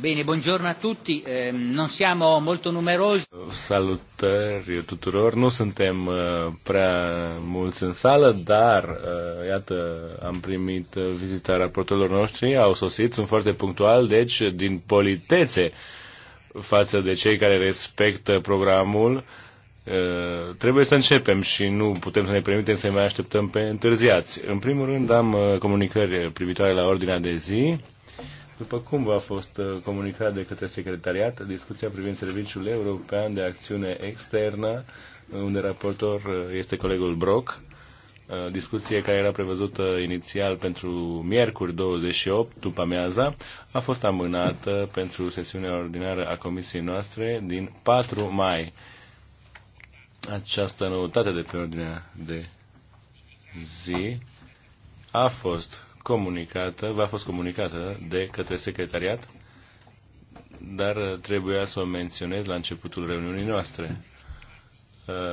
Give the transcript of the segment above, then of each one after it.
Bine, buongiorno a tutti. Ehm, non siamo molto numerosi. Salutări tuturor. Nu suntem eh, prea mulți în sală, dar eh, iată, am primit vizita raportorilor noștri, au sosit, sunt foarte punctual, deci din politețe față de cei care respectă programul, eh, trebuie să începem și nu putem să ne permitem să mai așteptăm pe întârziați. În primul rând am comunicări privitoare la ordinea de zi după cum a fost uh, comunicat de către secretariat, discuția privind Serviciul European de Acțiune Externă, uh, unde raportor uh, este colegul Brock, discuție care era prevăzută inițial pentru miercuri 28 după amiaza, a fost amânată pentru sesiunea ordinară a comisiei noastre din 4 mai. Această noutate de pe ordinea de zi a fost comunicată, va fost comunicată de către secretariat, dar trebuia să o menționez la începutul reuniunii noastre.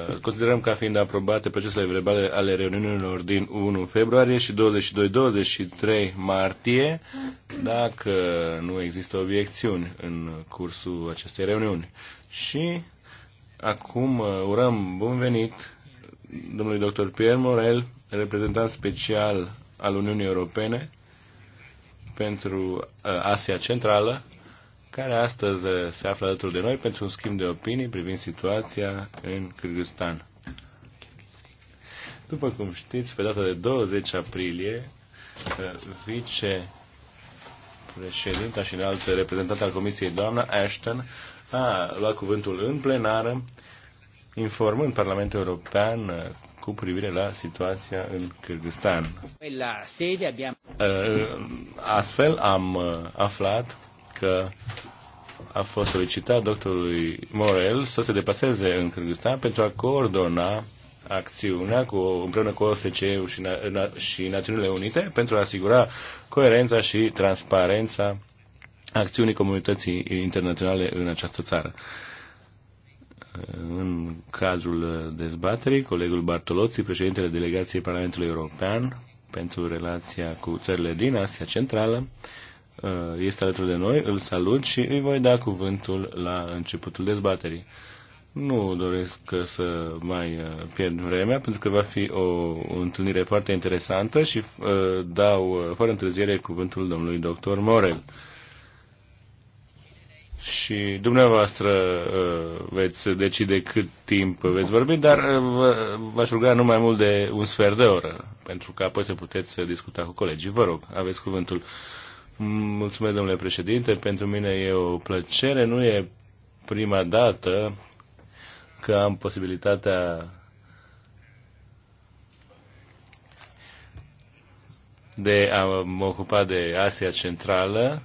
Uh, considerăm ca fiind aprobate procesele verbale ale reuniunilor din 1 februarie și 22-23 martie, dacă nu există obiecțiuni în cursul acestei reuniuni. Și acum uh, urăm bun venit domnului dr. Pierre Morel, reprezentant special al Uniunii Europene pentru uh, Asia Centrală, care astăzi uh, se află alături de noi pentru un schimb de opinii privind situația în Kyrgyzstan. După cum știți, pe data de 20 aprilie, uh, vice președinta și înaltă reprezentant al Comisiei, doamna Ashton, a luat cuvântul în plenară, informând Parlamentul European cu privire la situația în Kyrgyzstan. Uh, astfel am uh, aflat că a fost solicitat doctorului Morel să se deplaseze în Kyrgyzstan pentru a coordona acțiunea cu, împreună cu OSCE și, na, și Națiunile Unite pentru a asigura coerența și transparența acțiunii comunității internaționale în această țară în cazul dezbaterii, colegul Bartolozzi, președintele delegației Parlamentului European pentru relația cu țările din Asia Centrală, uh, este alături de noi, îl salut și îi voi da cuvântul la începutul dezbaterii. Nu doresc să mai uh, pierd vremea, pentru că va fi o întâlnire foarte interesantă și uh, dau fără întârziere cuvântul domnului dr. Morel și dumneavoastră uh, veți decide cât timp veți vorbi, dar uh, v-aș ruga nu mai mult de un sfert de oră, pentru că apoi să puteți discuta cu colegii. Vă rog, aveți cuvântul. Mulțumesc, domnule președinte, pentru mine e o plăcere, nu e prima dată că am posibilitatea de a mă ocupa de Asia Centrală,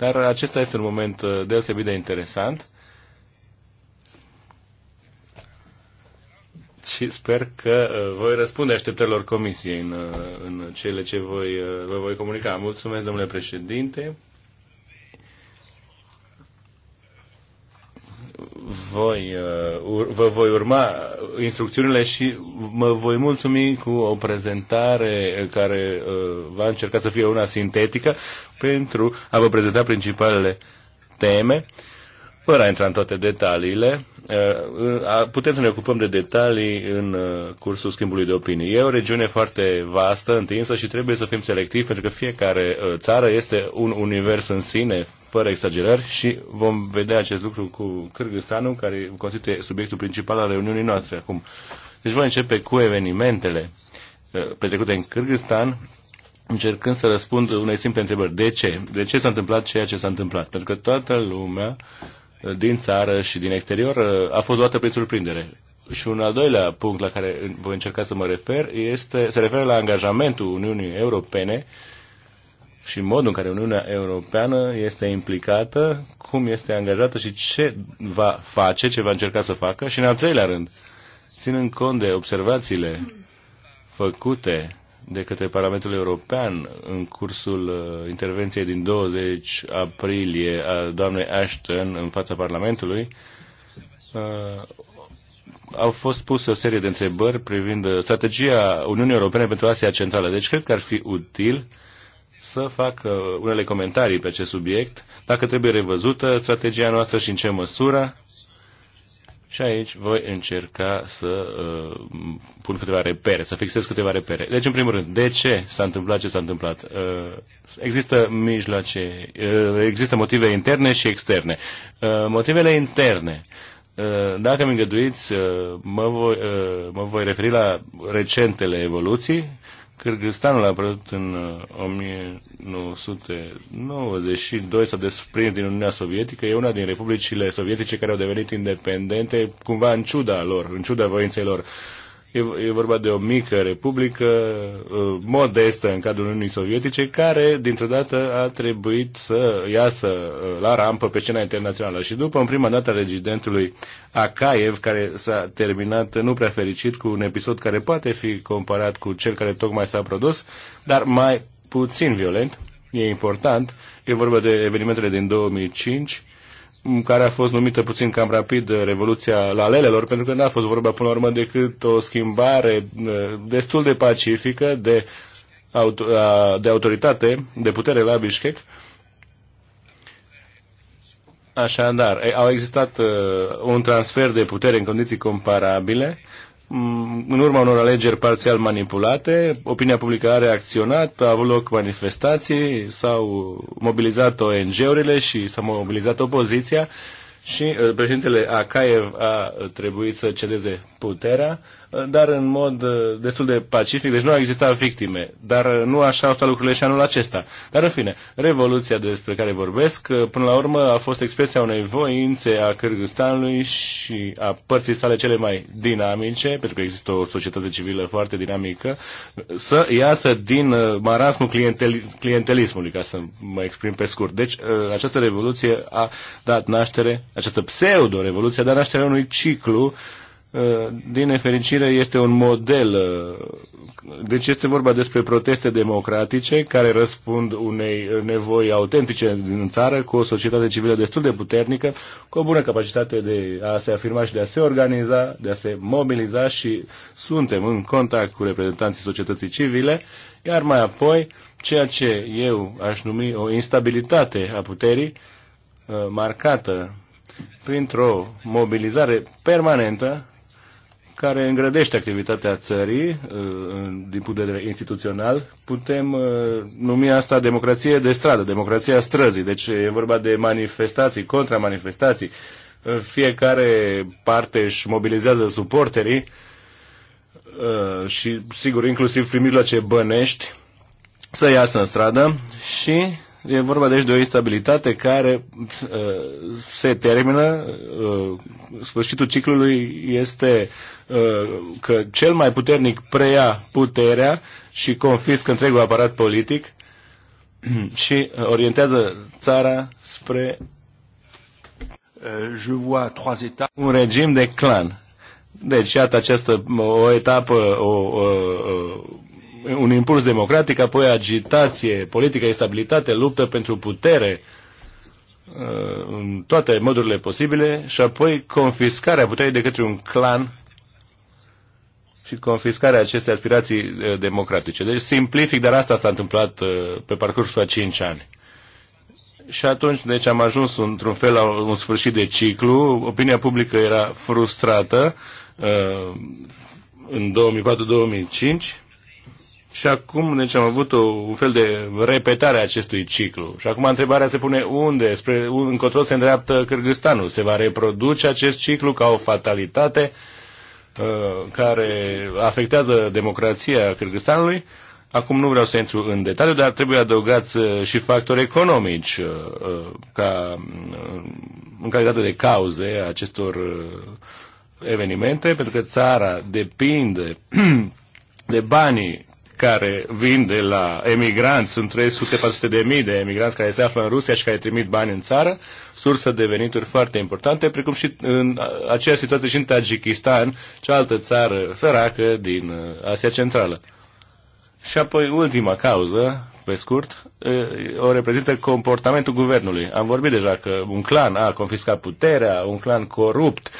dar acesta este un moment uh, deosebit de interesant și sper că uh, voi răspunde așteptărilor comisiei în, uh, în cele ce voi, vă voi comunica. Mulțumesc, domnule președinte. voi, uh, vă voi urma instrucțiunile și mă voi mulțumi cu o prezentare care uh, va încerca să fie una sintetică pentru a vă prezenta principalele teme fără a intra în toate detaliile, uh, putem să ne ocupăm de detalii în cursul schimbului de opinii. E o regiune foarte vastă, întinsă și trebuie să fim selectivi pentru că fiecare țară este un univers în sine fără exagerări și vom vedea acest lucru cu Cârgăstanul, care constituie subiectul principal al reuniunii noastre acum. Deci voi începe cu evenimentele uh, petrecute în Cârgăstan, încercând să răspund unei simple întrebări. De ce? De ce s-a întâmplat ceea ce s-a întâmplat? Pentru că toată lumea uh, din țară și din exterior uh, a fost luată prin surprindere. Și un al doilea punct la care voi încerca să mă refer este, se referă la angajamentul Uniunii Europene uh, și modul în care Uniunea Europeană este implicată, cum este angajată și ce va face, ce va încerca să facă. Și în al treilea rând, ținând cont de observațiile făcute de către Parlamentul European în cursul uh, intervenției din 20 aprilie a doamnei Ashton în fața Parlamentului, uh, au fost puse o serie de întrebări privind uh, strategia Uniunii Europene pentru Asia Centrală. Deci cred că ar fi util uh, să fac unele comentarii pe acest subiect, dacă trebuie revăzută strategia noastră și în ce măsură. Și aici voi încerca să uh, pun câteva repere, să fixez câteva repere. Deci, în primul rând, de ce s-a întâmplat ce s-a întâmplat? Uh, există mijloace, uh, există motive interne și externe. Uh, motivele interne. Uh, dacă mi îngăduiți, uh, mă voi, uh, mă voi referi la recentele evoluții Cârgâstanul a apărut în 1992, uh, s-a desprins din Uniunea Sovietică, e una din republicile sovietice care au devenit independente cumva în ciuda lor, în ciuda voinței lor. E, e vorba de o mică republică uh, modestă în cadrul Uniunii Sovietice care dintr-o dată a trebuit să iasă uh, la rampă pe scena internațională. Și după în prima dată residentului Akaev, care s-a terminat nu prea fericit cu un episod care poate fi comparat cu cel care tocmai s-a produs, dar mai puțin violent, e important, e vorba de evenimentele din 2005, care a fost numită puțin cam rapid eh, Revoluția la Lelelor, pentru că n-a fost vorba până la urmă decât o schimbare eh, destul de pacifică de, auto, de autoritate, de putere la Bishkek. Așadar, au existat eh, un transfer de putere în condiții comparabile Mm, în urma unor alegeri parțial manipulate, opinia publică a reacționat, a avut loc manifestații, s-au mobilizat ONG-urile și s-a mobilizat opoziția și uh, președintele Akaev a trebuit să cedeze puterea dar în mod uh, destul de pacific, deci nu au existat victime, dar uh, nu așa au stat lucrurile și anul acesta. Dar în fine, revoluția despre care vorbesc, uh, până la urmă a fost expresia unei voințe a Kyrgyzstanului și a părții sale cele mai dinamice, pentru că există o societate civilă foarte dinamică, să iasă din marasmul clienteli- clientelismului, ca să mă exprim pe scurt. Deci această revoluție a dat naștere, această pseudo-revoluție a dat naștere unui ciclu uh, Uh, din nefericire, este un model. Uh, deci este vorba despre proteste democratice care răspund unei nevoi autentice din țară, cu o societate civilă destul de puternică, cu o bună capacitate de a se afirma și de a se organiza, de a se mobiliza și suntem în contact cu reprezentanții societății civile, iar mai apoi, ceea ce eu aș numi o instabilitate a puterii, uh, marcată printr-o mobilizare permanentă care îngrădește activitatea țării uh, din punct de vedere instituțional. Putem uh, numi asta democrație de stradă, democrația străzii. Deci e vorba de manifestații, contramanifestații. Fiecare parte își mobilizează suporterii uh, și, sigur, inclusiv prin mijloace bănești să iasă în stradă și E vorba deci de o instabilitate care uh, se termină, uh, sfârșitul ciclului este uh, că cel mai puternic preia puterea și confiscă întregul aparat politic și orientează țara spre uh, Je vois trois états. un regim de clan. Deci, iată această o etapă, o, o, o un impuls democratic, apoi agitație politică, instabilitate, luptă pentru putere uh, în toate modurile posibile și apoi confiscarea puterii de către un clan și confiscarea acestei aspirații uh, democratice. Deci simplific, dar asta s-a întâmplat uh, pe parcursul a 5 ani. Și atunci, deci am ajuns într-un fel la un sfârșit de ciclu, opinia publică era frustrată în 2004-2005 și acum, deci am avut o, un fel de repetare a acestui ciclu. Și acum întrebarea se pune unde, spre, încotro se îndreaptă Cârgâstanul. Se va reproduce acest ciclu ca o fatalitate uh, care afectează democrația Cârgâstanului? Acum nu vreau să intru în detaliu, dar trebuie adăugați uh, și factori economici uh, uh, ca, uh, în calitate de cauze acestor uh, evenimente, pentru că țara depinde de banii care vin de la emigranți, sunt 300-400 de mii de emigranți care se află în Rusia și care trimit bani în țară, sursă de venituri foarte importante, precum și în aceea situație și în Tajikistan, cealaltă țară săracă din uh, Asia Centrală. Și apoi ultima cauză, pe scurt, o reprezintă comportamentul guvernului. Am vorbit deja că un clan a confiscat puterea, un clan corupt,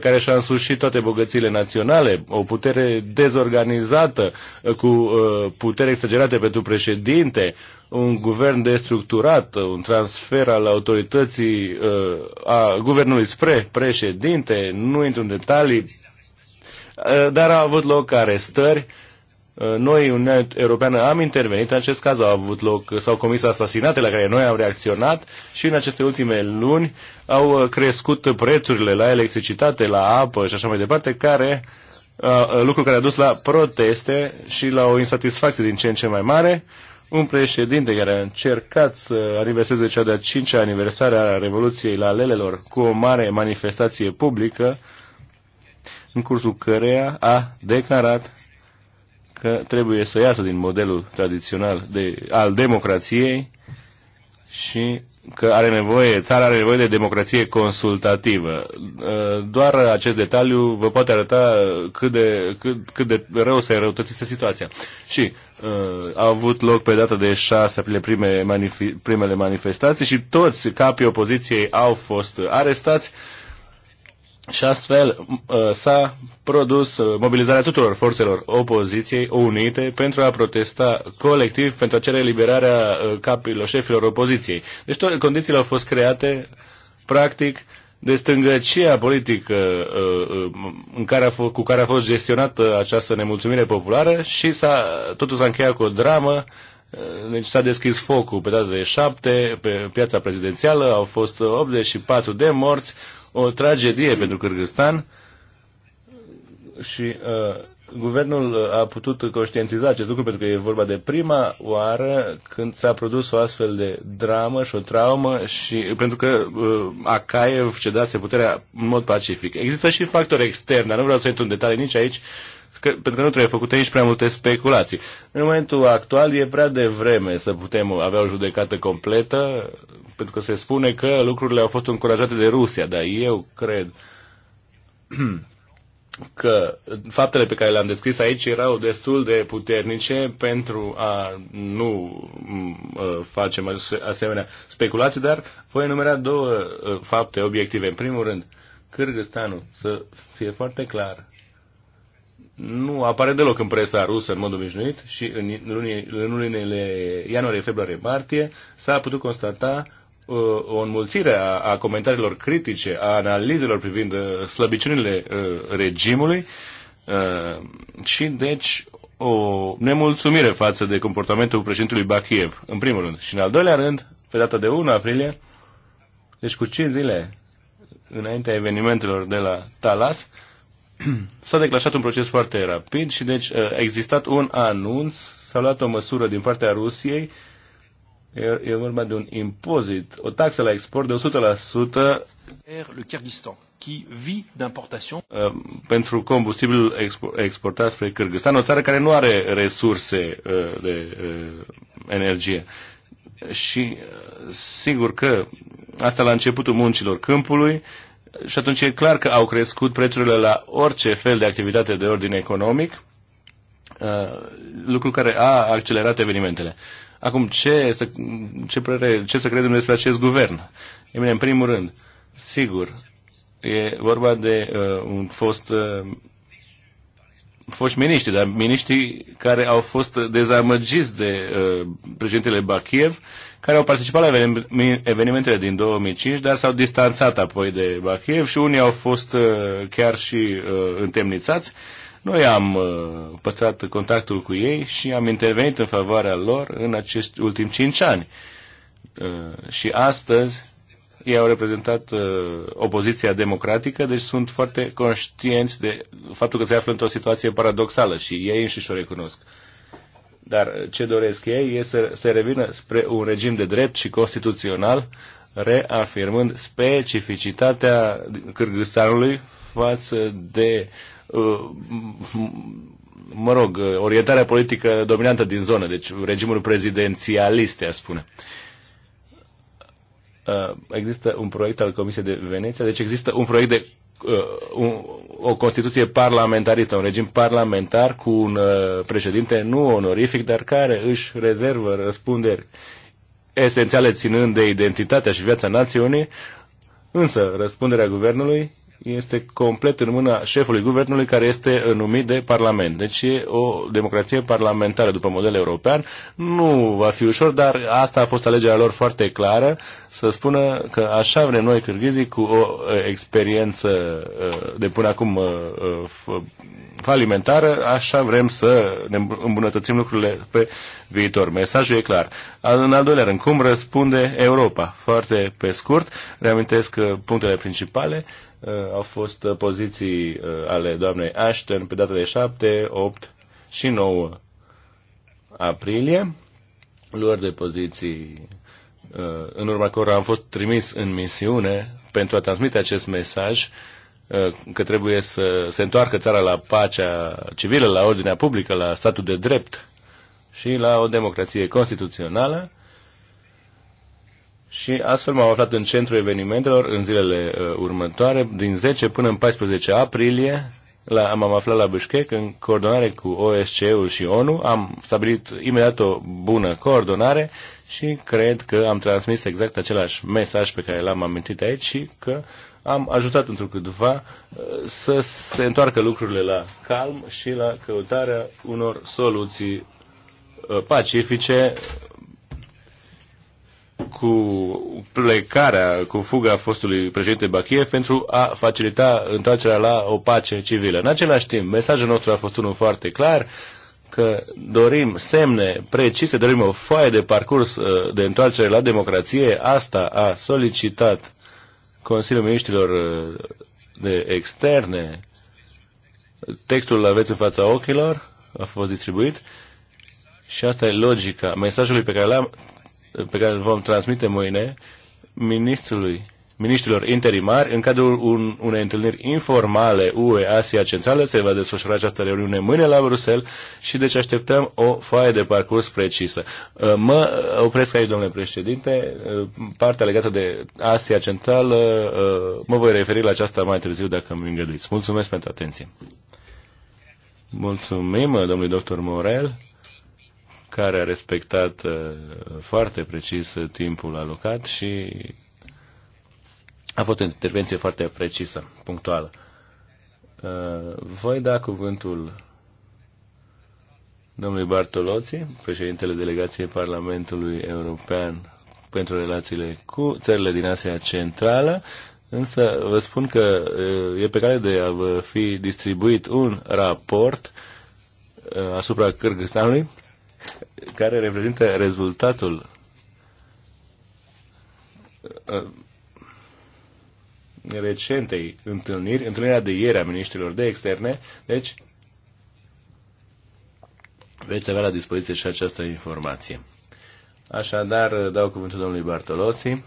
care și-a însușit toate bogățiile naționale, o putere dezorganizată, cu putere exagerate pentru președinte, un guvern destructurat, un transfer al autorității a guvernului spre președinte, nu intru în detalii, dar au avut loc arestări, Uh, noi, Uniunea Europeană, am intervenit în acest caz, au avut loc, s-au comis asasinate la care noi am reacționat și în aceste ultime luni au uh, crescut prețurile la electricitate, la apă și așa mai departe, care uh, lucru care a dus la proteste și la o insatisfacție din ce în ce mai mare. Un președinte care a încercat să aniverseze cea de-a cincea aniversare a Revoluției la Lelelor cu o mare manifestație publică, în cursul căreia a declarat că trebuie să iasă din modelul tradițional de, al democrației și că are nevoie, țara are nevoie de democrație consultativă. Uh, doar acest detaliu vă poate arăta cât de, cât, cât de rău se răutățise situația. Și uh, au avut loc pe data de 6 aprilie prime manifi, primele manifestații și toți capii opoziției au fost arestați și astfel uh, s-a produs uh, mobilizarea tuturor forțelor opoziției unite pentru a protesta colectiv pentru a cere eliberarea uh, capilor, șefilor opoziției. Deci toate condițiile au fost create, practic, de stângăcia politică în care a fost, cu care a fost gestionată această nemulțumire populară și s-a, totul s-a încheiat cu o dramă deci s-a deschis focul pe data de 7, pe piața prezidențială, au fost 84 de morți, o tragedie pentru Kyrgyzstan și uh, guvernul uh, a putut conștientiza acest lucru pentru că e vorba de prima oară când s-a produs o astfel de dramă și o traumă și pentru că uh, Akaev cedase puterea în mod pacific. Există și factori externi, dar nu vreau să intru în detalii nici aici, uh, că, pentru că nu trebuie făcute nici prea multe speculații. În momentul actual e prea devreme să putem avea o judecată completă, pentru că se spune că lucrurile au fost încurajate de Rusia, dar eu cred că faptele pe care le-am descris aici erau destul de puternice pentru a nu mm, ă, face asemenea speculații, dar voi enumera două ă, fapte obiective. În primul rând, Cârgăstanul, să fie foarte clar, nu apare deloc în presa rusă în mod obișnuit și în, lunii, în lunile ianuarie, februarie, martie s-a putut constata uh, o înmulțire a, a comentariilor critice, a analizelor privind uh, slăbiciunile uh, regimului uh, și deci o nemulțumire față de comportamentul președintelui Bakiev, în primul rând. Și în al doilea rând, pe data de 1 aprilie, deci cu 5 zile înaintea evenimentelor de la Talas, S-a declanșat un proces foarte rapid și deci a existat un anunț, s-a luat o măsură din partea Rusiei, e, e vorba de un impozit, o taxă la export de 100%. Le Kyrgyzstan, qui vit d'importation. Pentru combustibil exportat spre Kyrgyzstan, o țară care nu are resurse de energie. Și sigur că asta la începutul muncilor câmpului, și atunci e clar că au crescut prețurile la orice fel de activitate de ordin economic, uh, lucru care a accelerat evenimentele. Acum, ce să, ce, părere, ce să credem despre acest guvern? E bine, în primul rând, sigur, e vorba de uh, un fost uh, foști miniștri, dar miniștri care au fost dezamăgiți de uh, președintele Bachiev care au participat la evenimentele din 2005, dar s-au distanțat apoi de Bachiev și unii au fost uh, chiar și uh, întemnițați. Noi am uh, păstrat contactul cu ei și am intervenit în favoarea lor în acești ultimi cinci ani. și astăzi ei au reprezentat uh, opoziția democratică, deci sunt foarte conștienți de faptul că se află într-o situație paradoxală și ei înșiși o recunosc. Dar ce doresc ei este să se revină spre un regim de drept și constituțional, reafirmând specificitatea Cârgâstanului față de uh, mă rog, orientarea politică dominantă din zonă, deci regimul prezidențialist, a spune. Uh, există un proiect al Comisiei de Veneția, deci există un proiect de Uh, o Constituție parlamentaristă, un regim parlamentar cu un uh, președinte nu onorific, dar care își rezervă răspunderi esențiale ținând de identitatea și viața națiunii, însă răspunderea guvernului este complet în mâna șefului guvernului care este numit de Parlament. Deci e o democrație parlamentară după model european. Nu va fi ușor, dar asta a fost alegerea lor foarte clară să spună că așa vrem noi cârghizii cu o experiență de până acum falimentară, așa vrem să ne îmbunătățim lucrurile pe viitor. Mesajul e clar. În al doilea rând, cum răspunde Europa? Foarte pe scurt, reamintesc punctele principale. Uh, au fost uh, poziții uh, ale doamnei Ashton pe data de 7, 8 și 9 aprilie, luări de poziții în urma cărora am fost trimis în misiune pentru a transmite acest mesaj că trebuie să se întoarcă țara la pacea civilă, la ordinea publică, la statul de drept și la o democrație constituțională și astfel m-am aflat în centrul evenimentelor în zilele uh, următoare, din 10 până în 14 aprilie, la, m-am aflat la Bishkek în coordonare cu OSCE-ul și ONU, am stabilit imediat o bună coordonare și cred că am transmis exact același mesaj pe care l-am amintit aici și că am ajutat într-o câtva uh, să se întoarcă lucrurile la calm și la căutarea unor soluții uh, pacifice cu plecarea, cu fuga fostului președinte Bachiev pentru a facilita întoarcerea la o pace civilă. În același timp, mesajul nostru a fost unul foarte clar, că dorim semne precise, dorim o foaie de parcurs uh, de întoarcere la democrație. Asta a solicitat Consiliul Ministrilor uh, de Externe. Textul aveți în fața ochilor, a fost distribuit. Și asta e logica mesajului pe care l-am pe care îl vom transmite mâine ministrului, ministrilor interimari în cadrul un, unei întâlniri informale UE-Asia Centrală. Se va desfășura această reuniune mâine la Bruxelles și deci așteptăm o foaie de parcurs precisă. Uh, mă opresc aici, domnule președinte. Uh, partea legată de Asia Centrală uh, mă voi referi la aceasta mai târziu dacă îmi îngăduiți. Mulțumesc pentru atenție. Mulțumim, domnului doctor Morel care a respectat uh, foarte precis timpul alocat și a fost o intervenție foarte precisă, punctuală. Uh, voi da cuvântul domnului Bartoloții, președintele delegației Parlamentului European pentru relațiile cu țările din Asia Centrală, însă vă spun că uh, e pe cale de a fi distribuit un raport asupra Cârgăstanului, care reprezintă rezultatul uh, recentei întâlniri, întâlnirea de ieri a ministrilor de externe, deci veți avea la dispoziție și această informație. Așadar, dau cuvântul domnului Bartoloții.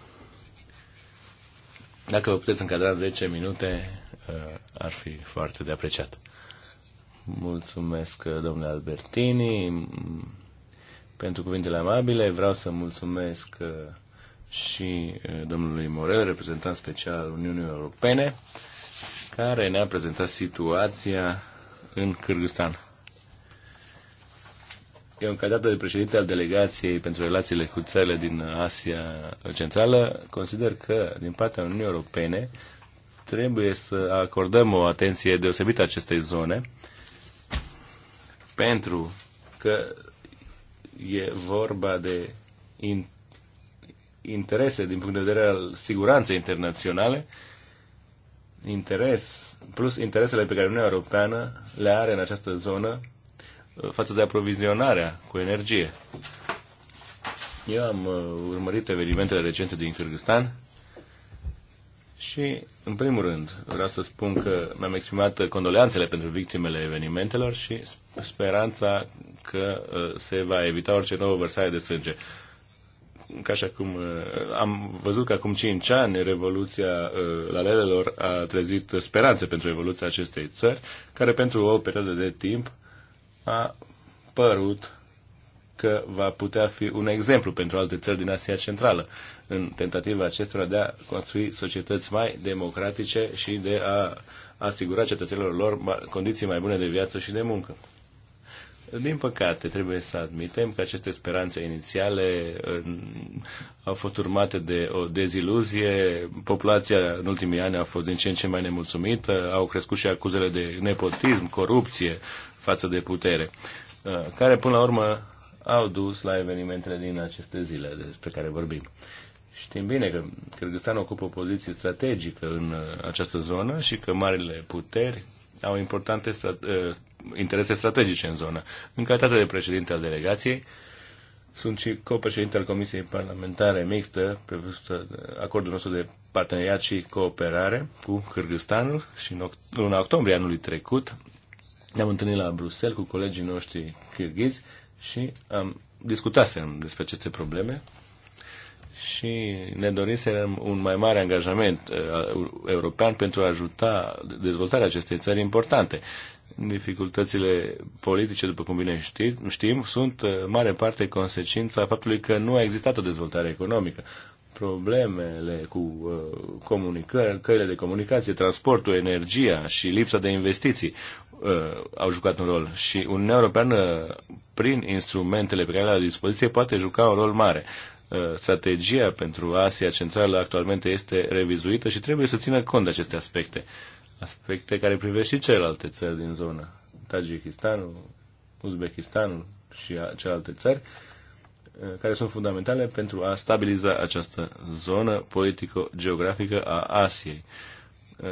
Dacă vă puteți încadra 10 minute, uh, ar fi foarte de apreciat. Mulțumesc, domnule Albertini pentru cuvintele amabile. Vreau să mulțumesc uh, și uh, domnului Morel, reprezentant special al Uniunii Europene, care ne-a prezentat situația în Kyrgyzstan. Eu, în calitate de președinte al delegației pentru relațiile cu țările din Asia Centrală, consider că, din partea Uniunii Europene, trebuie să acordăm o atenție deosebită acestei zone, pentru că e vorba de in, interese din punct de vedere al siguranței internaționale, interes, plus interesele pe care Uniunea Europeană le are în această zonă uh, față de aprovizionarea cu energie. Eu am uh, urmărit evenimentele recente din Kyrgyzstan și, în primul rând, vreau să spun că mi-am exprimat condoleanțele pentru victimele evenimentelor și speranța că uh, se va evita orice nouă vărsare de sânge. Ca și acum, uh, am văzut că acum 5 ani Revoluția uh, Lalelelor a trezit speranțe pentru evoluția acestei țări, care pentru o perioadă de timp a părut că va putea fi un exemplu pentru alte țări din Asia Centrală în tentativa acestora de a construi societăți mai democratice și de a asigura cetățenilor lor condiții mai bune de viață și de muncă. Din păcate, trebuie să admitem că aceste speranțe inițiale au fost urmate de o deziluzie. Populația în ultimii ani a fost din ce în ce mai nemulțumită, au crescut și acuzele de nepotism, corupție față de putere, uh, care până la urmă au dus la evenimentele din aceste zile despre care vorbim. Știm bine că Kyrgyzstan ocupă o poziție strategică în uh, această zonă și că marile puteri au importante uh, interese strategice în zonă. În calitate de președinte al delegației, sunt și co-președinte al Comisiei Parlamentare Mixtă, prevăzută acordul nostru de parteneriat și cooperare cu Kyrgyzstanul și în luna octombrie anului trecut ne-am întâlnit la Bruxelles cu colegii noștri kirghizi și am discutat despre aceste probleme și ne dorim un mai mare angajament uh, european pentru a ajuta dezvoltarea acestei țări importante. Dificultățile politice, după cum bine știm, știm sunt uh, mare parte consecința faptului că nu a existat o dezvoltare economică. Problemele cu uh, comunicări, căile de comunicație, transportul, energia și lipsa de investiții au jucat un rol și Uniunea Europeană, prin instrumentele pe care le are la dispoziție, poate juca un rol mare strategia pentru Asia Centrală actualmente este revizuită și trebuie să țină cont de aceste aspecte. Aspecte care privesc și celelalte țări din zonă, Tajikistanul, Uzbekistanul și celelalte țări, eh, care sunt fundamentale pentru a stabiliza această zonă politico-geografică a Asiei. Uh, Uh,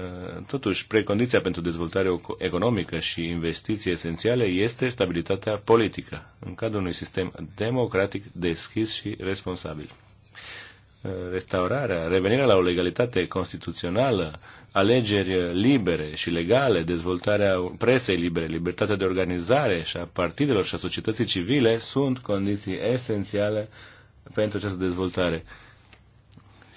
totuși, precondiția pentru dezvoltare economică și investiții esențiale este stabilitatea politică, în cadrul unui sistem democratic, deschis și responsabil. Uh, restaurarea, revenirea la o legalitate constituțională, alegeri libere și legale, dezvoltarea presei libere, libertatea de organizare și a partidelor și a societății civile sunt condiții esențiale pentru această dezvoltare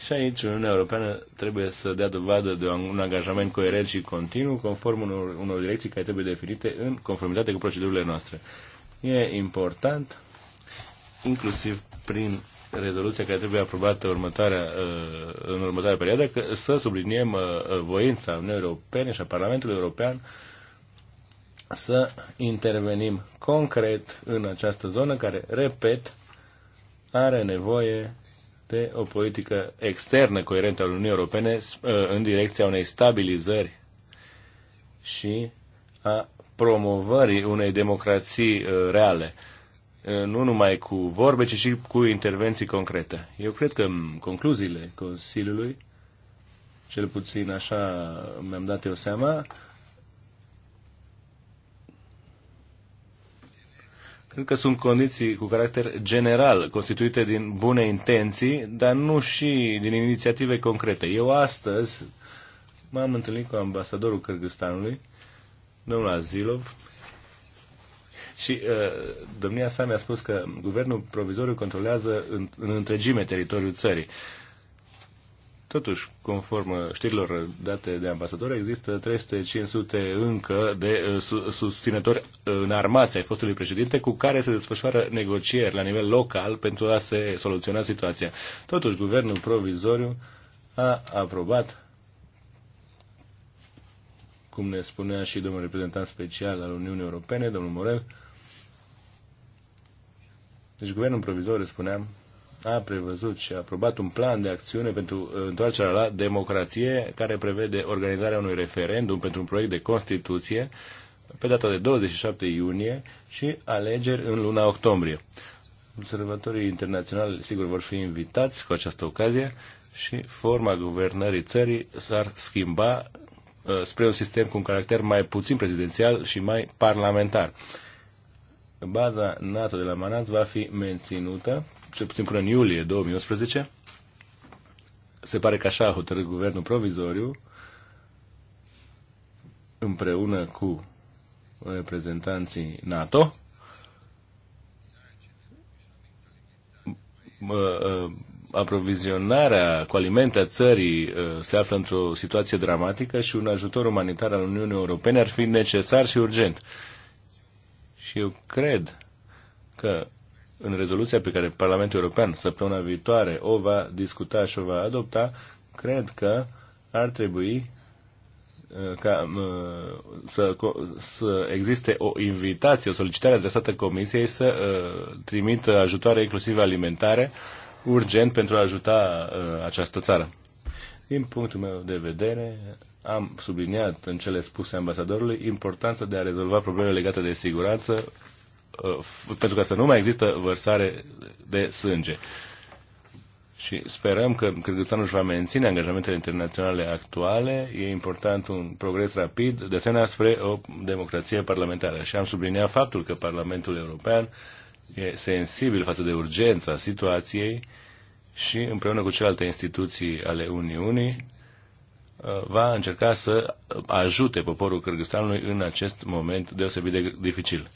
și aici Uniunea Europeană trebuie să dea dovadă de un angajament coerent și continuu, conform unor, unor direcții care trebuie definite în conformitate cu procedurile noastre. E important, inclusiv prin rezoluția care trebuie aprobată următoarea, uh, în următoarea perioadă, că să subliniem uh, uh, voința Uniunii Europene și a Parlamentului European să intervenim concret în această zonă care, repet, are nevoie pe o politică externă coerentă a Uniunii Europene ă, în direcția unei stabilizări și a promovării unei democrații ă, reale, ă, nu numai cu vorbe, ci și cu intervenții concrete. Eu cred că concluziile Consiliului, cel puțin așa mi-am dat eu seama, cred că sunt condiții cu caracter general, constituite din bune intenții, dar nu și din inițiative concrete. Eu astăzi m-am întâlnit cu ambasadorul Cărgăstanului, domnul Azilov, și uh, domnia sa mi-a spus că guvernul provizoriu controlează în, în întregime teritoriul țării. Uh, Totuși, conform uh, știrilor date de ambasador, există 300-500 încă de uh, susținători uh, în armația ai fostului președinte cu care se desfășoară negocieri la nivel local pentru a se soluționa situația. Totuși, guvernul provizoriu a aprobat cum ne spunea și domnul reprezentant special al Uniunii Europene, domnul Morel. Deci guvernul provizoriu, spuneam, a prevăzut și a aprobat un plan de acțiune pentru uh, întoarcerea la democrație care prevede organizarea unui referendum pentru un proiect de Constituție pe data de 27 iunie și alegeri în luna octombrie. Observatorii internaționali, sigur, vor fi invitați cu această ocazie și forma guvernării țării s-ar schimba uh, spre un sistem cu un caracter mai puțin prezidențial și mai parlamentar. Baza NATO de la Manat va fi menținută cel puțin până în iulie 2011. Se pare că așa a hotărât guvernul provizoriu împreună cu reprezentanții NATO. Ă, aprovizionarea cu alimente a țării ă, se află într-o situație dramatică și un ajutor umanitar al Uniunii Europene ar fi necesar și urgent. Și eu cred că în rezoluția pe care Parlamentul European săptămâna viitoare o va discuta și o va adopta, cred că ar trebui uh, ca, uh, să, să existe o invitație, o solicitare adresată Comisiei să uh, trimită ajutoare inclusiv alimentare urgent pentru a ajuta uh, această țară. Din punctul meu de vedere, am subliniat în cele spuse ambasadorului importanța de a rezolva probleme legate de siguranță Uh, pentru ca să nu mai există vărsare de sânge. Și sperăm că Kyrgyzstanul își va menține angajamentele internaționale actuale. E important un progres rapid, de asemenea, spre o democrație parlamentară. Și am subliniat faptul că Parlamentul European e sensibil față de urgența situației și împreună cu celelalte instituții ale Uniunii uh, va încerca să ajute poporul Kyrgyzstanului în acest moment deosebit de dificil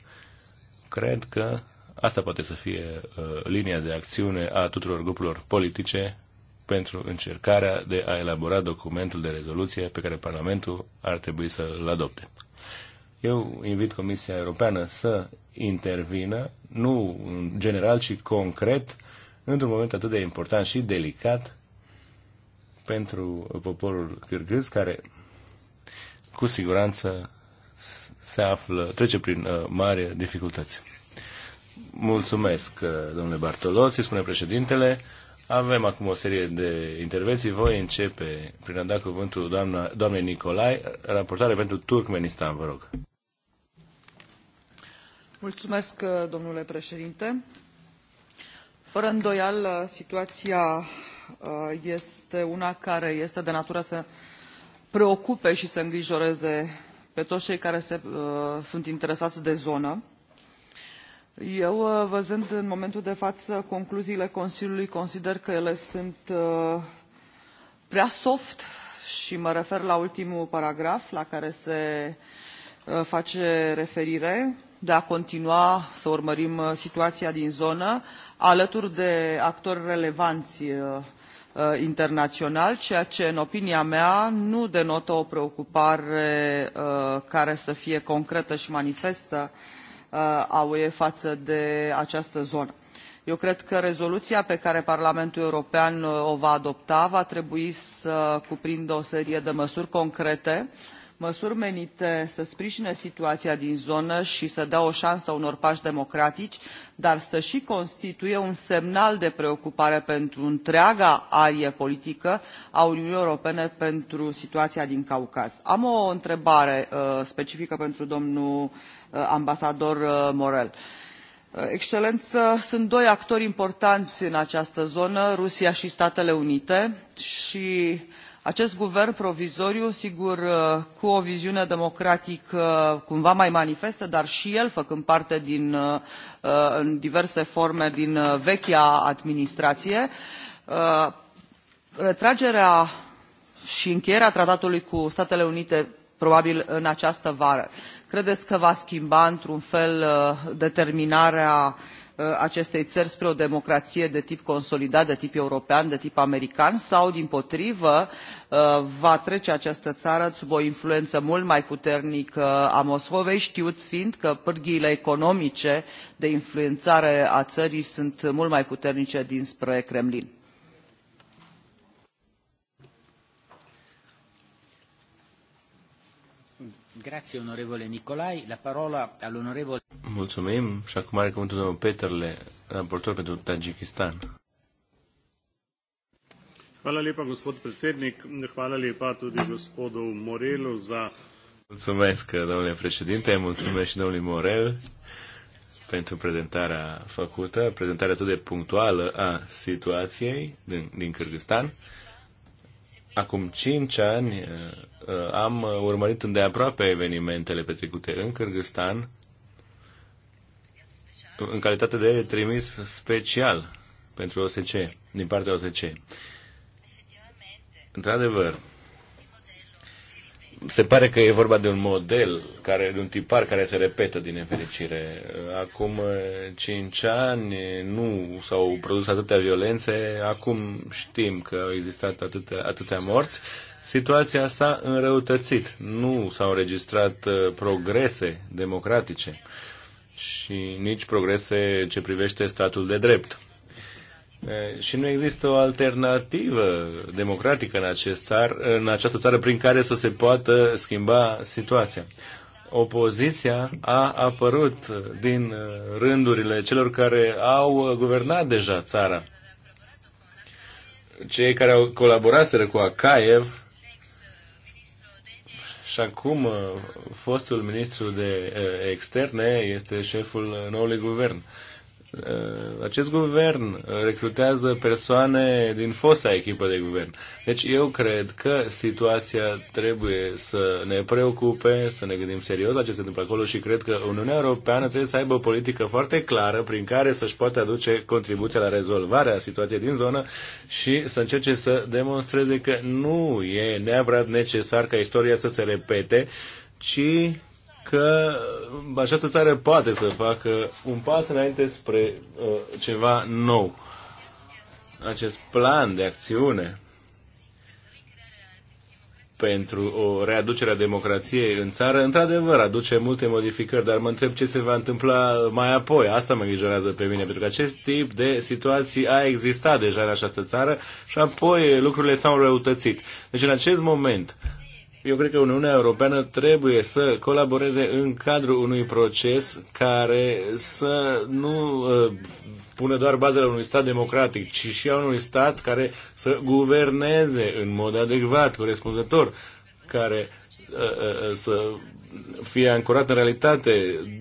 cred că asta poate să fie uh, linia de acțiune a tuturor grupurilor politice pentru încercarea de a elabora documentul de rezoluție pe care Parlamentul ar trebui să-l adopte. Eu invit Comisia Europeană să intervină, nu în general, ci concret, într-un moment atât de important și delicat pentru poporul Kyrgyz, care cu siguranță se află, trece prin uh, mari dificultăți. Mulțumesc, uh, domnule Bartolozzi, spune președintele. Avem acum o serie de intervenții. Voi începe prin a da cuvântul doamna, doamnei Nicolai, raportare pentru Turkmenistan, vă rog. Mulțumesc, uh, domnule președinte. Fără îndoială, situația uh, este una care este de natură să preocupe și să îngrijoreze pe toți cei care se, uh, sunt interesați de zonă. Eu, uh, văzând în momentul de față concluziile Consiliului, consider că ele sunt uh, prea soft și mă refer la ultimul paragraf la care se face referire de a continua să urmărim situația din zonă alături de actori relevanți Uh, internațional, ceea ce, în opinia mea, nu denotă o preocupare uh, care să fie concretă și manifestă uh, a UE față de această zonă. Eu cred că rezoluția pe care Parlamentul European o va adopta va trebui să cuprindă o serie de măsuri concrete uh, măsuri menite să sprijine situația din zonă și să dea o șansă unor pași democratici, dar să și constituie un semnal de preocupare pentru întreaga arie politică a Uniunii Europene pentru situația din Caucaz. Am o întrebare uh, specifică pentru domnul uh, ambasador uh, Morel. Excelență, sunt doi actori importanți în această zonă, Rusia și Statele Unite și uh, acest guvern provizoriu, sigur, uh, cu o viziune democratică cumva mai manifestă, dar și el făcând parte din, uh, uh, în diverse forme din vechea administrație, retragerea și încheierea tratatului cu Statele Unite probabil în această vară. Credeți că va schimba într-un fel determinarea Uh, acestei țări spre o democrație de tip consolidat, de tip european, de tip american sau, din potrivă, uh, va trece această țară sub o influență mult mai puternică uh, a Moscovei, știut fiind că pârghiile economice de influențare a țării sunt mult mai puternice dinspre Kremlin. Grazie, onorevole Nicolai. La parola all'onorevole... Mulțumim și acum are cuvântul domnul Peterle, raportor pentru Tajikistan. Hvala lepa, gospod predsednik. Hvala lepa tudi gospodu Morelu za... Mulțumesc, domnule președinte, mulțumesc și domnului Morel pentru prezentarea făcută, prezentarea atât de punctuală a situației din, din Kyrgyzstan acum 5 ani uh, uh, am uh, urmărit îndeaproape evenimentele petrecute în Kyrgyzstan în calitate de trimis special pentru OSCE, din partea OSCE. Într-adevăr, se pare că e vorba de un model, care, de un tipar care se repetă din nefericire. Acum 5 uh, ani nu s-au produs atâtea violențe, acum știm că au existat atâtea, atâtea morți. Situația asta înrăutățit, nu s-au înregistrat uh, progrese democratice și nici progrese ce privește statul de drept. Și nu există o alternativă democratică în, acest țar, în această țară prin care să se poată schimba situația. Opoziția a apărut din rândurile celor care au guvernat deja țara. Cei care au colaborat cu Akaev și acum uh, fostul ministru de uh, externe este șeful noului guvern. Eh, acest guvern eh, recrutează persoane din fosta echipă de guvern. Deci eu cred că situația trebuie să ne preocupe, să ne gândim serios la ce se întâmplă acolo și cred că Uniunea Europeană trebuie să aibă o politică foarte clară prin care să-și poată aduce contribuția la rezolvarea situației din zonă și să încerce să demonstreze că nu e neapărat necesar ca istoria să se repete, ci că această țară poate să facă un pas înainte spre uh, ceva nou. Acest plan de acțiune pentru o readucere a democrației în țară, într-adevăr, aduce multe modificări, dar mă întreb ce se va întâmpla mai apoi. Asta mă îngrijorează pe mine, pentru că acest tip de situații a existat deja în această țară și apoi lucrurile s-au răutățit. Deci, în acest moment, eu cred că Uniunea Europeană trebuie să colaboreze în cadrul unui proces care să nu uh, pună doar bazele unui stat democratic, ci și a unui stat care să guverneze în mod adecvat, corespunzător, care uh, uh, să fie ancorat în realitate.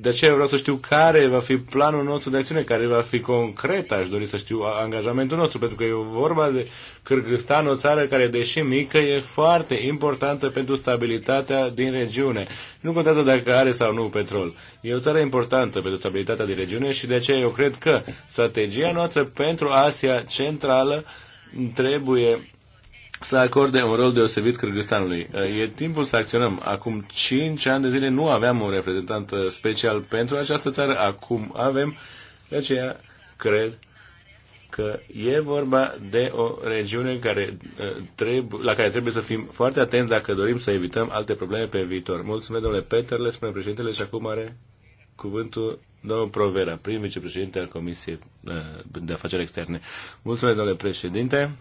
De aceea vreau să știu care va fi planul nostru de acțiune, care va fi concret, aș dori să știu angajamentul nostru, pentru că e vorba de Cârgâstan, o țară care, deși mică, e foarte importantă pentru stabilitatea din regiune. Nu contează dacă are sau nu petrol. E o țară importantă pentru stabilitatea din regiune și de aceea eu cred că strategia noastră pentru Asia Centrală trebuie să acorde un rol deosebit Kyrgyzstanului. E timpul să acționăm. Acum 5 ani de zile nu aveam un reprezentant uh, special pentru această țară, acum avem, de aceea cred că e vorba de o regiune care uh, trebuie, la care trebuie să fim foarte atenți dacă dorim să evităm alte probleme pe viitor. Mulțumesc, domnule Peterle, spune președintele și acum are cuvântul domnul Provera, prim vicepreședinte al Comisiei uh, de Afaceri Externe. Mulțumesc, domnule președinte.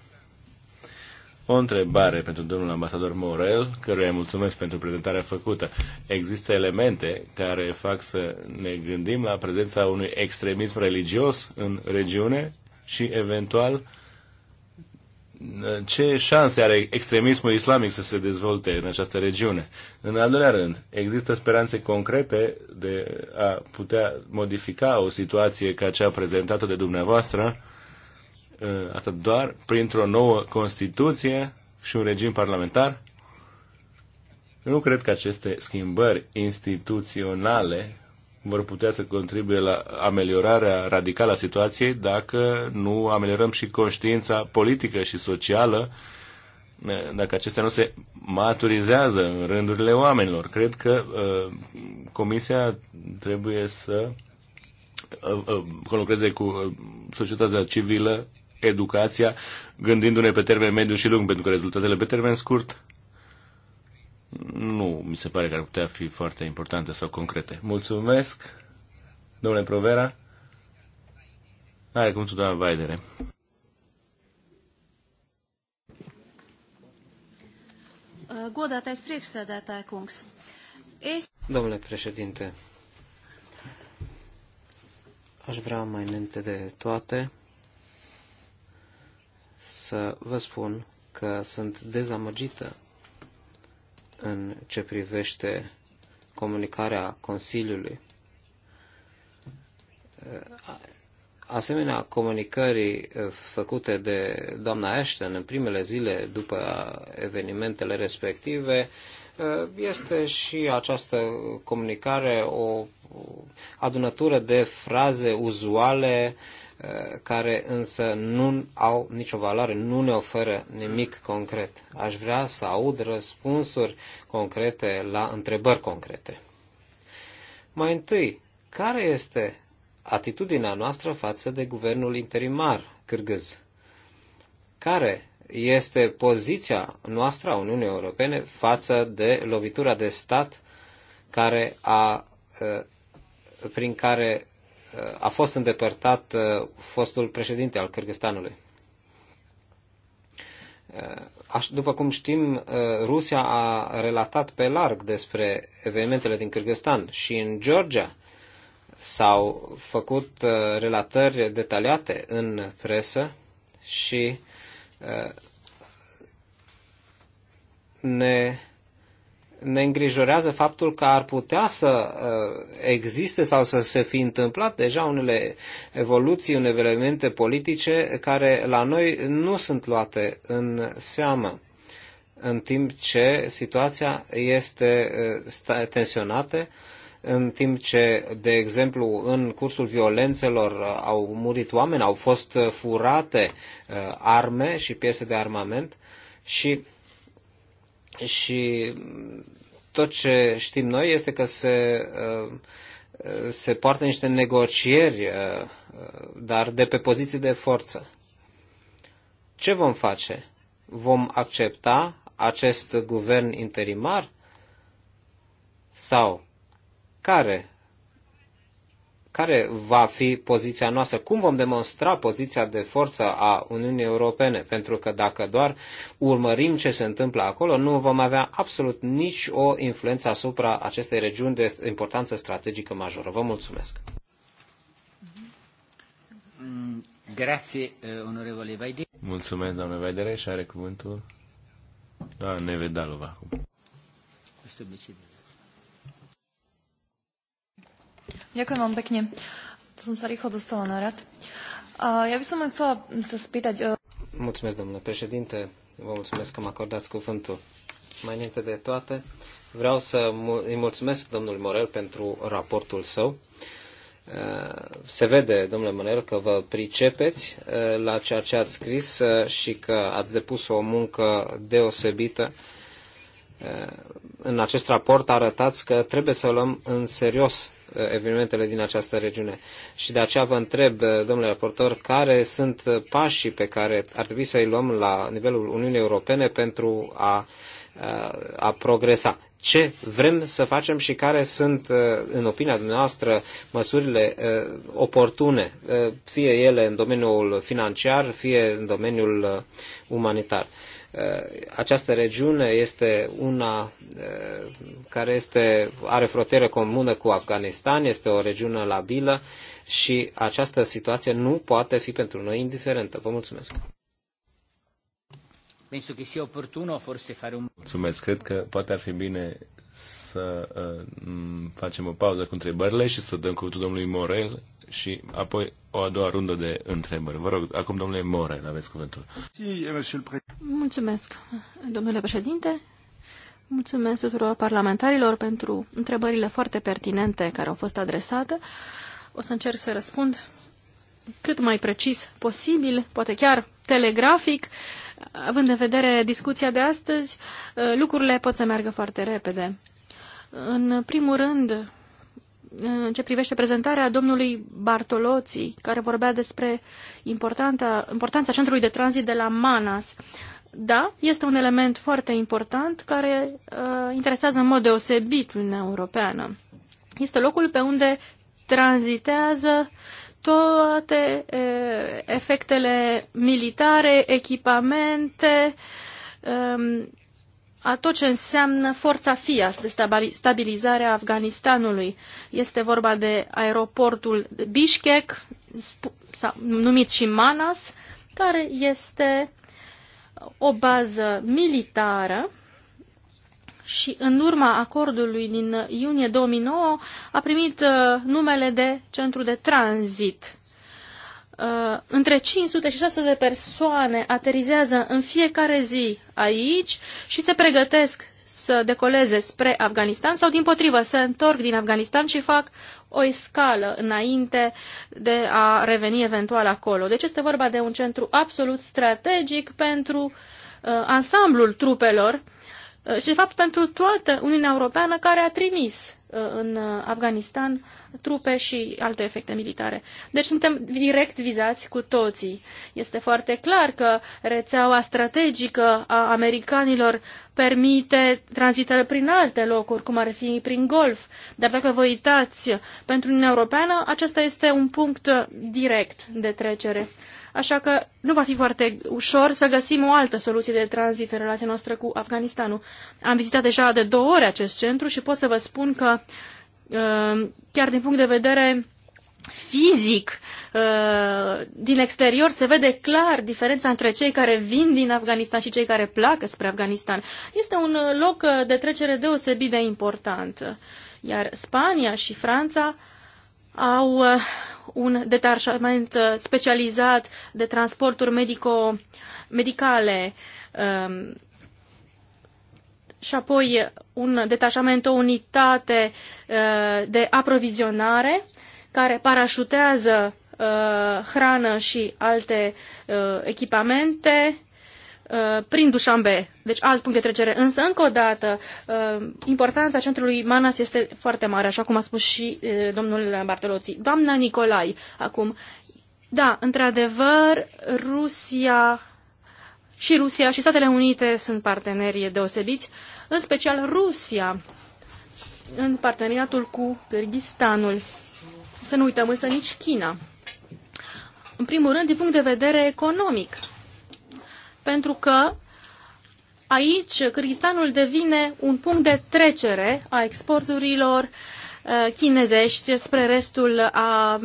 O întrebare pentru domnul ambasador Morel, căruia îi mulțumesc pentru prezentarea făcută. Există elemente care fac să ne gândim la prezența unui extremism religios în regiune și eventual ce șanse are extremismul islamic să se dezvolte în această regiune. În al doilea rând, există speranțe concrete de a putea modifica o situație ca cea prezentată de dumneavoastră Uh, asta doar printr-o nouă Constituție și un regim parlamentar. Eu nu cred că aceste schimbări instituționale vor putea să contribuie la ameliorarea radicală a situației dacă nu ameliorăm și conștiința politică și socială, uh, dacă acestea nu se maturizează în rândurile oamenilor. Cred că uh, Comisia trebuie să uh, uh, conlucreze cu uh, societatea civilă educația, gândindu-ne pe termen mediu și lung, pentru că rezultatele pe termen scurt nu mi se pare că ar putea fi foarte importante sau concrete. Mulțumesc, domnule Provera. Hai, cum să doamna Vaidere. Domnule președinte, aș vrea mai înainte de toate să vă spun că sunt dezamăgită în ce privește comunicarea Consiliului. Asemenea comunicării eh, făcute de doamna Ashton în primele zile după evenimentele respective, eh, este și această comunicare o adunătură de fraze uzuale uh, Eh, care însă nu au nicio valoare, nu ne oferă nimic concret. Aș vrea să aud răspunsuri concrete la întrebări concrete. Mai întâi, care este atitudinea noastră față de guvernul interimar cârgâz? Care este poziția noastră a Uniunii Europene față de lovitura de stat care a, eh, prin care a fost îndepărtat uh, fostul președinte al Kyrgyzstanului. Uh, după cum știm, uh, Rusia a relatat pe larg despre evenimentele din Kyrgyzstan și în Georgia s-au făcut relatări detaliate în presă și ne ne îngrijorează faptul că ar putea să uh, existe sau să se fi întâmplat deja unele evoluții, unele elemente politice care la noi nu sunt luate în seamă în timp ce situația este uh, tensionată, în timp ce, de exemplu, în cursul violențelor uh, au murit oameni, au fost furate arme și piese de armament și și tot ce știm noi este că se, uh, se poartă niște negocieri, uh, uh, dar de pe poziții de forță. Ce vom face? Vom accepta acest guvern interimar? Sau care care va fi poziția noastră, cum vom demonstra poziția de forță a Uniunii Europene, pentru că dacă doar urmărim ce se întâmplă acolo, nu vom avea absolut nici o influență asupra acestei regiuni de importanță strategică majoră. Vă mulțumesc! Mm, grazie, eh, onorevole Vaidere. Mulțumesc, doamne Vaidere, și are cuvântul doamna Nevedalova acum. Ďakujem vám pekne. To som sa rýchlo dostala na rad. Ja by som len chcela sa spýtať... Mulțumesc, domnule președinte. Vă mulțumesc că mă acordați cuvântul. Mai înainte de toate, vreau să îi mulțumesc domnului Morel pentru raportul său. Se vede, domnule Morel, că vă pricepeți la ceea ce ați scris și că ați depus o muncă deosebită în acest raport arătați că trebuie să luăm în serios evenimentele din această regiune. Și de aceea vă întreb, domnule raportor, care sunt pașii pe care ar trebui să-i luăm la nivelul Uniunii Europene pentru a, a, a progresa? Ce vrem să facem și care sunt, în opinia dumneavoastră, măsurile oportune, fie ele în domeniul financiar, fie în domeniul umanitar? Eh, această regiune este una eh, care este, are frontieră comună cu Afganistan, este o regiune labilă și această situație nu poate fi pentru noi indiferentă. Vă mulțumesc! Mulțumesc, cred că poate ar fi bine să uh, facem o pauză cu întrebările și să dăm cuvântul domnului Morel și apoi o a doua rundă de întrebări. Vă rog, acum domnule Morel, aveți cuvântul. Mulțumesc, domnule președinte. Mulțumesc tuturor parlamentarilor pentru întrebările foarte pertinente care au fost adresate. O să încerc să răspund cât mai precis posibil, poate chiar telegrafic, având în vedere discuția de astăzi, uh, lucrurile pot să meargă foarte repede. În primul rând, uh, în ce privește prezentarea domnului Bartoloții, care vorbea despre importanța, importanța centrului de tranzit de la Manas. Da, este un element foarte important care uh, interesează în mod deosebit Uniunea Europeană. Este locul pe unde tranzitează toate efectele militare, echipamente, a tot ce înseamnă forța FIAS de stabilizare a Afganistanului. Este vorba de aeroportul Bishkek, numit și Manas, care este o bază militară și în urma acordului din iunie 2009 a primit uh, numele de centru de tranzit. Uh, între 500 și 600 de persoane aterizează în fiecare zi aici și se pregătesc să decoleze spre Afganistan sau, din potrivă, să întorc din Afganistan și fac o escală înainte de a reveni eventual acolo. Deci este vorba de un centru absolut strategic pentru uh, ansamblul trupelor Uh, și, de fapt, pentru toată Uniunea Europeană care a trimis uh, în uh, Afganistan trupe și alte efecte militare. Deci suntem direct vizați cu toții. Este foarte clar că rețeaua strategică a americanilor permite tranzitele prin alte locuri, cum ar fi prin Golf. Dar dacă vă uitați pentru Uniunea Europeană, acesta este un punct direct de trecere așa că nu va fi foarte ușor să găsim o altă soluție de tranzit în relația noastră cu Afganistanul. Am vizitat deja de două ori acest centru și pot să vă spun că uh, chiar din punct de vedere fizic uh, din exterior se vede clar diferența între cei care vin din Afganistan și cei care pleacă spre Afganistan. Este un loc de trecere deosebit de important. Iar Spania și Franța au uh, un detașament uh, specializat de transporturi medico medicale um, și apoi un detașament, o unitate uh, de aprovizionare care parașutează hrană și alte echipamente Uh, prin Dușanbe. Deci alt punct de trecere. Însă, încă o dată, uh, importanța centrului Manas este foarte mare, așa cum a spus și uh, domnul Bartoloți. Doamna Nicolai, acum. Da, într-adevăr, Rusia și Rusia și Statele Unite sunt parteneri deosebiți, în special Rusia, în parteneriatul cu Kyrgyzstanul. Să nu uităm însă nici China. În primul rând, din punct de vedere economic, pentru că aici Kyrgyzstanul devine un punct de trecere a exporturilor uh, chinezești spre restul a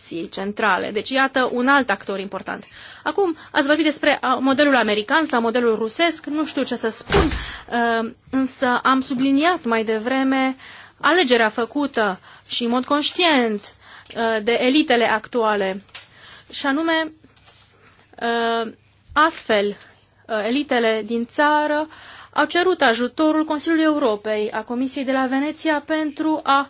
Asiei centrale. Deci, iată un alt actor important. Acum, ați vorbit despre uh, modelul american sau modelul rusesc, nu știu ce să spun, uh, însă am subliniat mai devreme alegerea făcută și în mod conștient de elitele actuale, și anume Astfel, uh, elitele din țară au cerut ajutorul Consiliului Europei, a Comisiei de la Veneția, pentru a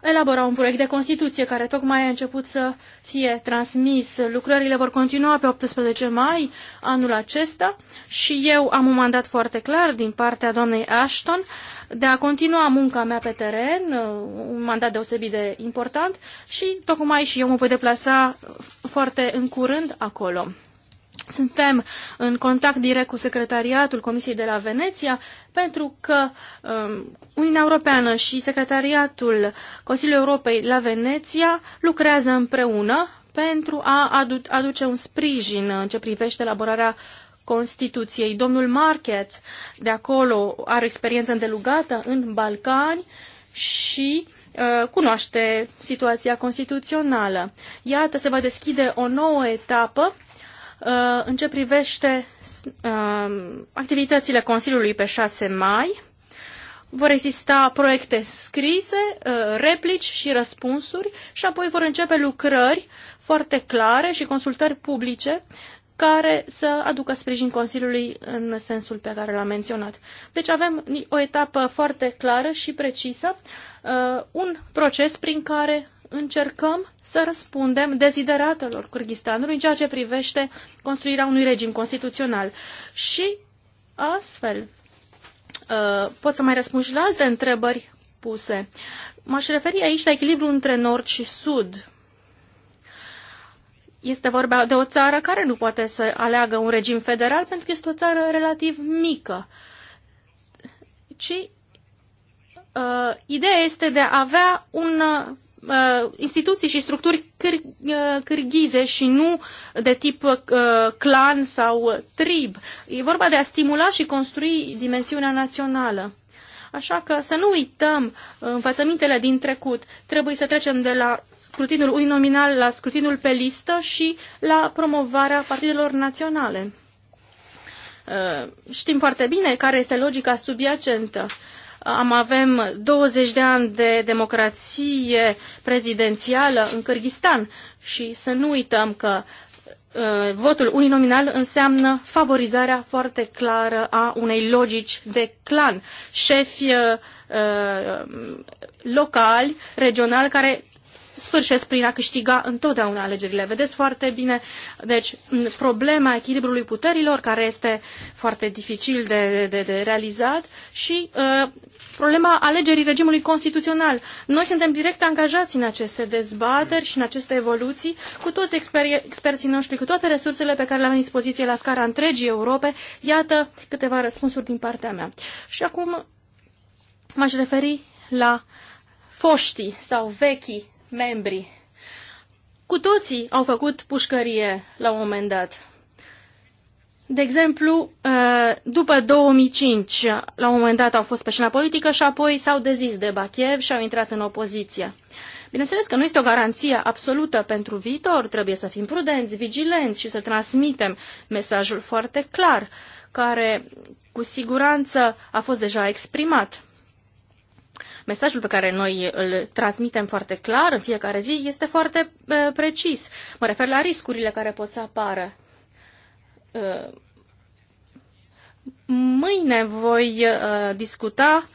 elabora un proiect de Constituție care tocmai a început să fie transmis. Lucrările vor continua pe 18 mai anul acesta și eu am un mandat foarte clar din partea doamnei Ashton de a continua munca mea pe teren, uh, un mandat deosebit de important și tocmai și eu mă voi deplasa foarte în curând acolo. Suntem în contact direct cu secretariatul Comisiei de la Veneția pentru că um, Uniunea Europeană și secretariatul Consiliului Europei la Veneția lucrează împreună pentru a adu aduce un sprijin în ce privește elaborarea Constituției. Domnul Market de acolo are experiență îndelugată în Balcani și uh, cunoaște situația constituțională. Iată, se va deschide o nouă etapă Uh, în ce privește uh, activitățile Consiliului pe 6 mai, vor exista proiecte scrise, uh, replici și răspunsuri și apoi vor începe lucrări foarte clare și consultări publice care să aducă sprijin Consiliului în sensul pe care l-am menționat. Deci avem o etapă foarte clară și precisă, un proces prin care încercăm să răspundem dezideratelor Kyrgyzstanului în ceea ce privește construirea unui regim constituțional. Și astfel uh, pot să mai răspund și la alte întrebări puse. M-aș referi aici la echilibru între nord și sud. Este vorba de o țară care nu poate să aleagă un regim federal pentru că este o țară relativ mică, ci uh, ideea este de a avea un uh, instituții și structuri câr, uh, cârghize și nu de tip uh, clan sau trib. E vorba de a stimula și construi dimensiunea națională. Așa că să nu uităm învățămintele din trecut. Trebuie să trecem de la scrutinul uninominal la scrutinul pe listă și la promovarea partidelor naționale. Uh, știm foarte bine care este logica subiacentă. Am avem 20 de ani de democrație prezidențială în Kyrgyzstan și să nu uităm că uh, votul uninominal înseamnă favorizarea foarte clară a unei logici de clan. Șefi uh, uh locali, regionali, care sfârșesc prin a câștiga întotdeauna alegerile. Vedeți foarte bine, deci, problema echilibrului puterilor, care este foarte dificil de, de, de realizat, și uh, problema alegerii regimului constituțional. Noi suntem direct angajați în aceste dezbateri și în aceste evoluții, cu toți exper- experții noștri, cu toate resursele pe care le avem în dispoziție la scara întregii Europe. Iată câteva răspunsuri din partea mea. Și acum m-aș referi la foștii sau vechii membri. Cu toții au făcut pușcărie la un moment dat. De exemplu, uh, după 2005, la un moment dat au fost pe scena politică și apoi s-au dezis de Bachiev și au intrat în opoziție. Bineînțeles că nu este o garanție absolută pentru viitor, trebuie să fim prudenți, vigilenți și să transmitem mesajul foarte clar, care cu siguranță a fost deja exprimat. Mesajul pe care noi îl transmitem foarte clar în fiecare zi este foarte precis. Mă refer la riscurile care pot să apară. Ă, mâine voi ă, discuta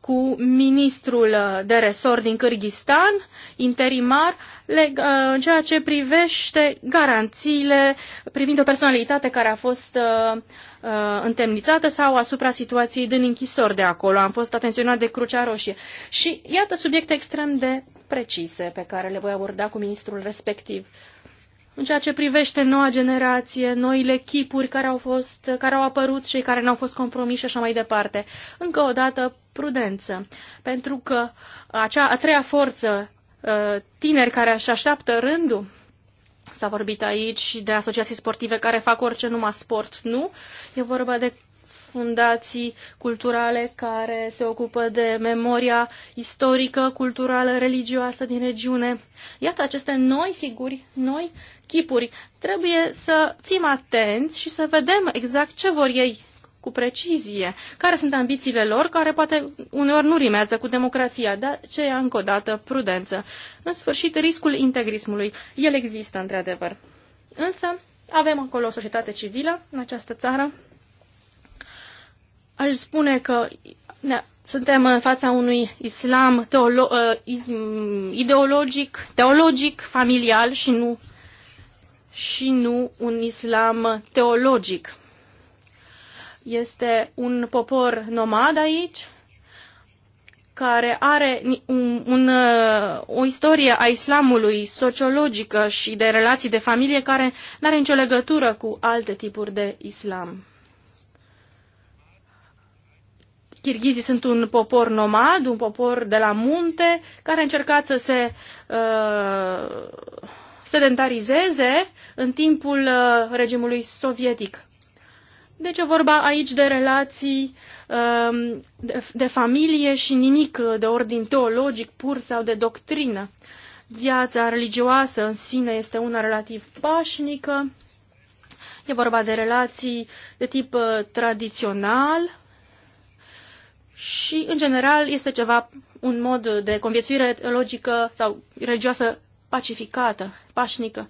cu ministrul de resort din Kyrgyzstan interimar uh, în ceea ce privește garanțiile privind o personalitate care a fost uh, uh, întemnițată sau asupra situației din închisori de acolo. Am fost atenționat de Crucea Roșie. Și iată subiecte extrem de precise pe care le voi aborda cu ministrul respectiv în ceea ce privește noua generație, noile chipuri care au, fost, care au apărut, cei care n-au fost compromiși și așa mai departe. Încă o dată, prudență, pentru că acea a treia forță Uh, tineri care își așteaptă rândul. S-a vorbit aici de asociații sportive care fac orice numai sport, nu? E vorba de fundații culturale care se ocupă de memoria istorică, culturală, religioasă din regiune. Iată aceste noi figuri, noi chipuri. Trebuie să fim atenți și să vedem exact ce vor ei cu precizie care sunt ambițiile lor, care poate uneori nu rimează cu democrația, dar ce e încă o dată prudență. În sfârșit, riscul integrismului, el există într-adevăr. Însă, avem acolo o societate civilă în această țară. Aș spune că ne, suntem în fața unui islam teolo, uh, ideologic, teologic, familial și nu, și nu un islam teologic. Este un popor nomad aici, care are un, un, uh, o istorie a islamului sociologică și de relații de familie care nu are nicio legătură cu alte tipuri de islam. Kirghizii sunt un popor nomad, un popor de la munte, care a încercat să se uh, sedentarizeze în timpul uh, regimului sovietic. Deci e vorba aici de relații um, de familie și nimic de ordin teologic pur sau de doctrină. Viața religioasă în sine este una relativ pașnică, e vorba de relații de tip uh, tradițional și, în general, este ceva, un mod de conviețuire teologică sau religioasă pacificată, pașnică.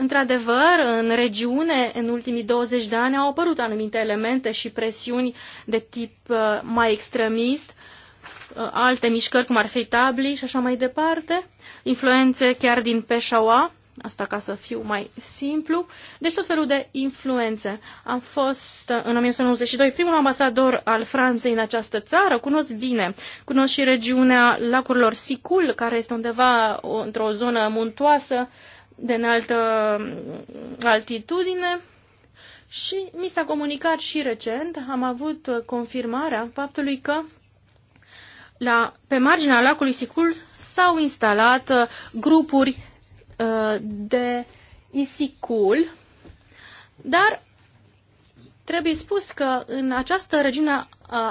Într-adevăr, în regiune, în ultimii 20 de ani, au apărut anumite elemente și presiuni de tip uh, mai extremist, uh, alte mișcări, cum ar fi tabli și așa mai departe, influențe chiar din Peșaua, asta ca să fiu mai simplu, deci tot felul de influențe. Am fost uh, în 1992 primul ambasador al Franței în această țară, cunosc bine, cunosc și regiunea lacurilor Sicul, care este undeva într-o zonă muntoasă de înaltă altitudine și mi s-a comunicat și recent, am avut uh, confirmarea faptului că la, pe marginea lacului Sicul s-au instalat uh, grupuri uh, de isicul, dar trebuie spus că în această regiune a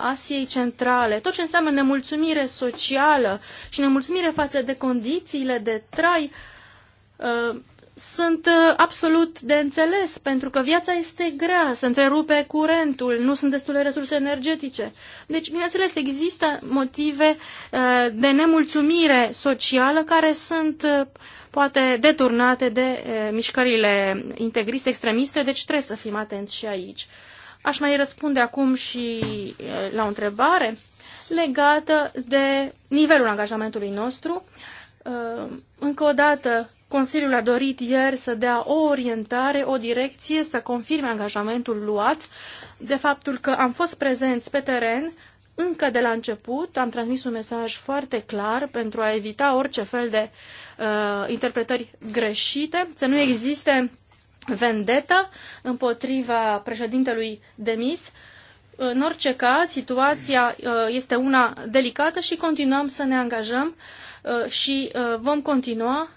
Asiei Centrale, tot ce înseamnă nemulțumire socială și nemulțumire față de condițiile de trai uh, Uh, sunt uh, absolut de înțeles, pentru că viața este grea, se întrerupe curentul, nu sunt destule resurse energetice. Deci, bineînțeles, există motive uh, de nemulțumire socială care sunt poate deturnate de mișcările integriste, extremiste, deci trebuie să fim atenți și aici. Aș mai răspunde acum și la o întrebare legată de nivelul angajamentului nostru. Încă o dată, Consiliul a dorit ieri să dea o orientare, o direcție, să confirme angajamentul luat de faptul că am fost prezenți pe teren încă de la început, am transmis un mesaj foarte clar pentru a evita orice fel de uh, interpretări greșite, să nu existe vendetă împotriva președintelui demis. Uh, în orice caz, situația uh, este una delicată și continuăm să ne angajăm uh, și uh, vom continua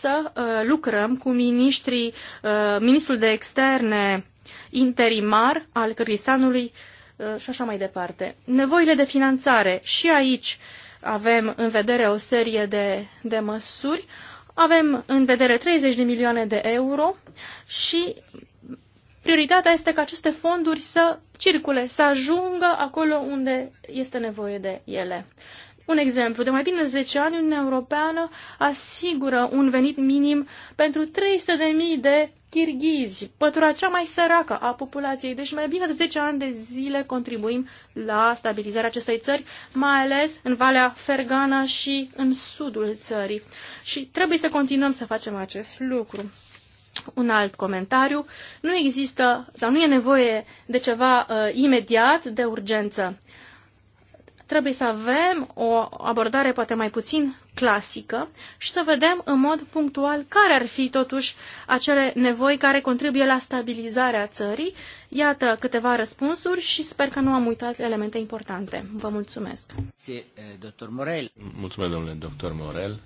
să uh, lucrăm cu ministrii, uh, ministrul de externe interimar al Kyrgyzstanului uh, și așa mai departe. Nevoile de finanțare. Și aici avem în vedere o serie de, de măsuri. Avem în vedere 30 de milioane de euro și prioritatea este ca aceste fonduri să circule, să ajungă acolo unde este nevoie de ele. Un exemplu, de mai bine 10 ani Uniunea Europeană asigură un venit minim pentru 300.000 de chirghizi, pătura cea mai săracă a populației. Deci mai bine de 10 ani de zile contribuim la stabilizarea acestei țări, mai ales în Valea Fergana și în sudul țării. Și trebuie să continuăm să facem acest lucru un alt comentariu. Nu există sau nu e nevoie de ceva uh, imediat, de urgență. Trebuie să avem o abordare poate mai puțin clasică și să vedem în mod punctual care ar fi totuși acele nevoi care contribuie la stabilizarea țării. Iată câteva răspunsuri și sper că nu am uitat elemente importante. Vă mulțumesc. Eh, Dr. Morel. Mulțumesc, domnule doctor Morel.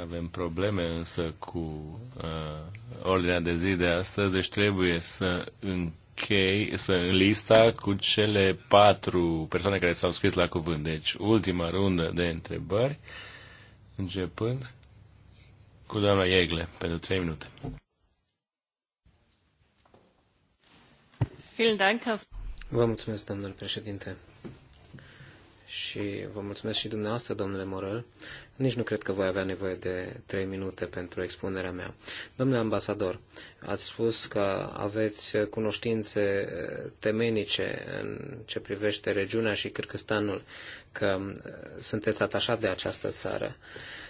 Avem probleme însă cu uh, ordinea de zi de astăzi, deci trebuie să încheiem în lista cu cele patru persoane care s-au scris la cuvânt. Deci, ultima rundă de întrebări, începând cu doamna Iegle, pentru trei minute. Vă mulțumesc, domnul președinte și vă mulțumesc și dumneavoastră, domnule Morel. Nici nu cred că voi avea nevoie de trei minute pentru expunerea mea. Domnule ambasador, ați spus că aveți cunoștințe eh, temenice în ce privește regiunea și Cârcăstanul, că eh, sunteți atașat de această țară. Uh,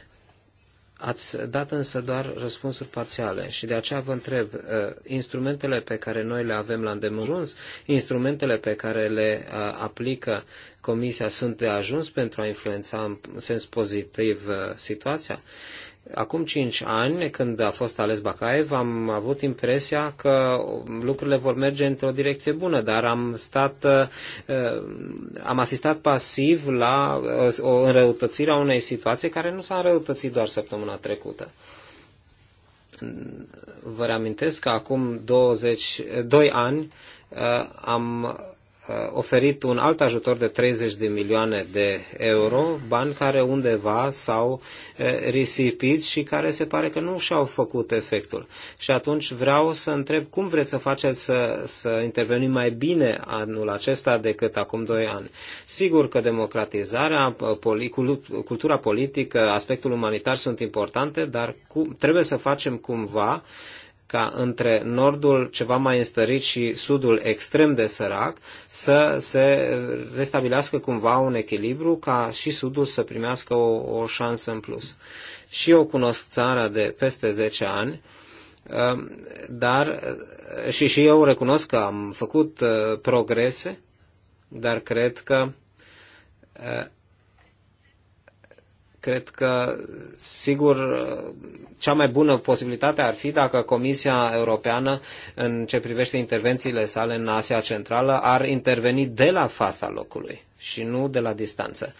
Ați dat însă doar răspunsuri parțiale și de aceea vă întreb, uh, instrumentele pe care noi le avem la îndemuns, instrumentele pe care le uh, aplică Comisia sunt de ajuns pentru a influența în sens pozitiv uh, situația? Acum cinci ani, când a fost ales Bacaev, am avut impresia că lucrurile vor merge într-o direcție bună, dar am stat, eh, am asistat pasiv la eh, o înrăutățire a unei situații care nu s-a înrăutățit doar săptămâna trecută. Vă reamintesc că acum 2 ani eh, am Uh, oferit un alt ajutor de 30 de milioane de euro, bani care undeva s-au uh, risipit și care se pare că nu și-au făcut efectul. Și atunci vreau să întreb cum vreți să faceți să, să intervenim mai bine anul acesta decât acum doi ani. Sigur că democratizarea, uh, cultura politică, aspectul umanitar sunt importante, dar cum, trebuie să facem cumva uh, ca între nordul ceva mai înstărit și sudul extrem de sărac să se restabilească cumva un echilibru ca și sudul să primească o, o șansă în plus. Și eu cunosc țara de peste 10 ani, um, dar și, și eu recunosc că am făcut uh, progrese, dar cred că uh, Cred că, sigur, cea mai bună posibilitate ar fi dacă Comisia Europeană, în ce privește intervențiile sale în Asia Centrală, ar interveni de la fața locului și nu de la distanță.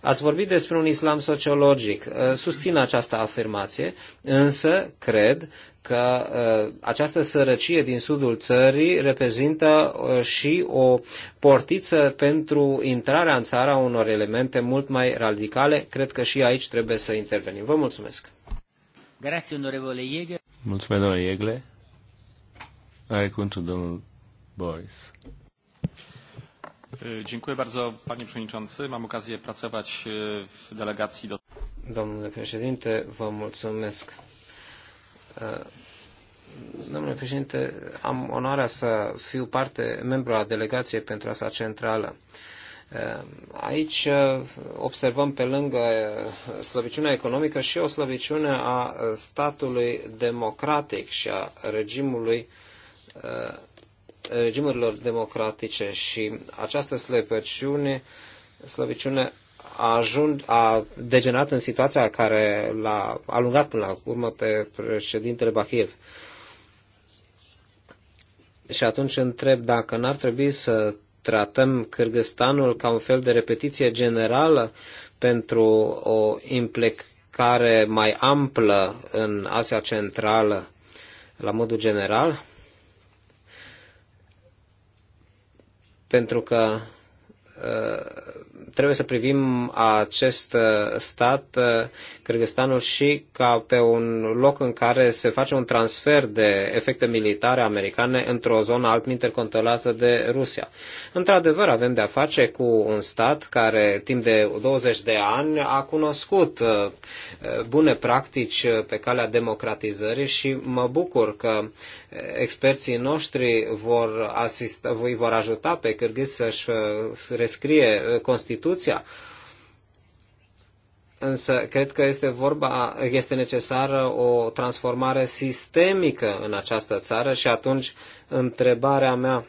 Ați vorbit despre un islam sociologic. Susțin această afirmație, însă cred că uh, această sărăcie din sudul țării reprezintă uh, și o portiță pentru intrarea în țara unor elemente mult mai radicale. Cred că și aici trebuie să intervenim. Vă mulțumesc! Grazie, onorevole Jäger. Mulțumesc, domnule Iegle. Are cuvântul domnul Boris. Dziękuję bardzo, panie przewodniczący. Mam okazję pracować w delegacji do... Domnule președinte, vă mulțumesc. Uh, domnule președinte, am onoarea să fiu parte, membru a delegației pentru asta centrală. Uh, aici uh, observăm pe lângă slăbiciunea economică și o slăbiciune a statului democratic și a regimului regimurilor democratice și această slăbiciune, slăbiciune a, ajung, a degenerat în situația care l-a alungat până la urmă pe președintele Bahiev. Și atunci întreb dacă n-ar trebui să tratăm Kyrgyzstanul ca un fel de repetiție generală pentru o implicare mai amplă în Asia Centrală la modul general, pentru că uh, trebuie să privim acest uh, stat, uh, Kyrgyzstanul, și ca pe un loc în care se face un transfer de efecte militare americane într-o zonă altminte controlată de Rusia. Într-adevăr, avem de-a face cu un stat care timp de 20 de ani a cunoscut uh, bune practici pe calea democratizării și mă bucur că experții noștri vor asista, vor ajuta pe Kyrgyz să-și rescrie Constituția Constituția. Însă cred că este vorba, este necesară o transformare sistemică în această țară și atunci întrebarea mea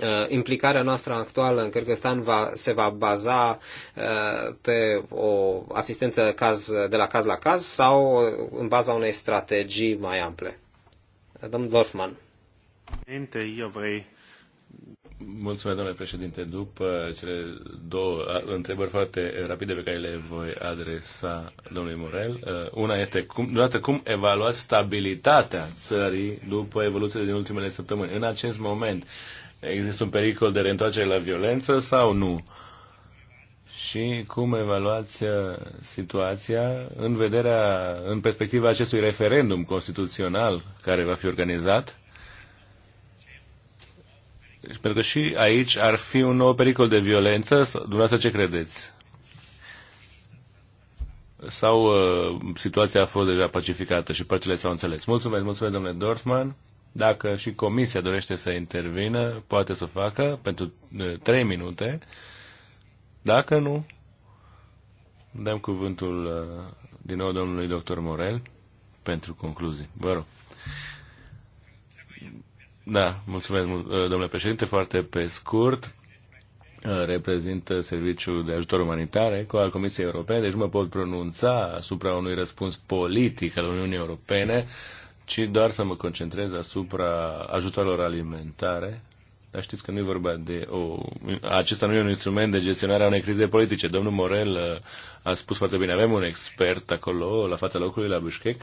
eh, implicarea noastră actuală în Kyrgyzstan va, se va baza eh, pe o asistență caz, de la caz la caz sau în baza unei strategii mai ample? Domnul Dorfman. Eu vrei Mulțumesc, domnule președinte. După cele două întrebări foarte rapide pe care le voi adresa domnului Morel, uh, una este cum, dată, cum evaluați stabilitatea țării după evoluțiile din ultimele săptămâni? În acest moment există un pericol de reîntoarcere la violență sau nu? Și cum evaluați uh, situația în vederea, în perspectiva acestui referendum constituțional care va fi organizat? pentru că și aici ar fi un nou pericol de violență. Dumneavoastră ce credeți? Sau uh, situația a fost deja pacificată și părțile s-au înțeles? Mulțumesc, mulțumesc, domnule Dorfman. Dacă și comisia dorește să intervină, poate să o facă pentru uh, minute. Dacă nu, dăm cuvântul uh, din nou domnului doctor Morel pentru concluzii. Vă rog. Da, mulțumesc, uh, domnule președinte, foarte pe scurt. Uh, Reprezintă uh, Serviciul de Ajutor Umanitar ECO al Comisiei Europene, deci mă pot pronunța asupra unui răspuns politic al Uniunii Europene, ci doar să mă concentrez asupra ajutorilor alimentare. Dar știți că nu e vorba de o... Acesta nu e un instrument de gestionare a unei crize politice. Domnul Morel a spus foarte bine, avem un expert acolo, la fața locului, la Bușchec,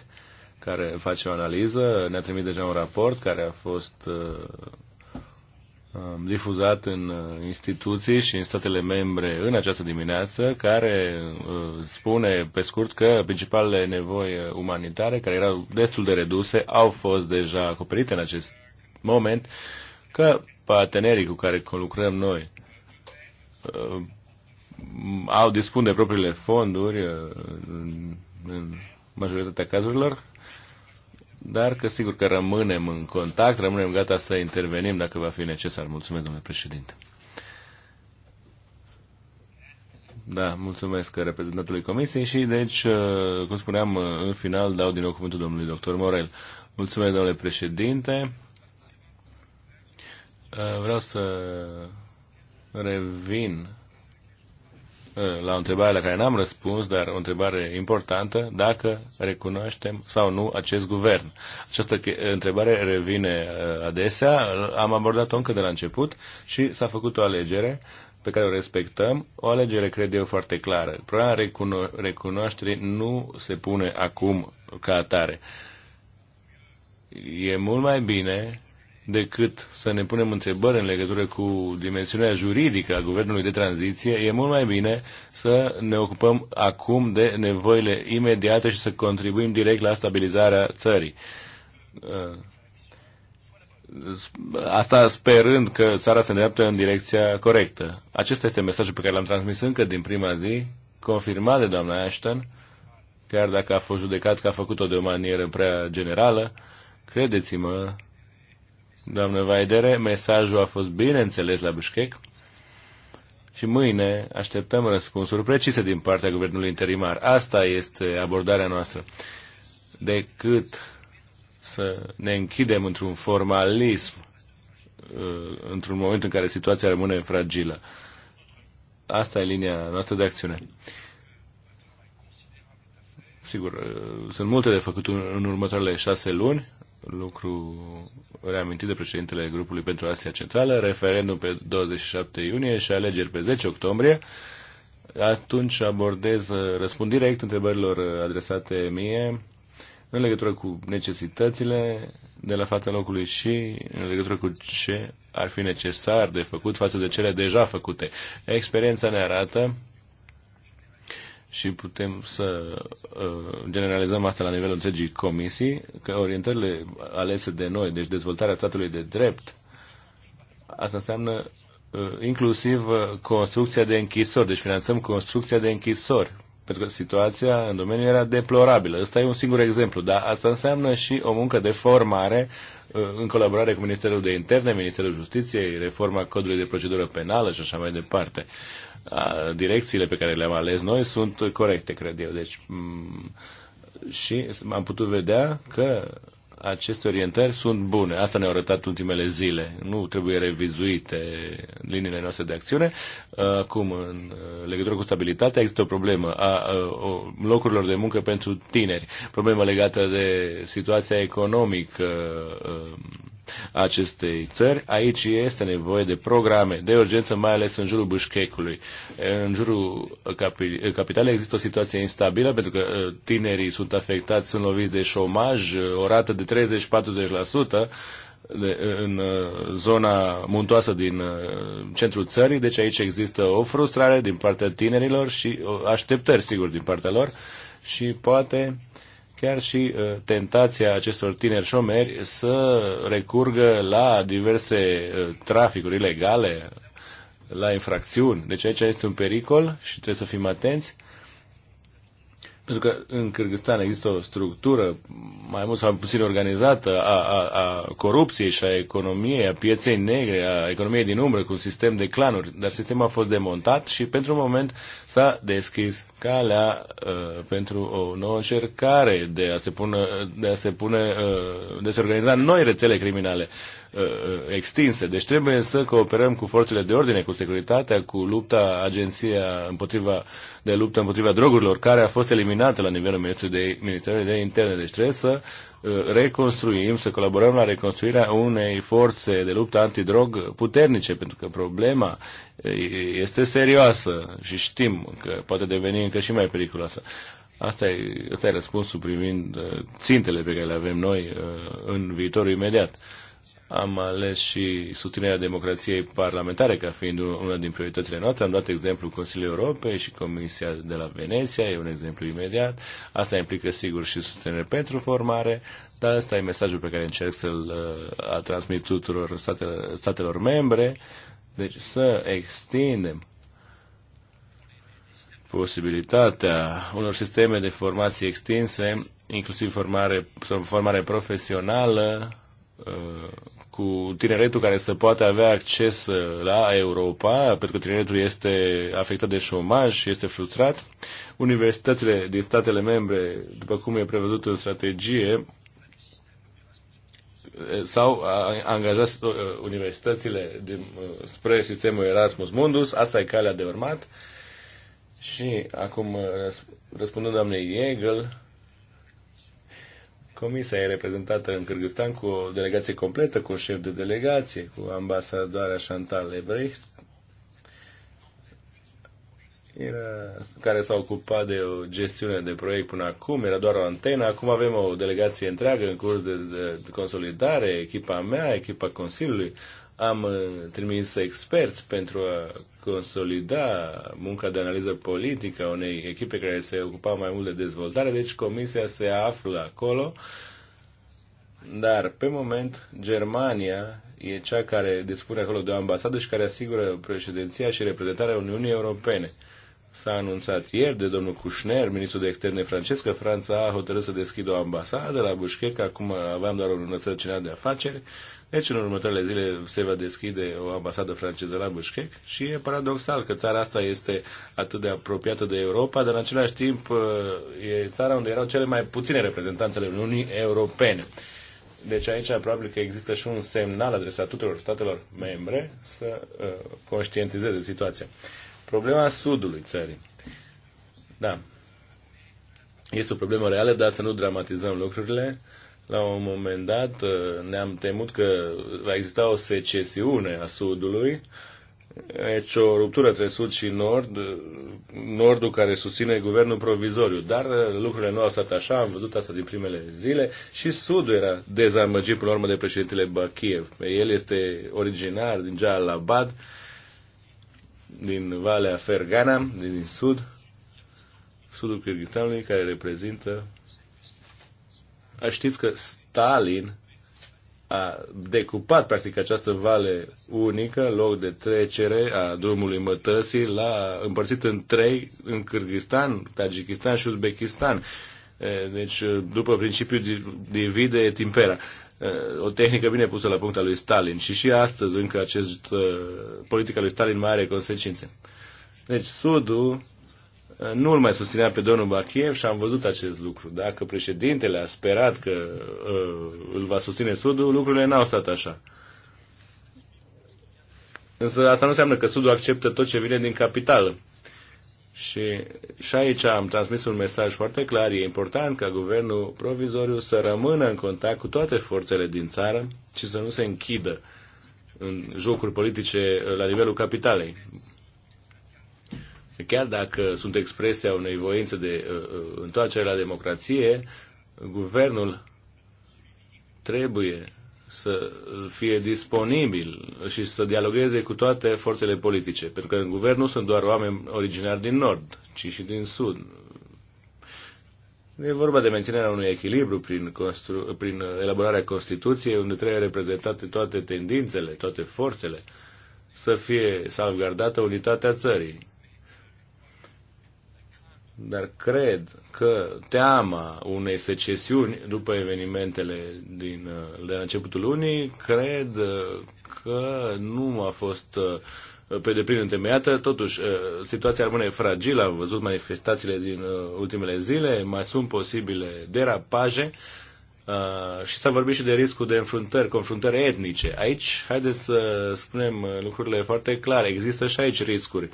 care face o analiză, ne-a trimis deja un raport care a fost uh, um, difuzat în uh, instituții și în statele membre în această dimineață, care uh, spune pe scurt că principalele nevoi umanitare, care erau destul de reduse, au fost deja acoperite în acest moment, că partenerii cu care lucrăm noi au dispun de propriile fonduri în majoritatea cazurilor dar că sigur că rămânem în contact, rămânem gata să intervenim dacă va fi necesar. Mulțumesc, domnule președinte. Da, mulțumesc reprezentantului Comisiei și, deci, uh, cum spuneam, uh, în final dau din nou cuvântul domnului doctor Morel. Mulțumesc, domnule președinte. Uh, vreau să revin la o întrebare la care n-am răspuns, dar o întrebare importantă, dacă recunoaștem sau nu acest guvern. Această întrebare revine uh, adesea, am abordat-o încă de la început și s-a făcut o alegere pe care o respectăm, o alegere, cred eu, foarte clară. Problema recuno- recunoașterii nu se pune acum ca atare. E mult mai bine decât să ne punem întrebări în legătură cu dimensiunea juridică a guvernului de tranziție, e mult mai bine să ne ocupăm acum de nevoile imediate și să contribuim direct la stabilizarea țării. Uh, asta sperând că țara se îndreaptă în direcția corectă. Acesta este mesajul pe care l-am transmis încă din prima zi, confirmat de doamna Ashton, chiar dacă a fost judecat că a făcut-o de o manieră prea generală, credeți-mă, doamnă Vaidere, mesajul a fost bine înțeles la Bishkek și mâine așteptăm răspunsuri precise din partea guvernului interimar. Asta este abordarea noastră. Decât să ne închidem într-un formalism uh, într-un moment în care situația rămâne fragilă. Asta e linia noastră de acțiune. Sigur, uh, sunt multe de făcut în următoarele șase luni, lucru reamintit de președintele grupului pentru Asia Centrală, referendum pe 27 iunie și alegeri pe 10 octombrie. Atunci abordez, răspund direct întrebărilor adresate mie în legătură cu necesitățile de la fața locului și în legătură cu ce ar fi necesar de făcut față de cele deja făcute. Experiența ne arată și putem să uh, generalizăm asta la nivelul întregii comisii, că orientările alese de noi, deci dezvoltarea statului de drept, asta înseamnă uh, inclusiv uh, construcția de închisori, deci finanțăm construcția de închisori, pentru că situația în domeniu era deplorabilă. Ăsta e un singur exemplu, dar asta înseamnă și o muncă de formare uh, în colaborare cu Ministerul de Interne, Ministerul Justiției, reforma codului de procedură penală și așa mai departe. Uh, direcțiile pe care le-am ales noi sunt corecte, cred eu. Deci, și am putut vedea că aceste orientări sunt bune. Asta ne-au arătat ultimele zile. Nu trebuie revizuite liniile noastre de acțiune. Acum, în legătură cu stabilitatea, există o problemă a locurilor de muncă pentru tineri, problemă legată de situația economică acestei țări. Aici este nevoie de programe de urgență, mai ales în jurul Bușchecului. În jurul capitalei există o situație instabilă pentru că uh, tinerii sunt afectați, sunt loviți de șomaj, uh, o rată de 30-40% de, uh, în zona muntoasă din centrul țării, deci aici există o frustrare din partea tinerilor și așteptări, sigur, din partea lor și poate chiar și uh, tentația acestor tineri șomeri să recurgă la diverse uh, traficuri ilegale, la infracțiuni. Deci aici este un pericol și trebuie să fim atenți pentru că în Kyrgyzstan există o structură mai mult sau puțin organizată a, a, a corupției și a economiei, a pieței negre, a economiei din umbră cu un sistem de clanuri, dar sistemul a fost demontat și pentru un moment s-a deschis calea uh, pentru o nouă încercare de a se pune, de a se pune, uh, de a se organiza noi rețele criminale. Uh, Uh, uh, extinse. Deci trebuie să cooperăm cu forțele de ordine, cu securitatea, cu lupta agenția împotriva, de luptă împotriva drogurilor, care a fost eliminată la nivelul Ministerului de, Ministerului de Interne. Deci trebuie să uh, reconstruim, să colaborăm la reconstruirea unei forțe de luptă antidrog puternice, pentru că problema este serioasă și știm că poate deveni încă și mai periculoasă. Asta e, asta e răspunsul privind țintele pe care le avem noi în viitorul imediat. Am ales și susținerea democrației parlamentare ca fiind una din prioritățile noastre. Am dat exemplu Consiliul Europei și Comisia de la Veneția, e un exemplu imediat. Asta implică, sigur, și susținere pentru formare, dar asta e mesajul pe care încerc să-l uh, transmit tuturor statelor, statelor membre. Deci să extindem posibilitatea unor sisteme de formație extinse, inclusiv formare, formare profesională, cu tineretul care să poată avea acces uh, la Europa, pentru că tineretul este afectat de șomaj și este frustrat. Universitățile din statele membre, după cum e prevăzut în strategie, eh, sau angajat uh, universitățile din, uh, spre sistemul Erasmus Mundus, asta e calea de urmat. Și acum, răspundând doamnei Iegel, Comisia e reprezentată în Kyrgyzstan cu o delegație completă, cu un șef de delegație, cu ambasadoarea Chantal Lebrecht, era, care s-a ocupat de o gestiune de proiect până acum, era doar o antenă, acum avem o delegație întreagă în curs de, de, de consolidare, echipa mea, echipa Consiliului, am uh, trimis experți pentru a consolida munca de analiză politică a unei echipe care se ocupa mai mult de dezvoltare, deci comisia se află acolo, dar pe moment Germania e cea care dispune acolo de o ambasadă și care asigură președinția și reprezentarea Uniunii Europene. S-a anunțat ieri de domnul Kushner, ministrul de externe francez, că Franța a hotărât să deschidă o ambasadă la Bușchec, acum aveam doar o înățăcinat de afaceri, deci, în următoarele zile se va deschide o ambasadă franceză la Bishkek și e paradoxal că țara asta este atât de apropiată de Europa, dar în același timp uh, e țara unde erau cele mai puține reprezentanțe ale Uniunii Europene. Deci aici probabil că există și un semnal adresat tuturor statelor membre să uh, conștientizeze situația. Problema sudului țării. Da. Este o problemă reală, dar să nu dramatizăm lucrurile. Uh, la un moment dat uh, ne-am temut că va exista o secesiune a Sudului, deci o ruptură între Sud și Nord, uh, Nordul care susține guvernul provizoriu. Dar uh, lucrurile nu au stat așa, am văzut asta din primele zile și Sudul era dezamăgit până la urmă de președintele Bakiev. El este originar din Jalalabad, din Valea Fergana, din Sud, Sudul Kyrgyzstanului, care reprezintă Știți că Stalin a decupat practic această vale unică, loc de trecere a drumului mătăsii, l-a împărțit în trei, în Kyrgyzstan, Tajikistan și Uzbekistan. Deci, după principiul divide et impera. O tehnică bine pusă la punct a lui Stalin și și astăzi încă acest, politica lui Stalin mai are consecințe. Deci, Sudul Uh, nu îl mai susținea pe domnul Bachiev și am văzut acest lucru. Dacă președintele a sperat că uh, îl va susține Sudul, lucrurile n-au stat așa. Însă asta nu înseamnă că Sudul acceptă tot ce vine din capitală. Și, și aici am transmis un mesaj foarte clar. E important ca guvernul provizoriu să rămână în contact cu toate forțele din țară și să nu se închidă în jocuri politice la nivelul capitalei. Chiar dacă sunt expresia unei voințe de uh, uh, întoarcere la democrație, guvernul trebuie să fie disponibil și să dialogueze cu toate forțele politice, pentru că în guvern nu sunt doar oameni originari din nord, ci și din sud. E vorba de menținerea unui echilibru prin, constru- prin elaborarea Constituției, unde trebuie reprezentate toate tendințele, toate forțele, să fie salvgardată unitatea țării dar cred că teama unei secesiuni după evenimentele din, uh, de la începutul lunii, cred uh, că nu a fost uh, pe deplin întemeiată. Totuși, situația rămâne fragilă. Am văzut manifestațiile din ultimele zile, mai sunt posibile derapaje și s-a vorbit și de riscul de înfruntări, confruntări etnice. Aici, haideți să spunem lucrurile foarte clare. Există și aici riscuri. Uh,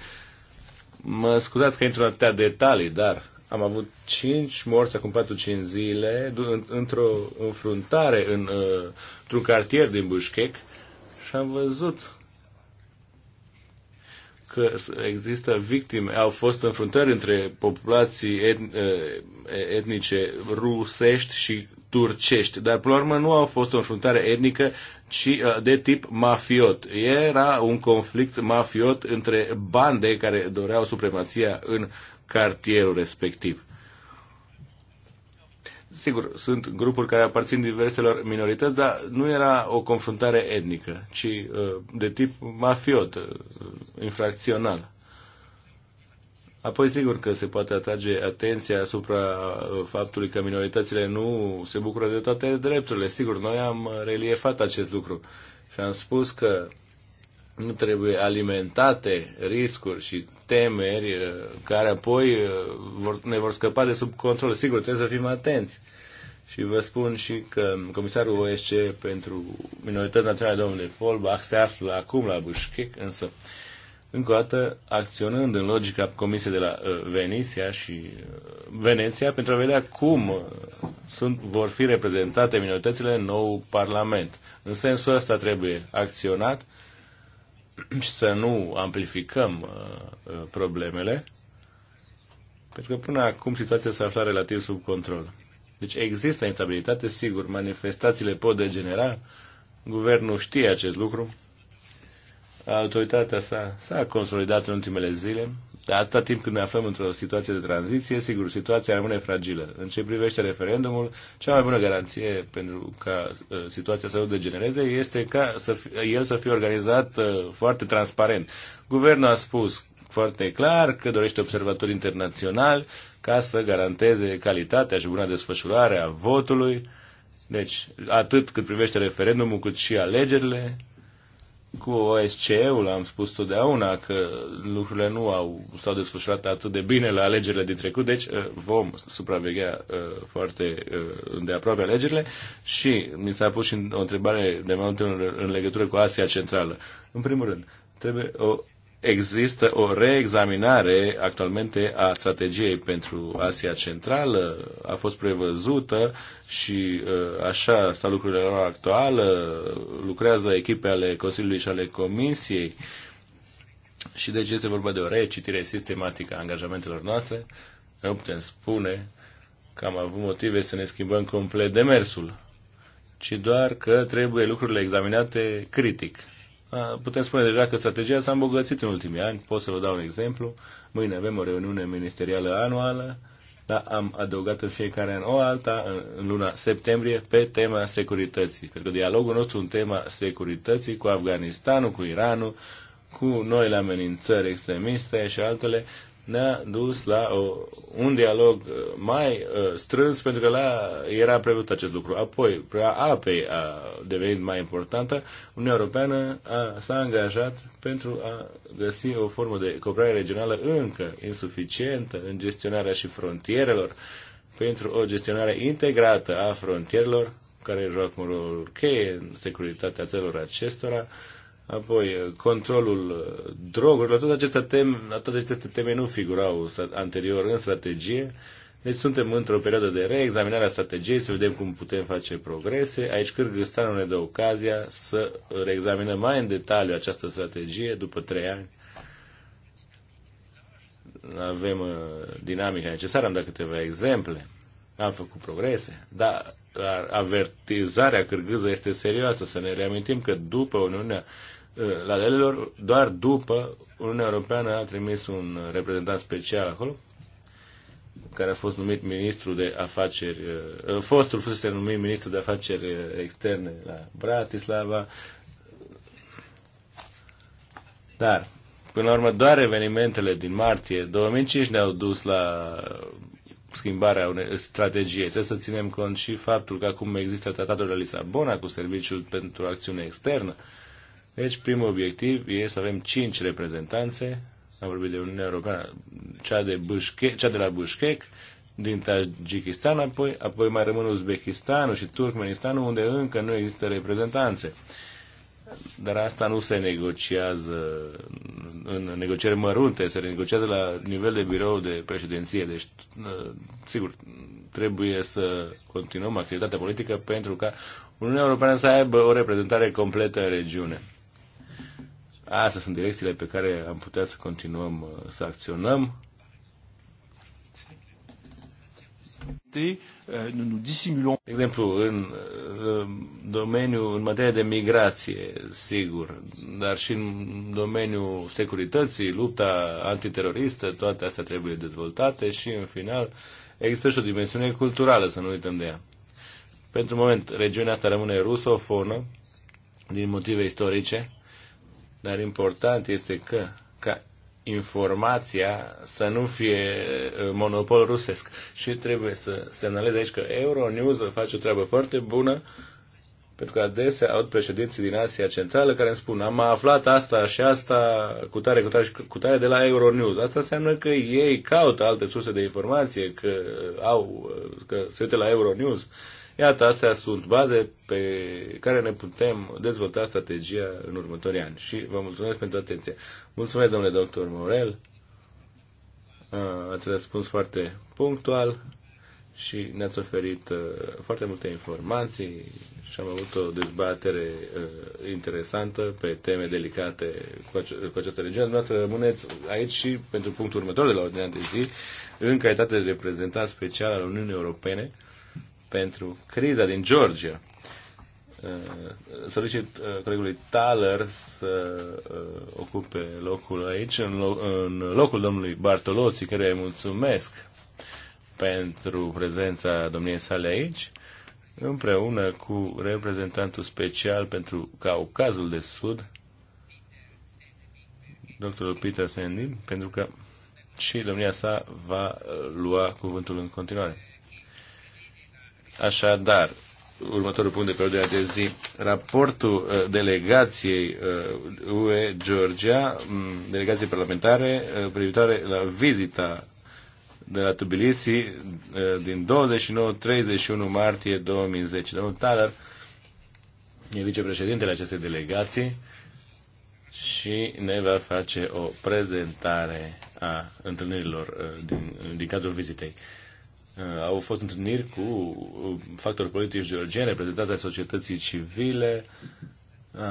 Mă scuzați că intru în atâtea detalii, dar am avut cinci morți acum 4-5 zile într-o înfruntare în, uh, într-un cartier din Bușchec și am văzut că există victime, au fost înfruntări între populații uh, etnice rusești și turcești, dar până la urmă nu a fost o înfruntare etnică, ci uh, de tip mafiot. Era un conflict mafiot între bande care doreau supremația în cartierul respectiv. Sigur, sunt grupuri care aparțin diverselor minorități, dar nu era o confruntare etnică, ci uh, de tip mafiot, uh, infracțional. Apoi, sigur că se poate atrage atenția asupra uh, faptului că minoritățile nu se bucură de toate drepturile. Sigur, noi am reliefat acest lucru și am spus că nu trebuie alimentate riscuri și temeri uh, care apoi uh, vor, ne vor scăpa de sub control. Sigur, trebuie să fim atenți. Și vă spun și că comisarul OSCE pentru minorități naționale, domnule Folbach, se află acum la Bushkik, însă uh, încă o dată acționând în logica Comisiei de la uh, Veneția și uh, Veneția pentru a vedea cum uh, sunt, vor fi reprezentate minoritățile în nou Parlament. În sensul ăsta trebuie acționat și să nu amplificăm problemele, pentru că până acum situația s-a aflat relativ sub control. Deci există instabilitate, sigur, manifestațiile pot degenera, guvernul știe acest lucru, autoritatea sa s-a consolidat în ultimele zile, dar atâta timp când ne aflăm într-o situație de tranziție, sigur, situația rămâne fragilă. În ce privește referendumul, cea mai bună garanție pentru ca uh, situația să nu degenereze este ca să fi, el să fie organizat uh, foarte transparent. Guvernul a spus foarte clar că dorește observatori internaționali ca să garanteze calitatea și buna desfășurare a votului. Deci, atât cât privește referendumul, cât și alegerile, cu OSCE-ul am spus totdeauna că lucrurile nu au, s-au desfășurat atât de bine la alegerile din trecut, deci uh, vom supraveghea uh, foarte uh, îndeaproape alegerile și mi s-a pus și o întrebare de mai multe în legătură cu Asia Centrală. În primul rând, trebuie o există o reexaminare actualmente a strategiei pentru Asia Centrală, a fost prevăzută și uh, așa stau lucrurile lor actuală, lucrează echipe ale Consiliului și ale Comisiei și deci este vorba de o recitire sistematică a angajamentelor noastre, nu putem spune că am avut motive să ne schimbăm complet demersul, ci doar că trebuie lucrurile examinate critic putem spune deja că strategia s-a îmbogățit în ultimii ani. Pot să vă dau un exemplu. Mâine avem o reuniune ministerială anuală, dar am adăugat în fiecare an o alta în luna septembrie pe tema securității. Pentru că dialogul nostru în tema securității cu Afganistanul, cu Iranul, cu noile amenințări extremiste și altele, ne-a dus la o, uh, un dialog uh, mai uh, strâns, pentru că la, era prevăzut acest lucru. Apoi, prea apei a devenit mai importantă, Uniunea Europeană a, s-a angajat pentru a găsi o formă de cooperare regională încă insuficientă în gestionarea și frontierelor, pentru o gestionare integrată a frontierelor, care joacă un rol cheie în securitatea țărilor acestora, uh, Apoi, eh, controlul eh, drogurilor, toate aceste, teme, toate aceste teme nu figurau anterior în strategie. Deci suntem într-o perioadă de reexaminare a strategiei, să vedem cum putem face progrese. Aici Cârgâstanul ne dă ocazia să reexaminăm mai în detaliu această strategie după trei ani. Avem eh, dinamica necesară, am dat câteva exemple, am făcut progrese, dar avertizarea cârgâză este serioasă. Să ne reamintim că după Uniunea la delelor, doar după Uniunea Europeană a trimis un reprezentant special acolo, care a fost numit ministru de afaceri, uh, fostul fusese numit ministru de afaceri uh, externe la Bratislava, dar, până la urmă, doar evenimentele din martie 2005 ne-au dus la schimbarea unei strategie. Trebuie să ținem cont și faptul că acum există tratatul de Lisabona cu Serviciul pentru Acțiune Externă, deci, primul obiectiv e să avem cinci reprezentanțe, am vorbit de Uniunea Europeană, cea de, Bishkek, cea de la Bishkek, din Tajikistan, apoi, apoi mai rămân Uzbekistanul și Turkmenistanul, unde încă nu există reprezentanțe. Dar asta nu se negociază în negocieri mărunte, se negociază la nivel de birou de președinție. Deci, ă, sigur, trebuie să continuăm activitatea politică pentru ca Uniunea Europeană să aibă o reprezentare completă în regiune. Astea sunt direcțiile pe care am putea să continuăm uh, să acționăm. Uh, de exemplu, în uh, domeniul, în materie de migrație, sigur, dar și în domeniul securității, lupta antiteroristă, toate astea trebuie dezvoltate și, în final, există și o dimensiune culturală, să nu uităm de ea. Pentru moment, regiunea asta rămâne rusofonă, din motive istorice, dar important este că ca informația să nu fie monopol rusesc. Și trebuie să semnalez aici că Euronews face o treabă foarte bună pentru că adesea aud președinții din Asia Centrală care îmi spun am aflat asta și asta cu tare, cu tare și cu tare de la Euronews. Asta înseamnă că ei caută alte surse de informație, că, au, că se uită la Euronews Iată, astea sunt baze pe care ne putem dezvolta strategia în următorii ani. Și vă mulțumesc pentru atenție. Mulțumesc, domnule doctor Morel. Ați răspuns foarte punctual și ne-ați oferit foarte multe informații și am avut o dezbatere interesantă pe teme delicate cu, această regiune. Dumneavoastră rămâneți aici și pentru punctul următor de la ordinea de zi, în calitate de reprezentant special al Uniunii Europene pentru criza din Georgia. Solicit uh, colegului Thaler să uh, ocupe locul aici, în, locul domnului Bartoloții, care îi mulțumesc pentru prezența domniei sale aici, împreună cu reprezentantul special pentru Caucazul de Sud, doctorul Peter Sandy, pentru că și domnia sa va uh, lua cuvântul în continuare. Așadar, următorul punct de pe ordinea de zi, raportul uh, delegației UE uh, Georgia, mm, delegației parlamentare uh, privitoare la vizita de la Tbilisi din 29-31 martie 2010. Domnul Talar e vicepreședintele acestei delegații și ne va face o prezentare a întâlnirilor din, din cadrul vizitei. Uh, Uh, au fost întâlniri cu uh, factori politici georgieni, reprezentanți ai societății civile, uh,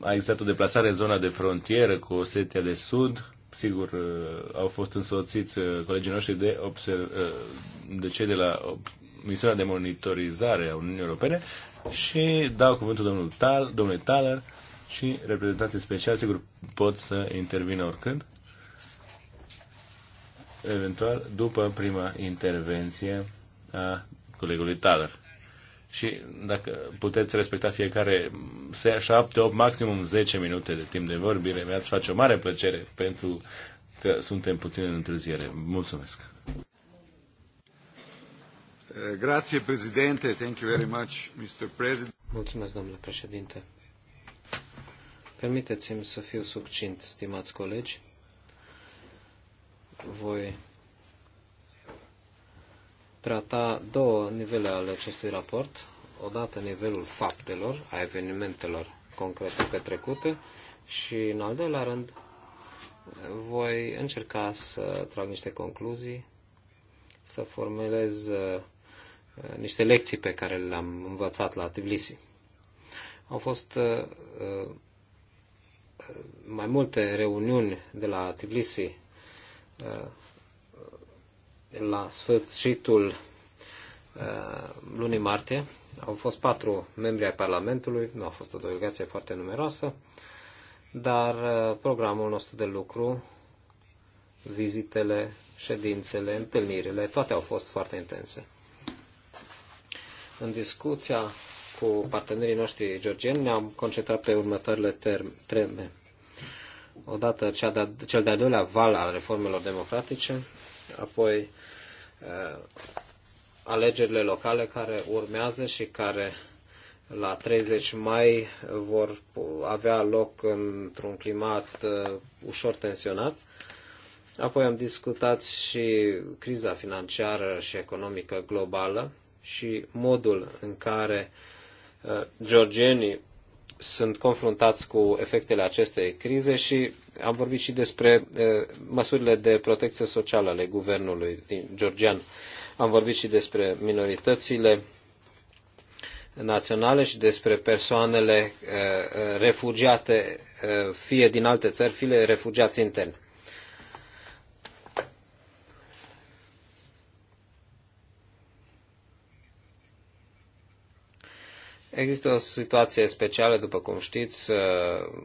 a existat o deplasare în zona de frontieră cu Osetia de Sud, sigur, au fost însoțiți colegii noștri de, observ, de cei de la misiunea de monitorizare a Uniunii Europene și dau cuvântul domnului Tal, domnului Taler și reprezentanții speciali, sigur, pot să intervină oricând eventual după prima intervenție a colegului Taler. Și dacă puteți respecta fiecare 7, 8, maximum 10 minute de timp de vorbire, mi-ați face o mare plăcere pentru că suntem puțin în întârziere. Mulțumesc! Eh, grazie, Presidente. Thank you very much, Mr. President. Mulțumesc, domnule președinte. Permiteți-mi să fiu succint, stimați colegi voi trata două nivele ale acestui raport. Odată nivelul faptelor, a evenimentelor concrete petrecute și, în al doilea rând, voi încerca să trag niște concluzii, să formulez uh, niște lecții pe care le-am învățat la Tbilisi. Au fost uh, uh, mai multe reuniuni de la Tbilisi Uh, uh, la sfârșitul uh, lunii martie. Au fost patru membri ai Parlamentului, nu a fost o delegație foarte numeroasă, dar programul nostru de lucru, vizitele, ședințele, întâlnirile, toate au fost foarte intense. În discuția cu partenerii noștri georgieni ne-am concentrat pe următoarele terme odată cel de-al doilea val al reformelor democratice, apoi alegerile locale care urmează și care la 30 mai vor avea loc într-un climat ușor tensionat. Apoi am discutat și criza financiară și economică globală și modul în care georgienii sunt confruntați cu efectele acestei crize și am vorbit și despre eh, măsurile de protecție socială ale guvernului din georgian. Am vorbit și despre minoritățile naționale și despre persoanele eh, refugiate, eh, fie din alte țări, fie refugiați interni. Există o situație specială, după cum știți, uh,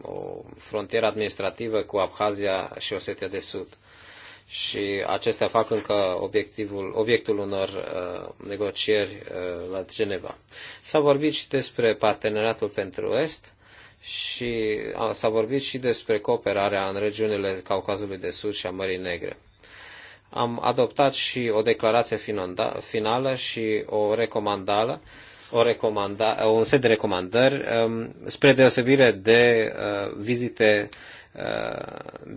o frontieră administrativă cu Abhazia și Osetia de Sud. Și acestea fac încă obiectivul, obiectul unor uh, negocieri uh, la Geneva. S-a vorbit și despre parteneriatul pentru Est și uh, s-a vorbit și despre cooperarea în regiunile Caucazului de Sud și a Mării Negre am adoptat și o declarație finală și o recomandare o recomanda, un set de recomandări, um, spre deosebire de uh, vizite uh,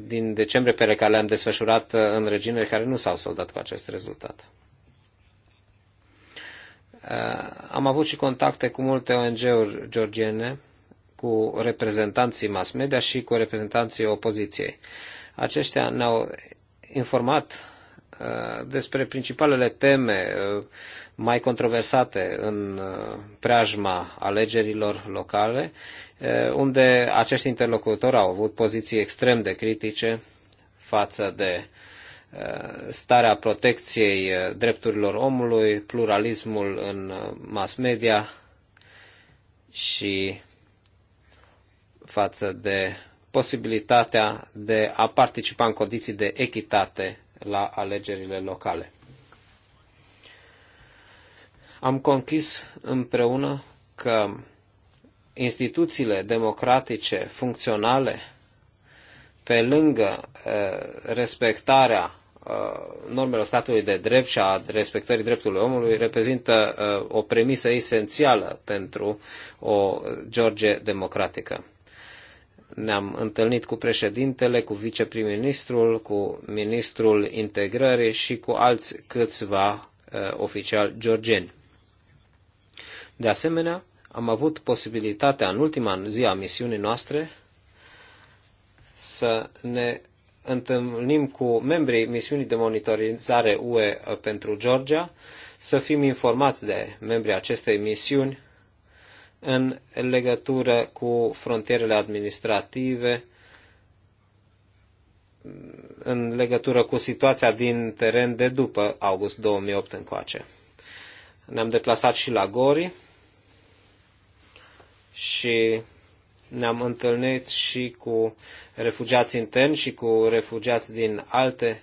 din decembrie pe care le-am desfășurat uh, în regiune care nu s-au soldat cu acest rezultat. Am avut și contacte cu multe ONG-uri georgiene, cu reprezentanții mass media și cu reprezentanții opoziției. Aceștia ne-au informat Uh, despre principalele teme uh, mai controversate în uh, preajma alegerilor locale, unde acești interlocutori au avut poziții extrem de critice față de starea protecției drepturilor omului, pluralismul în mass media și față de posibilitatea de a participa în condiții de echitate la alegerile locale. Am conchis împreună că instituțiile democratice funcționale, pe lângă uh, respectarea uh, normelor statului de drept și a respectării dreptului omului, reprezintă uh, o premisă esențială pentru o George democratică ne-am întâlnit cu președintele, cu viceprim-ministrul, cu ministrul integrării și cu alți câțiva uh, oficiali georgeni. De asemenea, am avut posibilitatea în ultima zi a misiunii noastre să ne întâlnim cu membrii misiunii de monitorizare UE uh, pentru Georgia, să fim informați de membrii acestei misiuni în legătură cu frontierele administrative, în legătură cu situația din teren de după august 2008 încoace. Ne-am deplasat și la Gori și ne-am întâlnit și cu refugiați interni și cu refugiați din alte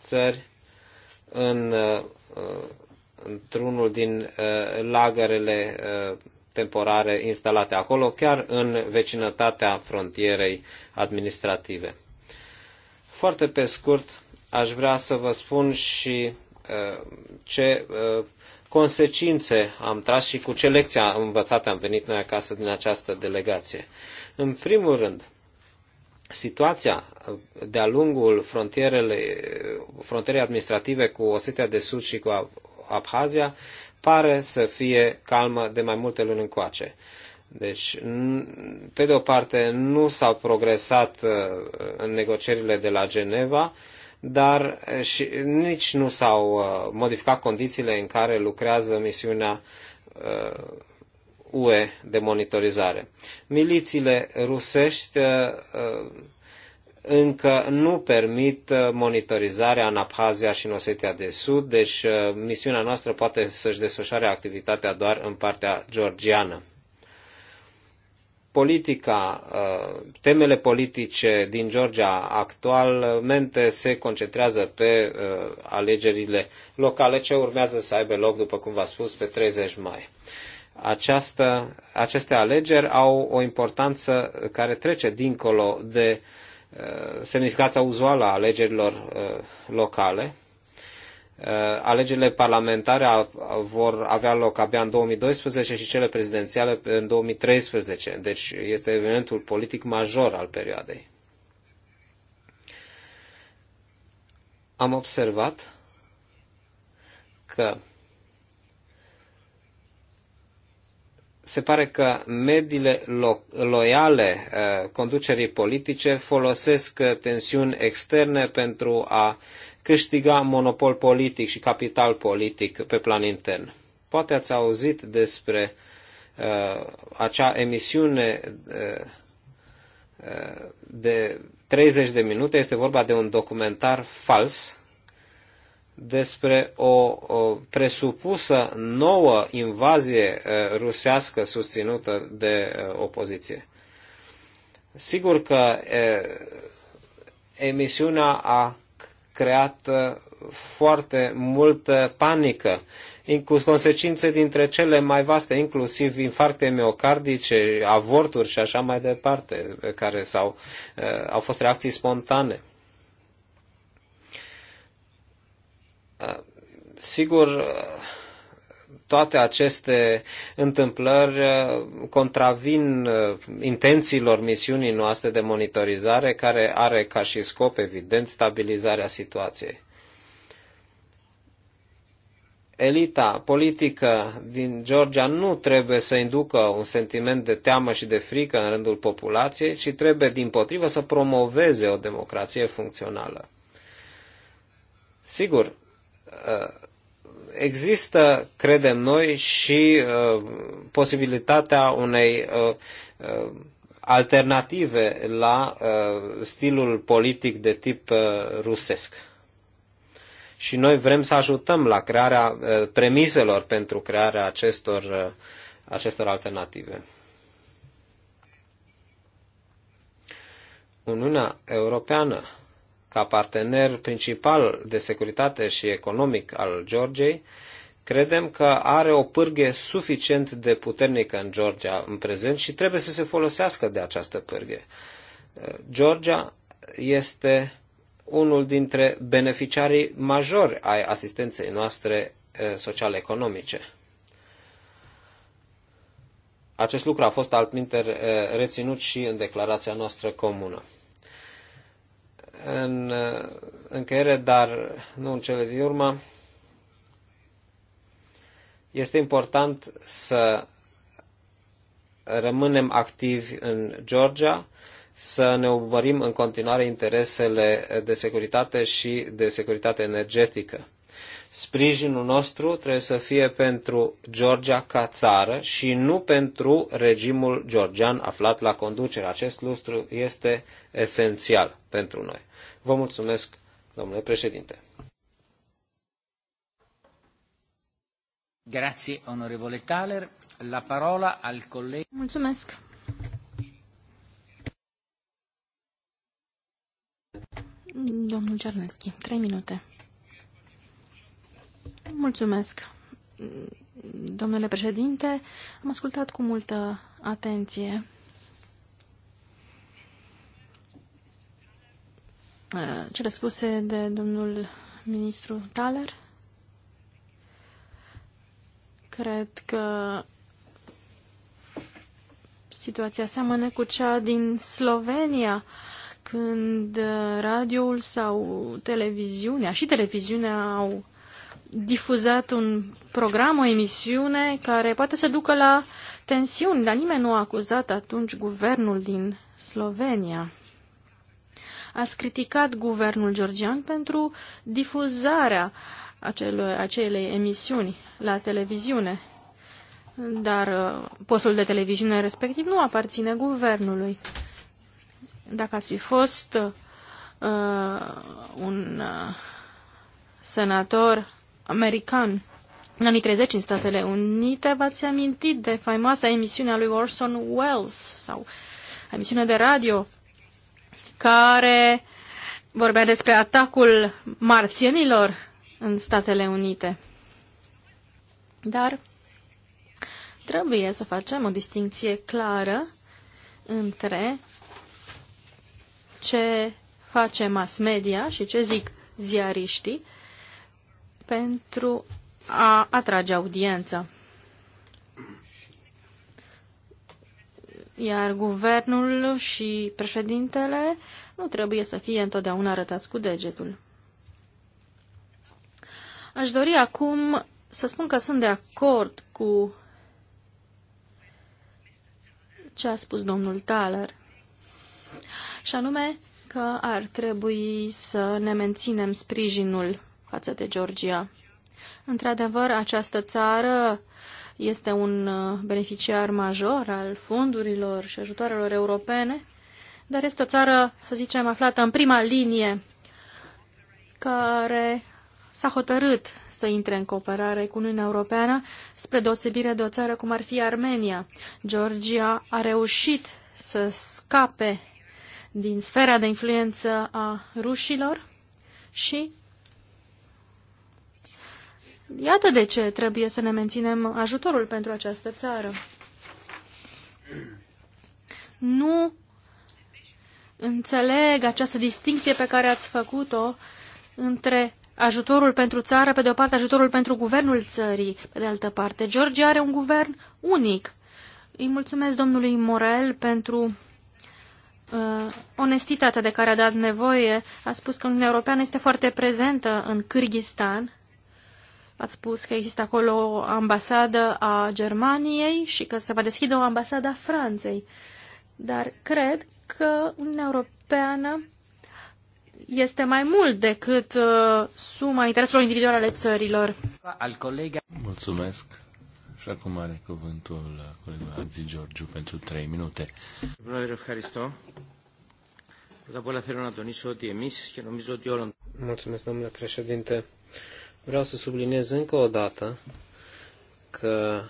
țări în, uh, într-unul din uh, lagărele uh, temporare instalate acolo, chiar în vecinătatea frontierei administrative. Foarte pe scurt, aș vrea să vă spun și uh, ce uh, consecințe am tras și cu ce lecție învățată am venit noi acasă din această delegație. În primul rând, situația uh, de-a lungul frontierele, frontierei administrative cu Osetia de Sud și cu Abhazia pare să fie calmă de mai multe luni încoace. Deci, pe de o parte, nu s-au progresat uh, în negocierile de la Geneva, dar uh, și, nici nu s-au uh, modificat condițiile în care lucrează misiunea UE de monitorizare. Milițiile rusești încă nu permit uh, monitorizarea în Abhazia și în Osetia de Sud, deci uh, misiunea noastră poate să-și desfășoare activitatea doar în partea georgiană. Politica, uh, temele politice din Georgia actualmente se concentrează pe alegerile locale ce urmează să aibă loc, după cum v-a spus, pe 30 mai. Această, aceste alegeri au o importanță care trece dincolo de uh, Uh, semnificația uzuală a alegerilor uh, locale. Uh, alegerile parlamentare vor avea loc abia în 2012 și cele prezidențiale în 2013, deci este evenimentul politic major al perioadei. Am observat că se pare că mediile lo- loiale uh, conducerii politice folosesc uh, tensiuni externe pentru a câștiga monopol politic și capital politic pe plan intern. Poate ați auzit despre uh, acea emisiune uh, uh de 30 de minute, este vorba de un documentar fals despre o, o presupusă nouă invazie rusească susținută de opoziție. Sigur că e, emisiunea a creat foarte multă panică, cu consecințe dintre cele mai vaste, inclusiv infarcte miocardice, avorturi și așa mai departe, care s-au, au fost reacții spontane. Sigur, toate aceste întâmplări uh, contravin uh, intențiilor misiunii noastre de monitorizare, care are ca și scop, evident, stabilizarea situației. Elita politică din Georgia nu trebuie să inducă un sentiment de teamă și de frică în rândul populației, ci trebuie, din potrivă, să promoveze o democrație funcțională. Sigur, există, credem noi, și uh, posibilitatea unei uh, uh, alternative la stilul politic de tip rusesc. Și noi vrem să ajutăm la crearea premiselor pentru crearea acestor, acestor alternative. Uniunea Europeană ca partener principal de securitate și economic al Georgiei, credem că are o pârghie suficient de puternică în Georgia în prezent și trebuie să se folosească de această pârghie. Georgia este unul dintre beneficiarii majori ai asistenței noastre eh, social-economice. Acest lucru a fost altminte eh, reținut și în declarația noastră comună în încheiere, dar nu în cele din urmă, este important să rămânem activi în Georgia, să ne urmărim în continuare interesele de securitate și de securitate energetică sprijinul nostru trebuie să fie pentru Georgia ca țară și nu pentru regimul georgian aflat la conducere. Acest lucru este esențial pentru noi. Vă mulțumesc, domnule președinte. Grazie, onorevole Thaler. La parola al Mulțumesc. Domnul Cerneschi, trei minute. Mulțumesc. Domnule președinte, am ascultat cu multă atenție uh, cele spuse de domnul ministru Thaler. Cred că situația seamănă cu cea din Slovenia, când uh, radioul sau televiziunea și televiziunea au difuzat un program, o emisiune care poate să ducă la tensiuni, dar nimeni nu a acuzat atunci guvernul din Slovenia. Ați criticat guvernul georgian pentru difuzarea acele, acelei emisiuni la televiziune, dar uh, postul de televiziune respectiv nu aparține guvernului. Dacă ați fi fost uh, un uh, senator american în anii 30 în Statele Unite, v-ați fi amintit de faimoasa emisiune a lui Orson Welles sau emisiune de radio care vorbea despre atacul marțienilor în Statele Unite. Dar trebuie să facem o distinție clară între ce face mass media și ce zic ziariștii pentru a atrage audiență. Iar guvernul și președintele nu trebuie să fie întotdeauna arătați cu degetul. Aș dori acum să spun că sunt de acord cu ce a spus domnul Thaler, și anume că ar trebui să ne menținem sprijinul față de Georgia. Într-adevăr, această țară este un uh, beneficiar major al fondurilor și ajutoarelor europene, dar este o țară, să zicem, aflată în prima linie, care s-a hotărât să intre în cooperare cu Uniunea Europeană, spre deosebire de o țară cum ar fi Armenia. Georgia a reușit să scape din sfera de influență a rușilor și Iată de ce trebuie să ne menținem ajutorul pentru această țară. Nu înțeleg această distinție pe care ați făcut-o între ajutorul pentru țară, pe de o parte ajutorul pentru guvernul țării, pe de altă parte. Georgia are un guvern unic. Îi mulțumesc domnului Morel pentru uh, onestitatea de care a dat nevoie. A spus că Uniunea Europeană este foarte prezentă în Kyrgyzstan Ați spus că există acolo o ambasadă a Germaniei și că se va deschide o ambasadă a Franței. Dar cred că Uniunea Europeană este mai mult decât uh, suma intereselor individuale ale țărilor. Al colega... Mulțumesc. Și acum are cuvântul uh, colegul azi Georgiu pentru trei minute. Mulțumesc, domnule președinte. Vreau să subliniez încă o dată că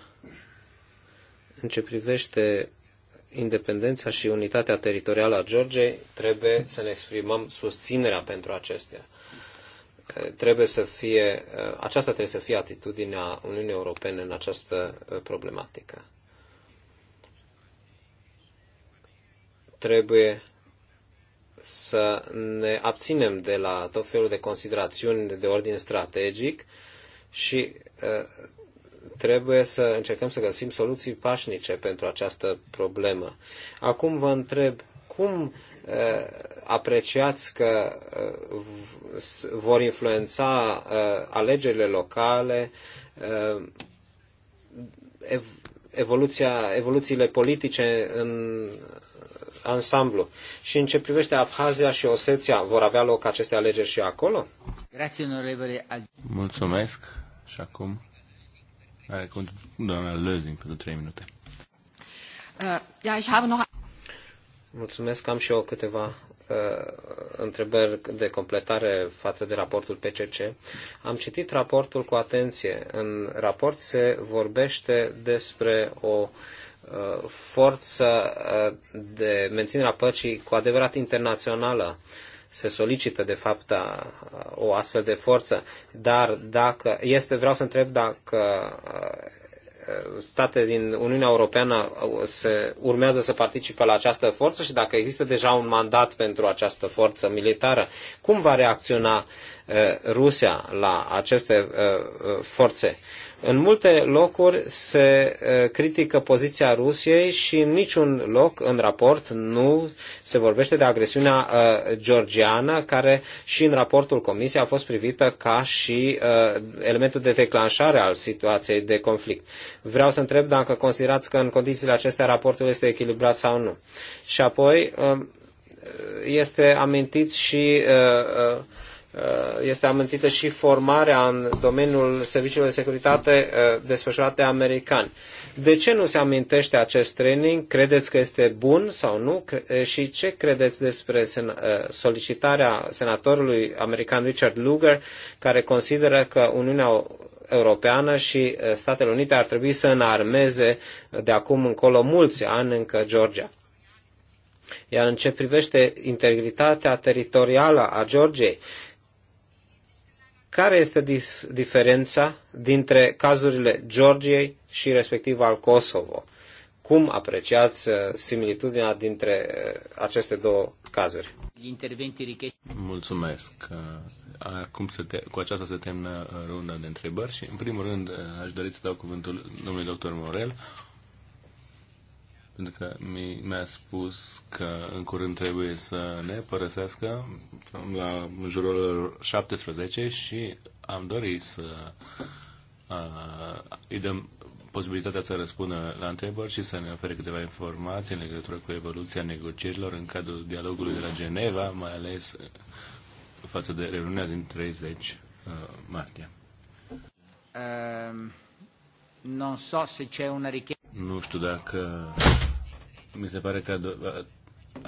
în ce privește independența și unitatea teritorială a Georgiei, trebuie să ne exprimăm susținerea pentru acestea. Trebuie să fie, aceasta trebuie să fie atitudinea Uniunii Europene în această uh, problematică. Trebuie să ne abținem de la tot felul de considerațiuni de ordin strategic și trebuie să încercăm să găsim soluții pașnice pentru această problemă. Acum vă întreb cum apreciați că vor influența alegerile locale evoluția, evoluțiile politice în ansamblu. Și în ce privește Abhazia și Oseția, vor avea loc aceste alegeri și acolo? Mulțumesc. Și acum are cuvântul doamna Lözing pentru 3 minute. Uh, ja, Mulțumesc. Am și eu câteva uh, întrebări de completare față de raportul PCC. Am citit raportul cu atenție. În raport se vorbește despre o Uh, forță uh, de menținere a păcii cu adevărat internațională. Se solicită, de fapt, o astfel de forță, dar dacă este, vreau să întreb dacă uh, state din Uniunea Europeană se, urmează să participe la această forță și dacă există deja un mandat pentru această forță militară, cum va reacționa Rusia la aceste forțe? În multe locuri se critică poziția Rusiei și în niciun loc în raport nu se vorbește de agresiunea georgiană, care și în raportul Comisiei a fost privită ca și elementul de declanșare al situației de conflict. Vreau să întreb dacă considerați că în condițiile acestea raportul este echilibrat sau nu. Și apoi este amintit și uh, Uh, este amintită și formarea în domeniul serviciilor de securitate uh, desfășurate de americani. De ce nu se amintește acest training? Credeți că este bun sau nu? Uh, și ce credeți despre solicitarea senatorului american Richard Lugar, care consideră că Uniunea Europeană și Statele Unite ar trebui să înarmeze de acum încolo mulți ani încă Georgia? Iar în ce privește integritatea teritorială a Georgiei, care este diferența dintre cazurile Georgiei și respectiv al Kosovo? Cum apreciați uh, similitudinea dintre uh, aceste două cazuri? Mulțumesc. Uh, acum se te- cu aceasta se termină runda de întrebări și, în primul rând, aș dori să dau cuvântul domnului doctor Morel, pentru că mi-a spus că în curând trebuie să ne părăsească la jurul 17 și am dorit să uh, îi dăm posibilitatea să răspundă la întrebări și să ne ofere câteva informații în legătură cu evoluția negocierilor în cadrul dialogului de la Geneva, mai ales față de reuniunea din 30 uh, martie. Um, non so se c'è una richiesta. Nu știu dacă mi se pare că a, do- a,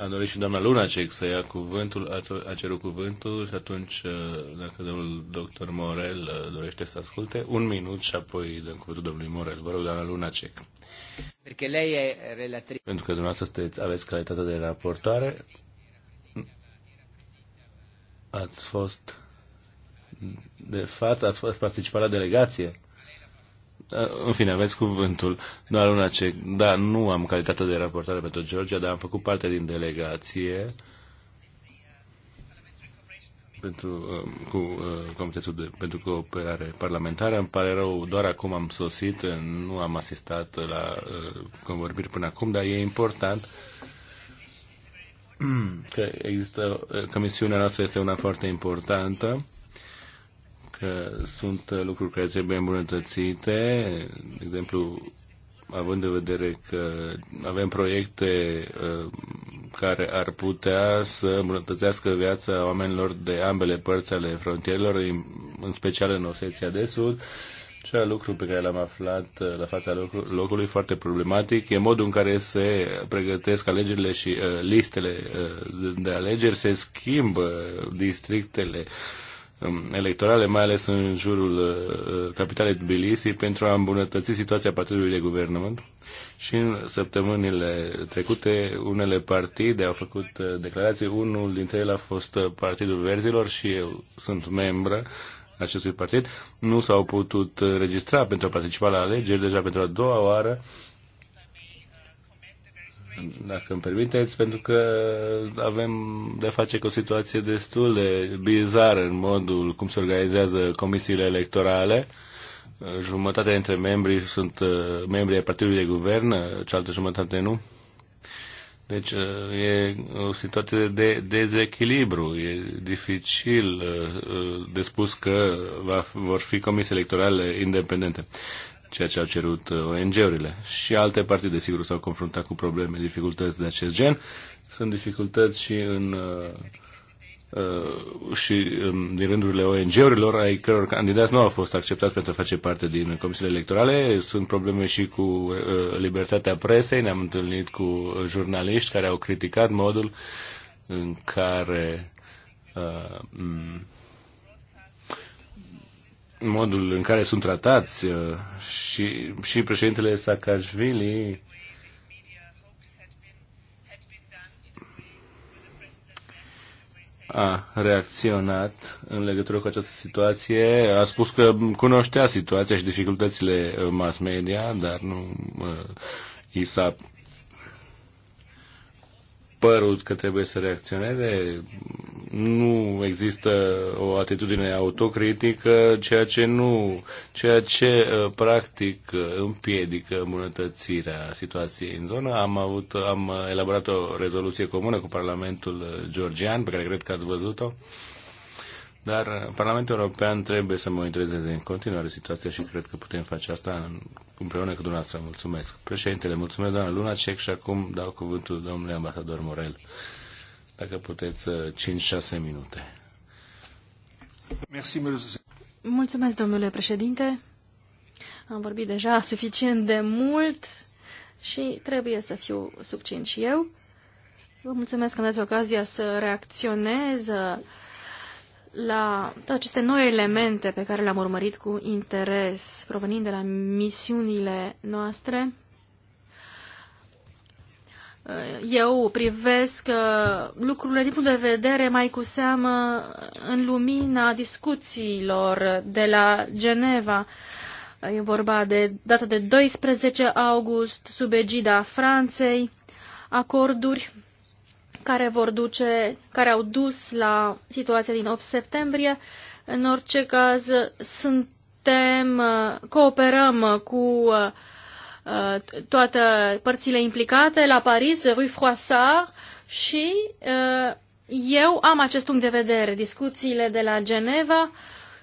a dorit și doamna Lunacek să ia cuvântul, a, a cerut cuvântul și atunci, uh, dacă domnul doctor Morel uh, dorește să asculte, un minut și apoi dăm cuvântul domnului Morel. Vă rog, doamna Lunacek. Perché lei relatrice. Pentru că dumneavoastră aveți calitatea de raportoare, ați fost de fapt, ați fost participat la delegație în fine, aveți cuvântul. Doar una ce... Da, nu am calitatea de raportare pentru Georgia, dar am făcut parte din delegație pentru, cu uh, Comitetul de, pentru Cooperare Parlamentară. Îmi pare rău, doar acum am sosit, nu am asistat la uh, convorbiri până acum, dar e important că există, că misiunea noastră este una foarte importantă că sunt lucruri care trebuie îmbunătățite, de exemplu, având în vedere că avem proiecte uh, care ar putea să îmbunătățească viața oamenilor de ambele părți ale frontierelor, în special în Osetia de Sud, cea lucru pe care l-am aflat uh, la fața locului foarte problematic e modul în care se pregătesc alegerile și uh, listele uh, de alegeri, se schimbă districtele uh, Um, electorale, mai ales în jurul uh, capitalei Tbilisi, pentru a îmbunătăți situația partidului de guvernământ. Și în săptămânile trecute, unele partide au făcut uh, declarații. Unul dintre ele a fost uh, Partidul Verzilor și eu sunt membră acestui partid. Nu s-au putut registra pentru a participa la alegeri, deja pentru a doua oară dacă îmi permiteți, pentru că avem de face cu o situație destul de bizară în modul cum se organizează comisiile electorale. Jumătate dintre membri sunt uh, membri ai partidului de guvern, uh, cealaltă jumătate nu. Deci uh, e o situație de dezechilibru. E dificil de spus că va, vor fi comisii electorale independente ceea ce au cerut uh, ONG-urile. Și alte partide, sigur, s-au confruntat cu probleme, dificultăți de acest gen. Sunt dificultăți și în uh, uh, și um, din rândurile ONG-urilor, ai căror candidați nu au fost acceptați pentru a face parte din comisiile electorale. Sunt probleme și cu uh, libertatea presei. Ne-am întâlnit cu jurnaliști care au criticat modul în care uh, modul în care sunt tratați uh, și, și președintele Saakashvili a reacționat în legătură cu această situație. A spus că cunoștea situația și dificultățile mass media, dar nu uh, i s-a părut că trebuie să reacționeze nu există o atitudine autocritică, ceea ce nu, ceea ce uh, practic uh, împiedică îmbunătățirea situației în zonă. Am avut, am elaborat o rezoluție comună cu Parlamentul uh, Georgian, pe care cred că ați văzut-o. Dar Parlamentul European trebuie să intereseze în continuare situația și cred că putem face asta în împreună cu dumneavoastră. Mulțumesc. Președintele, mulțumesc, doamna Luna Cec și acum dau cuvântul domnului ambasador Morel. Dacă puteți, 5-6 uh, minute. Mulțumesc, domnule președinte. Am vorbit deja suficient de mult și trebuie să fiu subțin și eu. Vă mulțumesc că aveți ocazia să reacționez uh, la aceste noi elemente pe care le-am urmărit cu interes, provenind de la misiunile noastre Uh, eu privesc uh, lucrurile din punct de vedere mai cu seamă în lumina discuțiilor de la Geneva. Uh, e vorba de data de 12 august sub egida Franței, acorduri care vor duce, care au dus la situația din 8 septembrie. În orice caz, suntem, cooperăm cu uh, Uh, toate părțile implicate la Paris, Rue Froissart și uh, eu am acest punct de vedere, discuțiile de la Geneva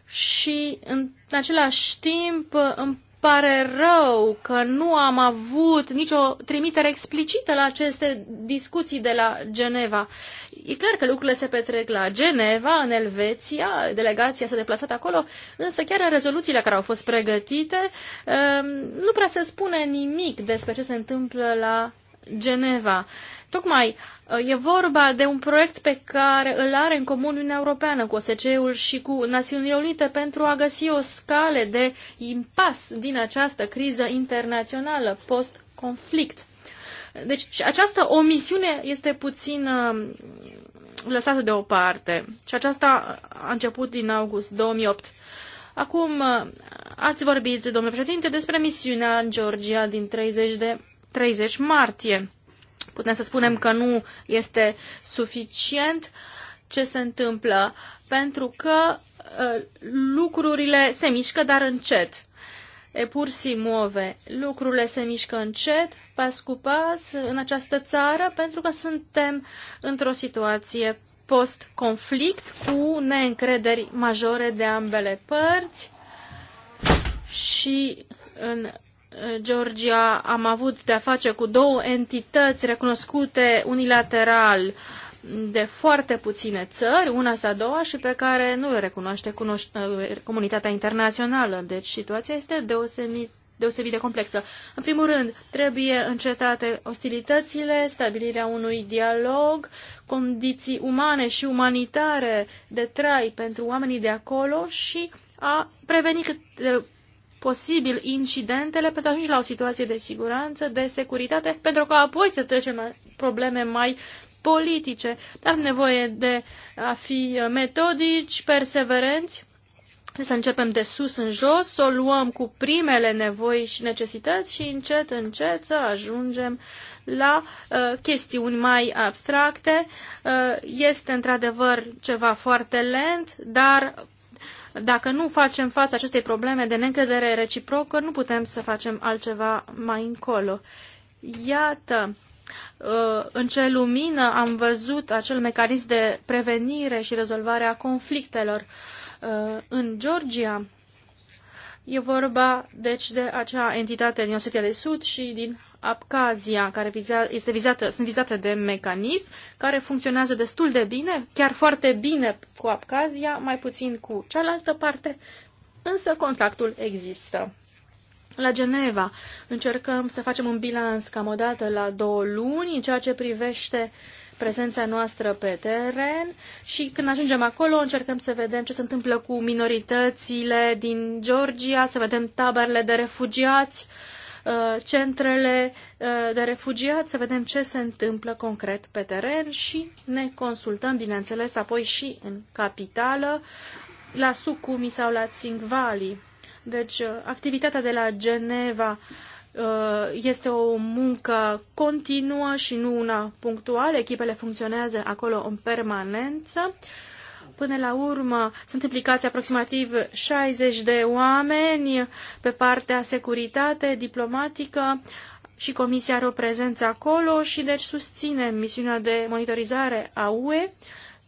și în același timp îmi pare rău că nu am avut nicio trimitere explicită la aceste discuții de la Geneva. E clar că lucrurile se petrec la Geneva, în Elveția, delegația s-a deplasat acolo, însă chiar în rezoluțiile care au fost pregătite ehm, nu prea se spune nimic despre ce se întâmplă la Geneva. Tocmai E vorba de un proiect pe care îl are în comun Uniunea Europeană cu OSCE-ul și cu Națiunile Unite pentru a găsi o scale de impas din această criză internațională post-conflict. Deci și această omisiune este puțin um, lăsată deoparte și aceasta a început din august 2008. Acum uh, ați vorbit, domnule președinte, despre misiunea în Georgia din 30, de, 30 martie putem să spunem că nu este suficient ce se întâmplă, pentru că uh, lucrurile se mișcă, dar încet. E pur si move. Lucrurile se mișcă încet, pas cu pas, în această țară, pentru că suntem într-o situație post-conflict cu neîncrederi majore de ambele părți și în Georgia am avut de-a face cu două entități recunoscute unilateral de foarte puține țări, una sau doua, și pe care nu le recunoaște uh, comunitatea internațională. Deci situația este deosebit, deosebit de complexă. În primul rând, trebuie încetate ostilitățile, stabilirea unui dialog, condiții umane și umanitare de trai pentru oamenii de acolo și a preveni cât de posibil incidentele pentru a ajunge la o situație de siguranță, de securitate, pentru că apoi să trecem la probleme mai politice. Dar nevoie de a fi metodici, perseverenți, să începem de sus în jos, să o luăm cu primele nevoi și necesități și încet, încet să ajungem la uh, chestiuni mai abstracte. Uh, este într-adevăr ceva foarte lent, dar dacă nu facem față acestei probleme de neîncredere reciprocă, nu putem să facem altceva mai încolo. Iată, uh, în ce lumină am văzut acel mecanism de prevenire și rezolvare a conflictelor uh, în Georgia. E vorba, deci, de acea entitate din Osetia de Sud și din Abcazia, care vizea, este vizată, sunt vizate de mecanism, care funcționează destul de bine, chiar foarte bine cu Abcazia, mai puțin cu cealaltă parte, însă contactul există. La Geneva încercăm să facem un bilanț cam o dată la două luni în ceea ce privește prezența noastră pe teren și când ajungem acolo încercăm să vedem ce se întâmplă cu minoritățile din Georgia, să vedem taberele de refugiați, uh, Uh, centrele uh, de refugiați, să vedem ce se întâmplă concret pe teren și ne consultăm, bineînțeles, apoi și în capitală, la Sucumi sau la Tsingvali. Deci, uh, activitatea de la Geneva este o muncă continuă și nu una punctuală. Echipele funcționează acolo în permanență. Până la urmă sunt implicați aproximativ 60 de oameni pe partea securitate diplomatică și Comisia are o prezență acolo și deci susține misiunea de monitorizare a UE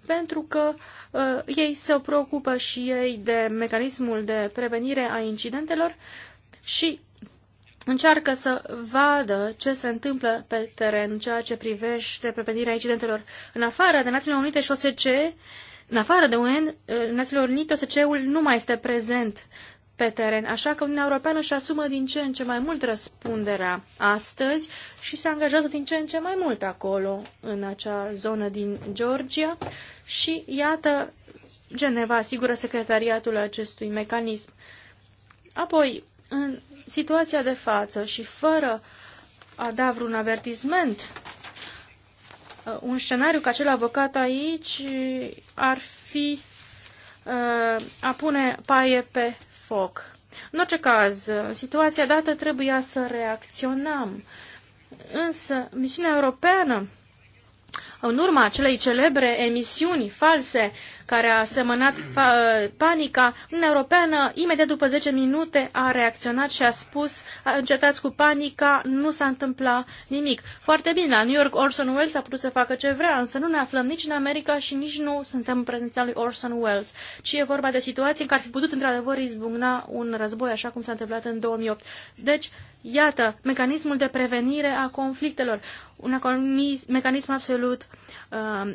pentru că uh, ei se preocupă și ei de mecanismul de prevenire a incidentelor și încearcă să vadă ce se întâmplă pe teren în ceea ce privește prevenirea incidentelor în afară de Națiunile Unite și OSCE în afară de UN, uh, națiunilor Unite, OSCE-ul nu mai este prezent pe teren, așa că Uniunea Europeană își asumă din ce în ce mai mult răspunderea astăzi și se angajează din ce în ce mai mult acolo, în acea zonă din Georgia și iată, Geneva asigură secretariatul acestui mecanism. Apoi, în situația de față și fără a da vreun avertisment un scenariu ca cel avocat aici ar fi uh, a pune paie pe foc. În orice caz, în situația dată trebuia să reacționăm. Însă, misiunea europeană în urma acelei celebre emisiuni false care a semănat panica, în Europeană, imediat după 10 minute, a reacționat și a spus încetați cu panica, nu s-a întâmplat nimic. Foarte bine, la New York Orson Welles a putut să facă ce vrea, însă nu ne aflăm nici în America și nici nu suntem în prezența lui Orson Welles, ci e vorba de situații în care ar fi putut într-adevăr izbucna un război, așa cum s-a întâmplat în 2008. Deci, Iată, mecanismul de prevenire a conflictelor, un mecanism absolut uh, uh,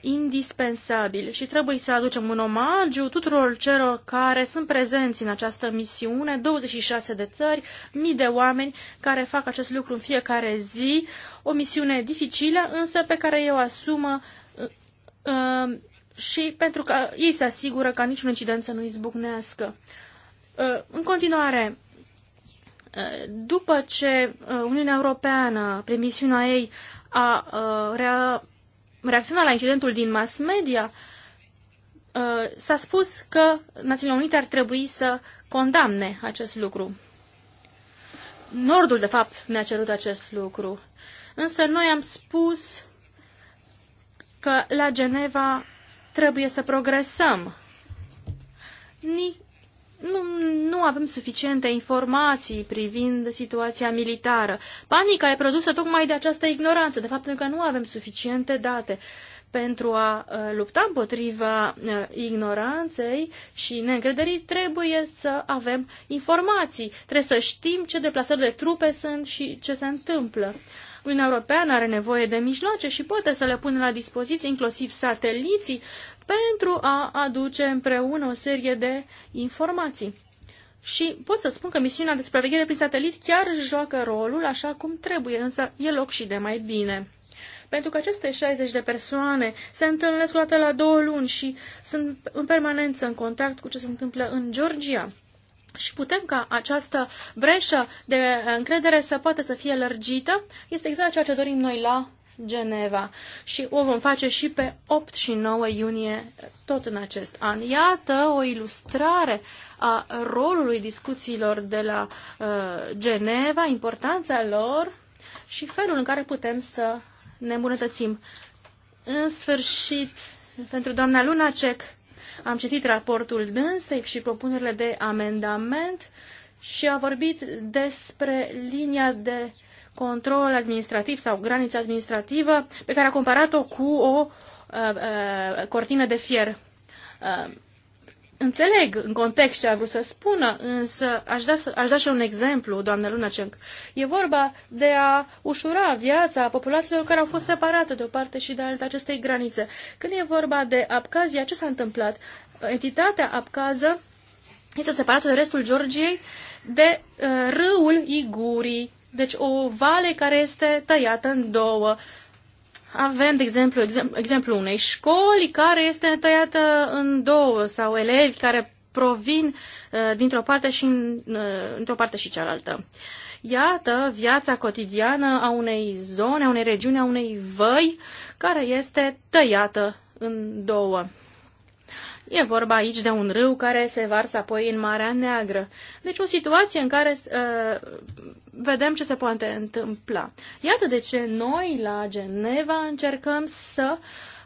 indispensabil și trebuie să aducem un omagiu tuturor celor care sunt prezenți în această misiune, 26 de țări, mii de oameni care fac acest lucru în fiecare zi, o misiune dificilă, însă pe care eu asumă uh, uh, și pentru că ei se asigură ca niciun incident să nu izbucnească. Uh, în continuare, după ce uh, Uniunea Europeană, prin misiunea ei, a uh, reacționat la incidentul din mass media, uh, s-a spus că Națiunile Unite ar trebui să condamne acest lucru. Nordul, de fapt, ne-a cerut acest lucru. Însă noi am spus că la Geneva trebuie să progresăm. Ni nu, nu avem suficiente informații privind situația militară. Panica e produsă tocmai de această ignoranță, de faptul că nu avem suficiente date pentru a uh, lupta împotriva uh, ignoranței și neîncrederii, trebuie să avem informații. Trebuie să știm ce deplasări de trupe sunt și ce se întâmplă. Uniunea Europeană are nevoie de mijloace și poate să le pună la dispoziție inclusiv sateliții pentru a aduce împreună o serie de informații. Și pot să spun că misiunea de supraveghere prin satelit chiar joacă rolul așa cum trebuie, însă e loc și de mai bine. Pentru că aceste 60 de persoane se întâlnesc o dată la două luni și sunt în permanență în contact cu ce se întâmplă în Georgia și putem ca această breșă de uh, încredere să poată să fie lărgită, este exact ceea ce dorim noi la Geneva și o vom face și pe 8 și 9 iunie tot în acest an. Iată o ilustrare a rolului discuțiilor de la uh, Geneva, importanța lor și felul în care putem să ne îmbunătățim. În sfârșit, pentru doamna Lunacek, am citit raportul dânsei și propunerile de amendament și a vorbit despre linia de control administrativ sau graniță administrativă pe care a comparat-o cu o uh, uh, cortină de fier. Uh, Înțeleg în context ce a vrut să spună, însă aș da, aș da și un exemplu, doamnă Lunacek. E vorba de a ușura viața populațiilor care au fost separate de o parte și de alta acestei granițe. Când e vorba de Abcazia, ce s-a întâmplat? Entitatea abcază este separată de restul Georgiei de uh, râul Igurii, deci o vale care este tăiată în două. Avem, de exemplu, exemplu unei școli care este tăiată în două sau elevi care provin uh, dintr-o parte și uh, într-o parte și cealaltă. Iată viața cotidiană a unei zone, a unei regiuni, a unei văi care este tăiată în două. E vorba aici de un râu care se varsă apoi în Marea Neagră. Deci o situație în care uh, vedem ce se poate întâmpla. Iată de ce noi la Geneva încercăm să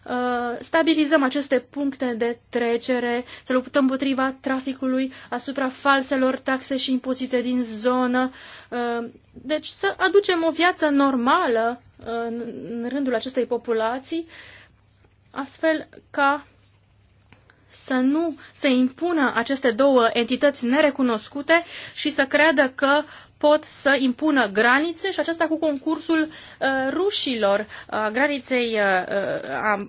uh, stabilizăm aceste puncte de trecere, să luptăm împotriva traficului, asupra falselor taxe și impozite din zonă. Uh, deci să aducem o viață normală uh, în rândul acestei populații, astfel ca să nu se impună aceste două entități nerecunoscute și să creadă că pot să impună granițe și aceasta cu concursul uh, rușilor, uh, graniței uh, uh a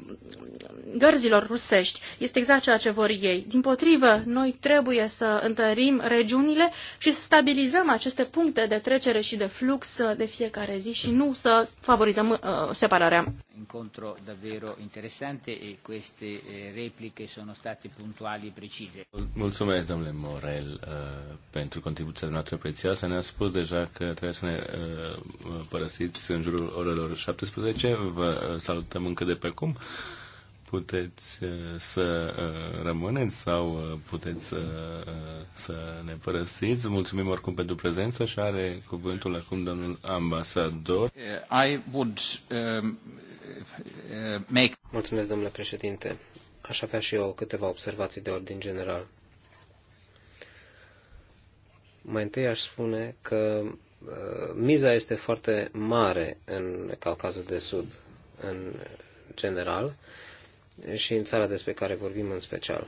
gărzilor rusești. Este exact ceea ce vor ei. Din potrivă, noi trebuie să întărim regiunile și să stabilizăm aceste puncte de trecere și de flux uh, de fiecare zi și nu să favorizăm uh, separarea. Incontro davvero interesante e queste eh, repliche sono state puntuali precise. Mulțumesc, domnule Morel, uh, pentru contribuția noastră prețioasă. Ne-a spus deja că trebuie să ne uh, părăsiți în jurul orelor 17. Vă uh, salutăm încă de pe cum puteți uh, să uh, rămâneți sau uh, puteți să, să ne părăsiți. Mulțumim oricum pentru prezență și are cuvântul acum domnul ambasador. I would, um, uh, make... Mulțumesc, domnule președinte. Aș avea și eu câteva observații de ordin general. Mai întâi aș spune că miza este foarte mare în Caucazul de Sud, în general și în țara despre care vorbim în special.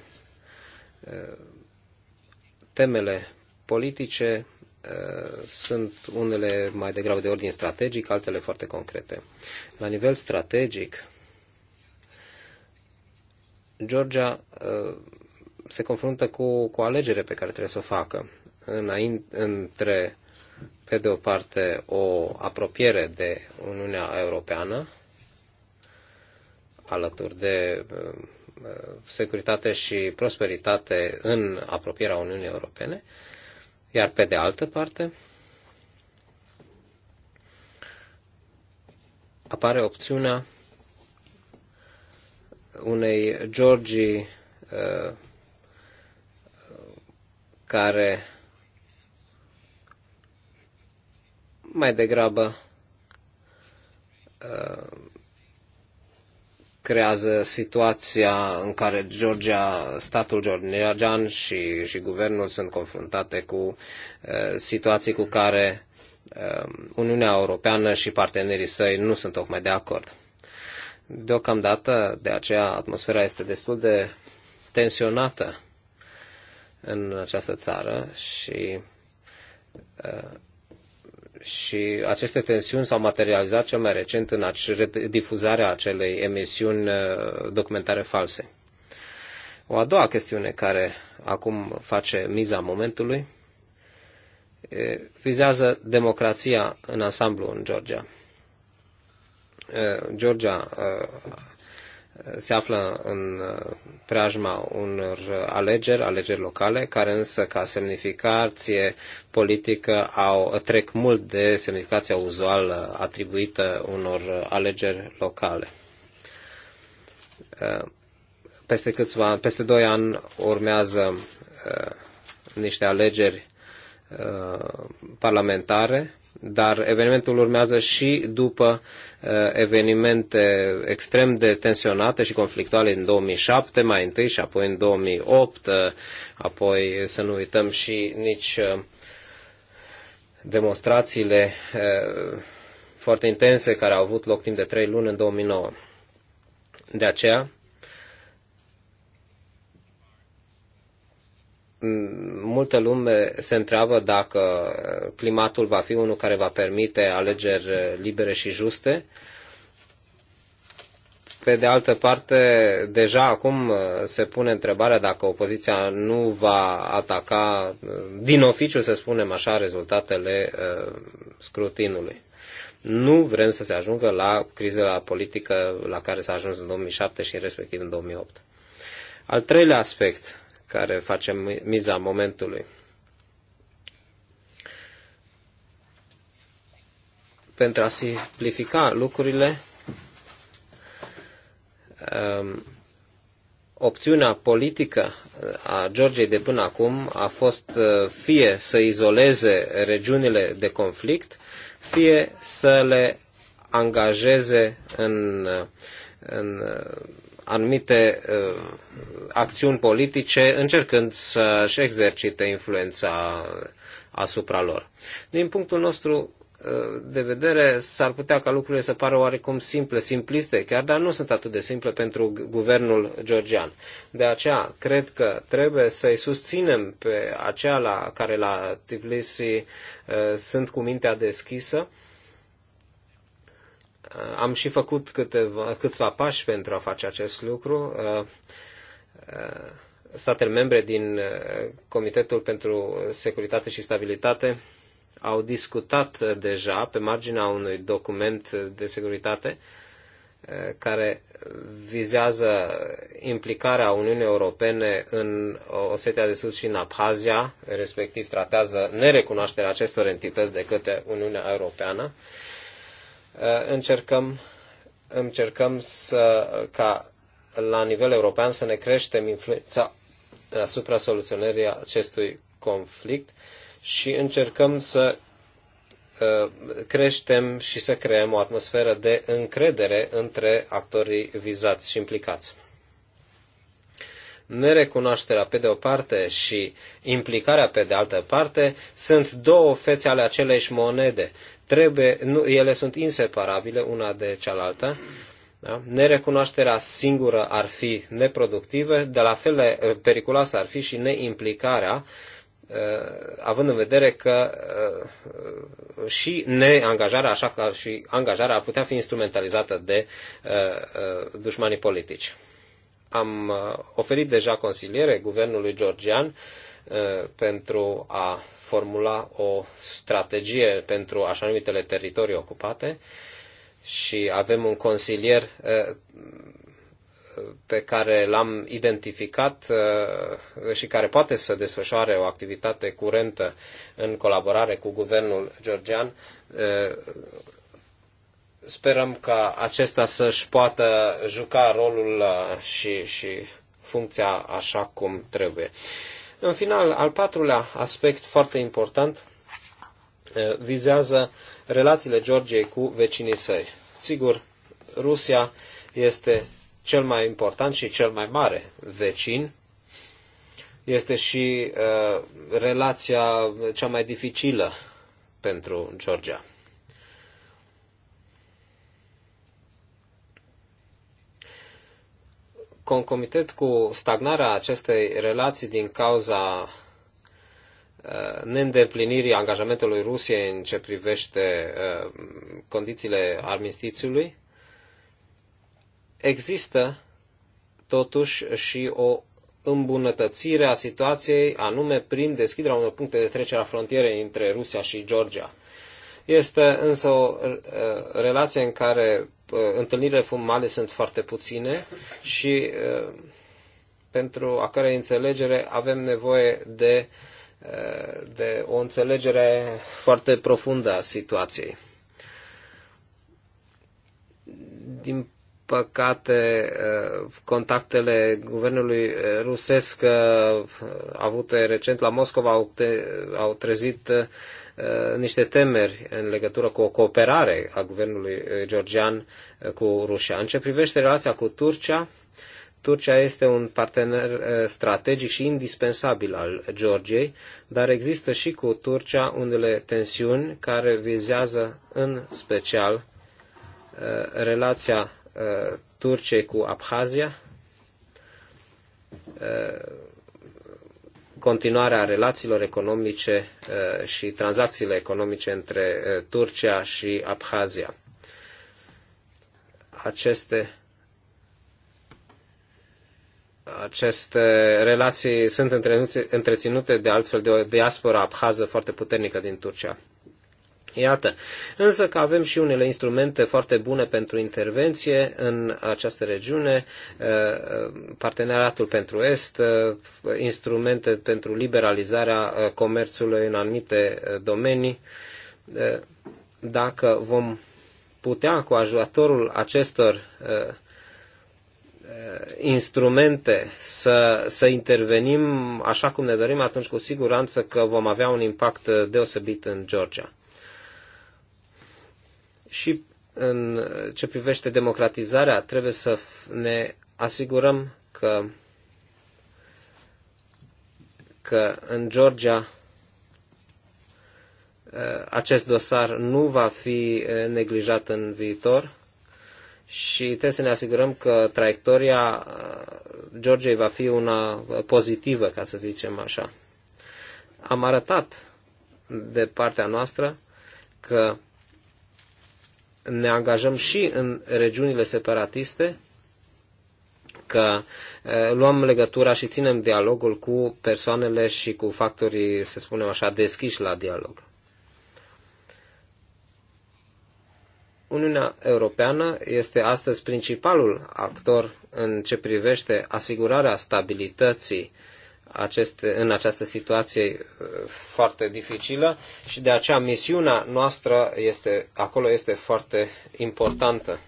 Temele politice uh, sunt unele mai degrabă de ordin strategic, altele foarte concrete. La nivel strategic, Georgia uh, se confruntă cu, cu o alegere pe care trebuie să o facă înainte, între, pe de o parte, o apropiere de Uniunea Europeană alături de uh, uh, securitate și prosperitate în apropierea Uniunii Europene, iar pe de altă parte apare opțiunea unei Georgii uh, care mai degrabă creează situația în care Georgia, statul georgian și, și guvernul sunt confruntate cu uh, situații cu care uh, Uniunea Europeană și partenerii săi nu sunt tocmai de acord. Deocamdată, de aceea, atmosfera este destul de tensionată în această țară și uh, și aceste tensiuni s-au materializat cel mai recent în difuzarea acelei emisiuni uh, documentare false. O a doua chestiune care acum face miza momentului vizează democrația în ansamblu în Georgia. Georgia uh, se află în uh, preajma unor alegeri, alegeri locale, care însă ca semnificație politică au, trec mult de semnificația uzuală atribuită unor alegeri locale. Uh, peste, câțiva, peste doi ani urmează uh, niște alegeri parlamentare dar evenimentul urmează și după uh, evenimente extrem de tensionate și conflictuale în 2007 mai întâi și apoi în 2008, uh, apoi să nu uităm și nici uh, demonstrațiile uh, foarte intense care au avut loc timp de trei luni în 2009. De aceea, multă lume se întreabă dacă climatul va fi unul care va permite alegeri libere și juste. Pe de altă parte, deja acum uh, se pune întrebarea dacă opoziția nu va ataca uh, din oficiu, să spunem așa, rezultatele uh, scrutinului. Nu vrem să se ajungă la criza politică la care s-a ajuns în 2007 și respectiv în 2008. Al treilea aspect care facem miza momentului. Pentru a simplifica lucrurile, um, opțiunea politică a Georgiei de până acum a fost uh, fie să izoleze regiunile de conflict, fie să le angajeze în, uh, în uh, anumite uh, acțiuni politice încercând să-și exercite influența asupra lor. Din punctul nostru uh, de vedere, s-ar putea ca lucrurile să pară oarecum simple, simpliste, chiar, dar nu sunt atât de simple pentru guvernul georgian. De aceea, cred că trebuie să-i susținem pe aceia la care la Tbilisi uh, sunt cu mintea deschisă Uh, am și făcut câteva, câțiva pași pentru a face acest lucru. Uh, uh, statele membre din Comitetul pentru Securitate și Stabilitate au discutat deja pe marginea unui document de securitate care vizează implicarea Uniunii Europene în Osetia de Sud și în Abhazia, respectiv tratează nerecunoașterea acestor entități de către Uniunea Europeană. Eh, încercăm, încercăm să, ca la nivel european să ne creștem influența asupra soluționării acestui conflict și încercăm să eh, creștem și să creăm o atmosferă de încredere între actorii vizați și implicați. Nerecunoașterea pe de o parte și implicarea pe de altă parte sunt două fețe ale aceleiași monede trebuie, nu, ele sunt inseparabile una de cealaltă. Da? Nerecunoașterea singură ar fi neproductivă, de la fel eh, periculoasă ar fi și neimplicarea, eh, având în vedere că eh, și neangajarea, așa ca și angajarea, ar putea fi instrumentalizată de dușmanii politici. Am oferit deja consiliere guvernului georgian pentru a formula o strategie pentru așa numitele teritorii ocupate și avem un consilier eh, pe care l-am identificat eh, și care poate să desfășoare o activitate curentă în colaborare cu guvernul georgian. Eh, sperăm ca acesta să-și poată juca rolul și, și funcția așa cum trebuie. În final, al patrulea aspect foarte important vizează relațiile Georgiei cu vecinii săi. Sigur, Rusia este cel mai important și cel mai mare vecin. Este și uh, relația cea mai dificilă pentru Georgia. concomitent cu stagnarea acestei relații din cauza uh, neîndeplinirii angajamentului Rusiei în ce privește uh, condițiile armistițiului, există totuși și o îmbunătățire a situației, anume prin deschiderea unor puncte de trecere a frontierei între Rusia și Georgia. Este însă o uh, relație în care Uh, întâlnirile formale sunt foarte puține și uh, pentru a care înțelegere avem nevoie de, uh, de o înțelegere foarte profundă a situației. Din păcate, contactele guvernului rusesc avute recent la Moscova au, te, au trezit Uh, niște temeri în legătură cu o cooperare a guvernului uh, georgian uh, cu Rusia. În ce privește relația cu Turcia, Turcia este un partener strategic și indispensabil al Georgiei, dar există și cu Turcia unele tensiuni care vizează în special relația Turciei cu Abhazia, continuarea relațiilor economice uh, și tranzacțiile economice între uh, Turcia și Abhazia. Aceste aceste relații sunt întreținute de altfel de o diaspora abhază foarte puternică din Turcia. Iată, însă că avem și unele instrumente foarte bune pentru intervenție în această regiune, uh, uh, parteneriatul pentru Est, uh, instrumente pentru liberalizarea comerțului în anumite domenii. Dacă vom putea cu ajutorul acestor instrumente să, să intervenim așa cum ne dorim, atunci cu siguranță că vom avea un impact deosebit în Georgia și în ce privește democratizarea, trebuie să ne asigurăm că, că în Georgia uh, acest dosar nu va fi uh, neglijat în viitor și trebuie să ne asigurăm că traiectoria uh, Georgiei va fi una pozitivă, ca să zicem așa. Am arătat de partea noastră că ne angajăm și în regiunile separatiste, că luăm legătura și ținem dialogul cu persoanele și cu factorii, să spunem așa, deschiși la dialog. Uniunea Europeană este astăzi principalul actor în ce privește asigurarea stabilității acest, în această situație uh, foarte dificilă și de aceea misiunea noastră este, acolo este foarte importantă.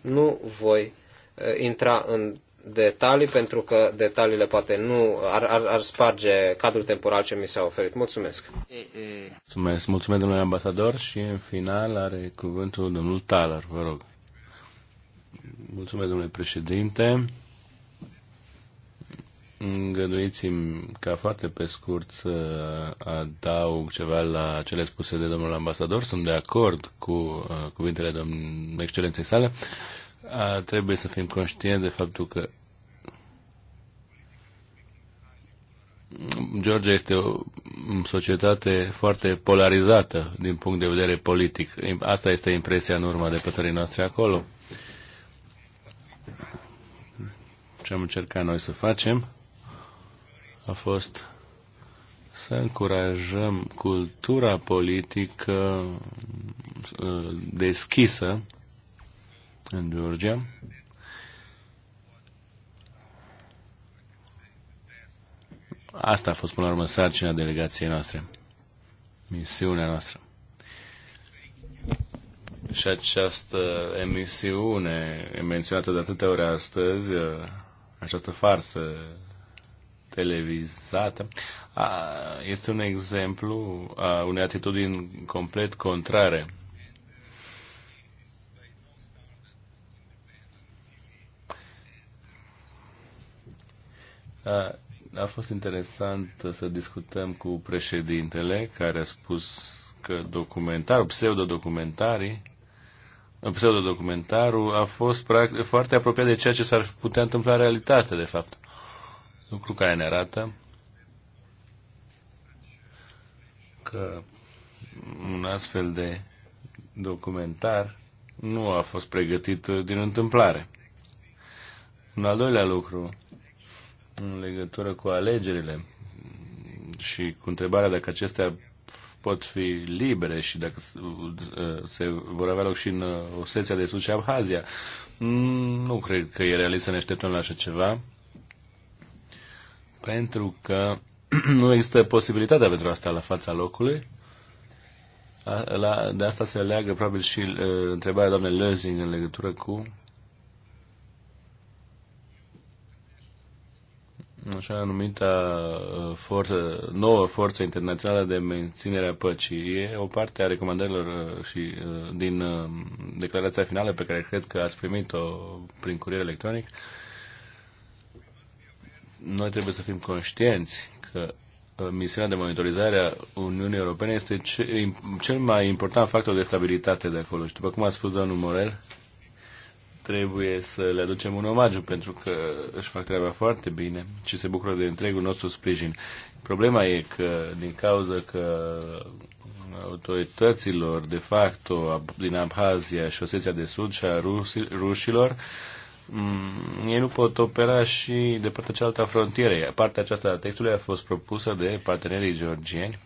Nu voi uh, intra în detalii pentru că detaliile poate nu ar, ar, ar sparge cadrul temporal ce mi s-a oferit. Mulțumesc! Mulțumesc, mulțumesc domnule ambasador și în final are cuvântul domnul Taler, vă rog. Mulțumesc domnule președinte. Îngăduiți-mi ca foarte pe scurt să adaug ceva la cele spuse de domnul ambasador. Sunt de acord cu uh, cuvintele domnului excelenței sale. trebuie să fim conștienți de faptul că Georgia este o societate foarte polarizată din punct de vedere politic. Asta este impresia în urma depătării noastre acolo. Ce am încercat noi să facem a fost să încurajăm cultura politică uh, deschisă în Georgia. Asta a fost până la urmă sarcina delegației noastre, misiunea noastră. Și această emisiune menționată de atâtea ori astăzi, uh, această farsă televizată, a, este un exemplu a unei atitudini complet contrare. A, a fost interesant să discutăm cu președintele care a spus că documentar, pseudodocumentarii, pseudodocumentarul a fost practic, foarte apropiat de ceea ce s-ar putea întâmpla în realitate, de fapt lucru care ne arată că un astfel de documentar nu a fost pregătit din întâmplare. Un al doilea lucru, în legătură cu alegerile și cu întrebarea dacă acestea pot fi libere și dacă uh, se vor avea loc și în uh, Oseția de Sud și Abhazia. Nu cred că e realist să ne așteptăm la așa ceva pentru că nu există posibilitatea pentru asta la fața locului. La, de asta se leagă probabil și uh, întrebarea doamnei Lözing în legătură cu așa numita uh, forță, nouă forță internațională de menținere a păcii. E o parte a recomandărilor uh, și din declarația finală pe care cred că ați primit-o prin curier electronic. Uh, noi trebuie să fim conștienți că uh, misiunea de monitorizare a Uniunii Europene este cel mai important factor de stabilitate de acolo. Și după cum a spus domnul Morel, trebuie să le aducem un omagiu pentru că își fac treaba foarte bine și se bucură de întregul nostru sprijin. Problema e că din cauza că autorităților de facto din Abhazia și Oseția de Sud și a rusilor, rușilor Mm, ei nu pot opera și de partea cealaltă a frontierei. Partea aceasta a textului a fost propusă de partenerii georgieni,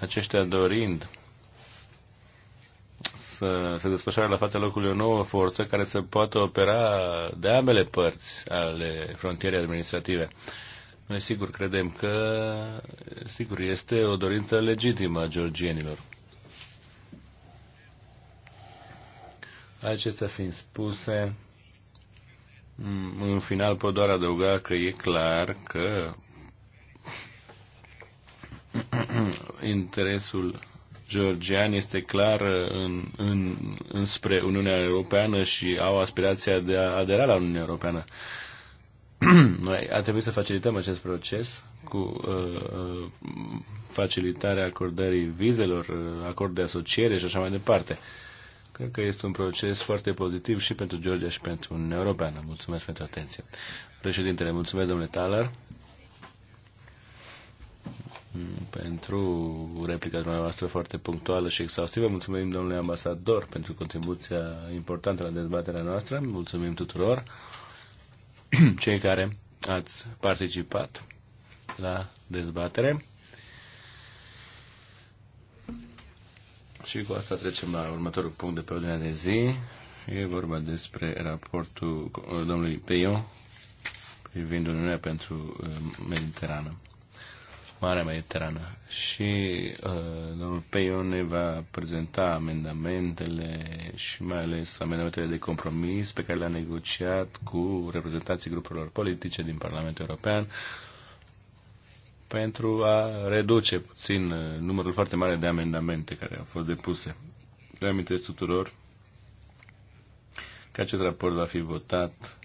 aceștia dorind să se desfășoare la fața locului o nouă forță care să poată opera de ambele părți ale frontierei administrative. Noi sigur credem că, sigur, este o dorință legitimă a georgienilor. Acestea fiind spuse, în final pot doar adăuga că e clar că interesul georgian este clar în, în, înspre Uniunea Europeană și au aspirația de a adera la Uniunea Europeană. Noi ar trebui să facilităm acest proces cu uh, uh facilitarea acordării vizelor, uh, acord de asociere și așa mai departe. Uh, Cred că este un proces foarte pozitiv și pentru Georgia și pentru Uniunea Europeană. Mulțumesc pentru atenție. Președintele, mulțumesc, domnule Talar, pentru replica dumneavoastră foarte punctuală și exhaustivă. Mulțumim, domnule ambasador, pentru contribuția importantă la dezbaterea noastră. Mulțumim tuturor cei care ați participat la dezbatere. Și cu asta trecem la următorul punct de pe ordinea de zi. E vorba despre raportul uh, domnului Peio privind Uniunea pentru uh, Mediterană, Marea Mediterană. Și uh, domnul Peio ne va prezenta amendamentele și mai ales amendamentele de compromis pe care le-a negociat cu reprezentanții grupurilor politice din Parlamentul European pentru a reduce puțin uh, numărul foarte mare de amendamente care au fost depuse. Le amintesc tuturor că acest raport va fi votat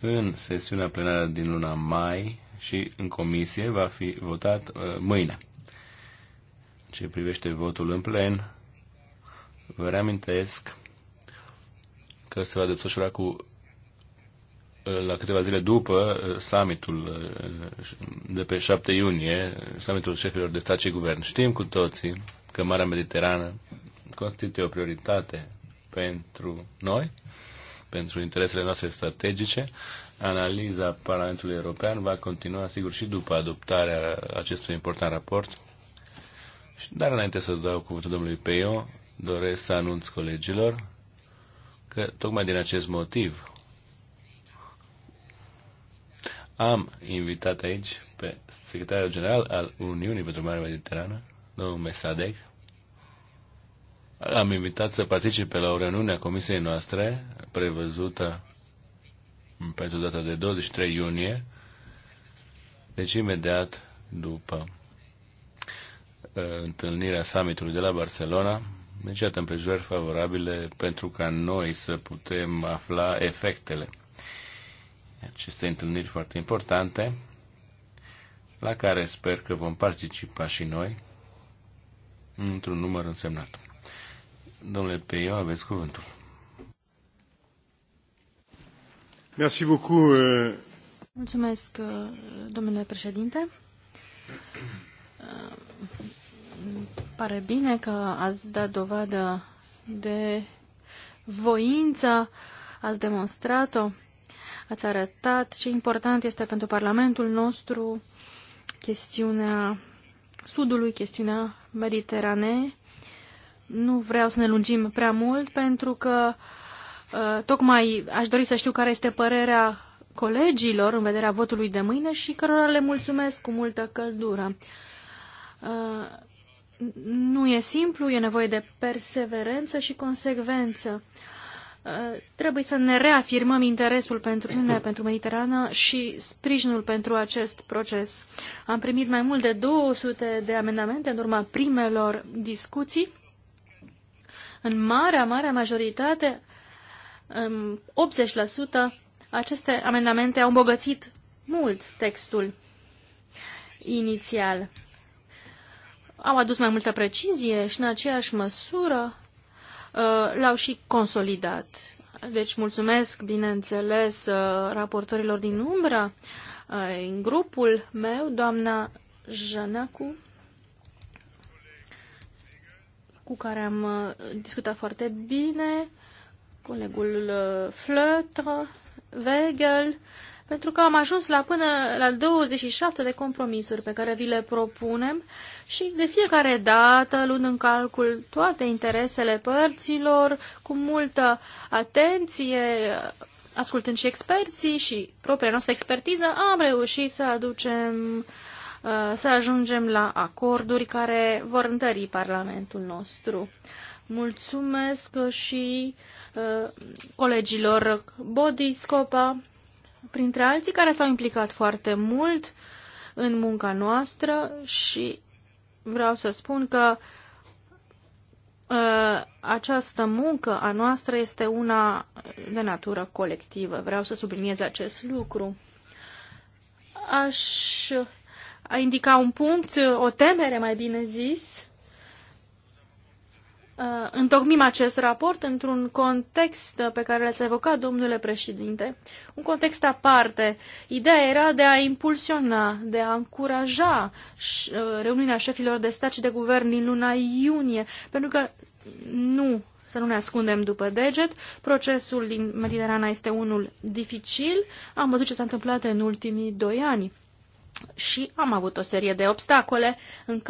în sesiunea plenară din luna mai și în comisie va fi votat uh, mâine. Ce privește votul în plen, vă reamintesc că se va desfășura cu la câteva zile după uh, summitul uh, de pe 7 iunie, summitul șefilor de stat și guvern. Știm cu toții că Marea Mediterană constituie o prioritate pentru noi, pentru interesele noastre strategice. Analiza Parlamentului European va continua, sigur, și după adoptarea acestui important raport. Dar înainte să dau cuvântul domnului Peio, doresc să anunț colegilor că tocmai din acest motiv Am invitat aici pe secretarul general al Uniunii pentru Marea Mediterană, domnul Mesadec. Am invitat să participe la o reuniune a comisiei noastre, prevăzută pentru data de 23 iunie, deci imediat după uh, întâlnirea summitului de la Barcelona, deci iată împrejurări favorabile pentru ca noi să putem afla efectele aceste întâlniri foarte importante, la care sper că vom participa și noi într-un număr însemnat. Domnule Peio, aveți cuvântul. Merci beaucoup. Euh. Mulțumesc, uh, domnule președinte. Uh, pare bine că ați dat dovadă de voință, ați demonstrat-o Ați arătat ce important este pentru Parlamentul nostru chestiunea Sudului, chestiunea Mediteranei. Nu vreau să ne lungim prea mult pentru că uh, tocmai aș dori să știu care este părerea colegilor în vederea votului de mâine și cărora le mulțumesc cu multă căldură. Uh, nu e simplu, e nevoie de perseverență și consecvență. Eh, trebuie să ne reafirmăm interesul pentru Uniunea pentru Mediterană și sprijinul pentru acest proces. Am primit mai mult de 200 de amendamente în urma primelor discuții. În marea, marea majoritate, 80%, aceste amendamente au îmbogățit mult textul inițial. Au adus mai multă precizie și în aceeași măsură Uh, l-au și consolidat. Deci mulțumesc, bineînțeles, uh, raportorilor din umbră, uh, în grupul meu, doamna Janacu, cu care am discutat foarte bine, colegul Flătră, Wegel pentru că am ajuns la până la 27 de compromisuri pe care vi le propunem și de fiecare dată, luând în calcul toate interesele părților, cu multă atenție, ascultând și experții și propria noastră expertiză, am reușit să aducem uh, să ajungem la acorduri care vor întări Parlamentul nostru. Mulțumesc și uh, colegilor Bodiscopa, printre alții care s-au implicat foarte mult în munca noastră și vreau să spun că ă, această muncă a noastră este una de natură colectivă. Vreau să subliniez acest lucru. Aș indica un punct, o temere mai bine zis, Uh, întocmim acest raport într-un context pe care l-ați evocat, domnule președinte, un context aparte. Ideea era de a impulsiona, de a încuraja uh, reuniunea șefilor de stat și de guvern din luna iunie, pentru că nu să nu ne ascundem după deget. Procesul din Mediterana este unul dificil. Am văzut ce s-a întâmplat în ultimii doi ani și am avut o serie de obstacole în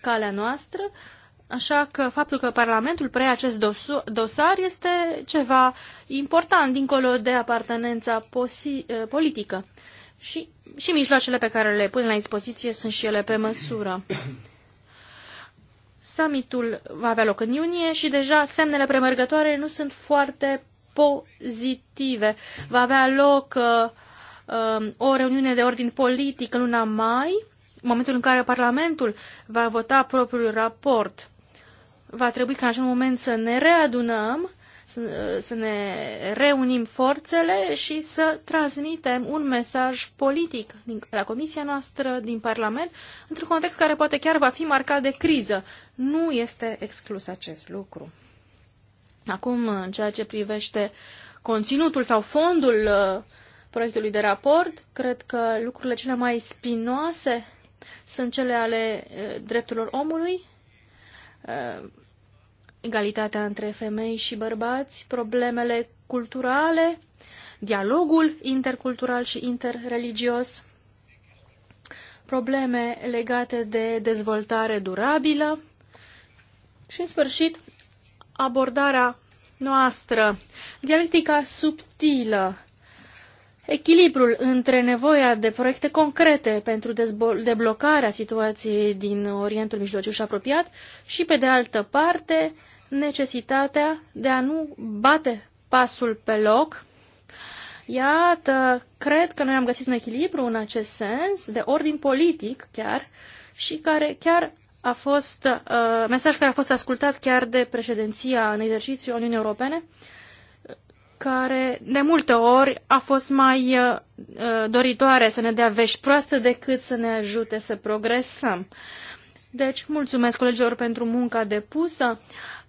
calea noastră Așa că faptul că Parlamentul preia acest dosar este ceva important, dincolo de apartenența eh, politică. Și, și mijloacele pe care le pun la dispoziție sunt și ele pe măsură. Summitul va avea loc în iunie și deja semnele premergătoare nu sunt foarte pozitive. Va avea loc uh, o reuniune de ordin politic în luna mai, momentul în care Parlamentul va vota propriul raport va trebui ca în acel moment să ne readunăm, să, să ne reunim forțele și să transmitem un mesaj politic din, la comisia noastră, din Parlament, într-un context care poate chiar va fi marcat de criză. Nu este exclus acest lucru. Acum, în ceea ce privește conținutul sau fondul uh, proiectului de raport, cred că lucrurile cele mai spinoase sunt cele ale uh, drepturilor omului, Uh, egalitatea între femei și bărbați, problemele culturale, dialogul intercultural și interreligios, probleme legate de dezvoltare durabilă și, în sfârșit, abordarea noastră, dialectica subtilă echilibrul între nevoia de proiecte concrete pentru deblocarea situației din Orientul Mijlociu și apropiat și, pe de altă parte, necesitatea de a nu bate pasul pe loc. Iată, cred că noi am găsit un echilibru în acest sens, de ordin politic chiar, și care chiar a fost, uh, mesaj care a fost ascultat chiar de președinția în exercițiu Uniunii Europene, uh, care de multe ori a fost mai uh, uh, doritoare să ne dea vești proaste decât să ne ajute să progresăm. Deci, mulțumesc colegilor pentru munca depusă.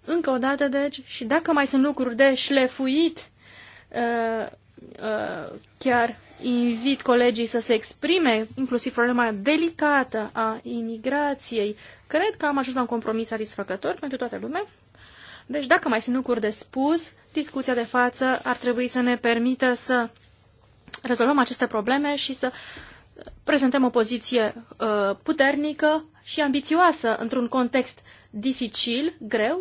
Încă o dată, deci, și dacă mai sunt lucruri de șlefuit, uh, chiar invit colegii să se exprime, inclusiv problema delicată a imigrației. Cred că am ajuns la un compromis satisfăcător pentru toată lumea. Deci, dacă mai sunt lucruri de spus, Discuția de față ar trebui să ne permită să rezolvăm aceste probleme și să prezentăm o poziție uh, puternică și ambițioasă într-un context dificil, greu.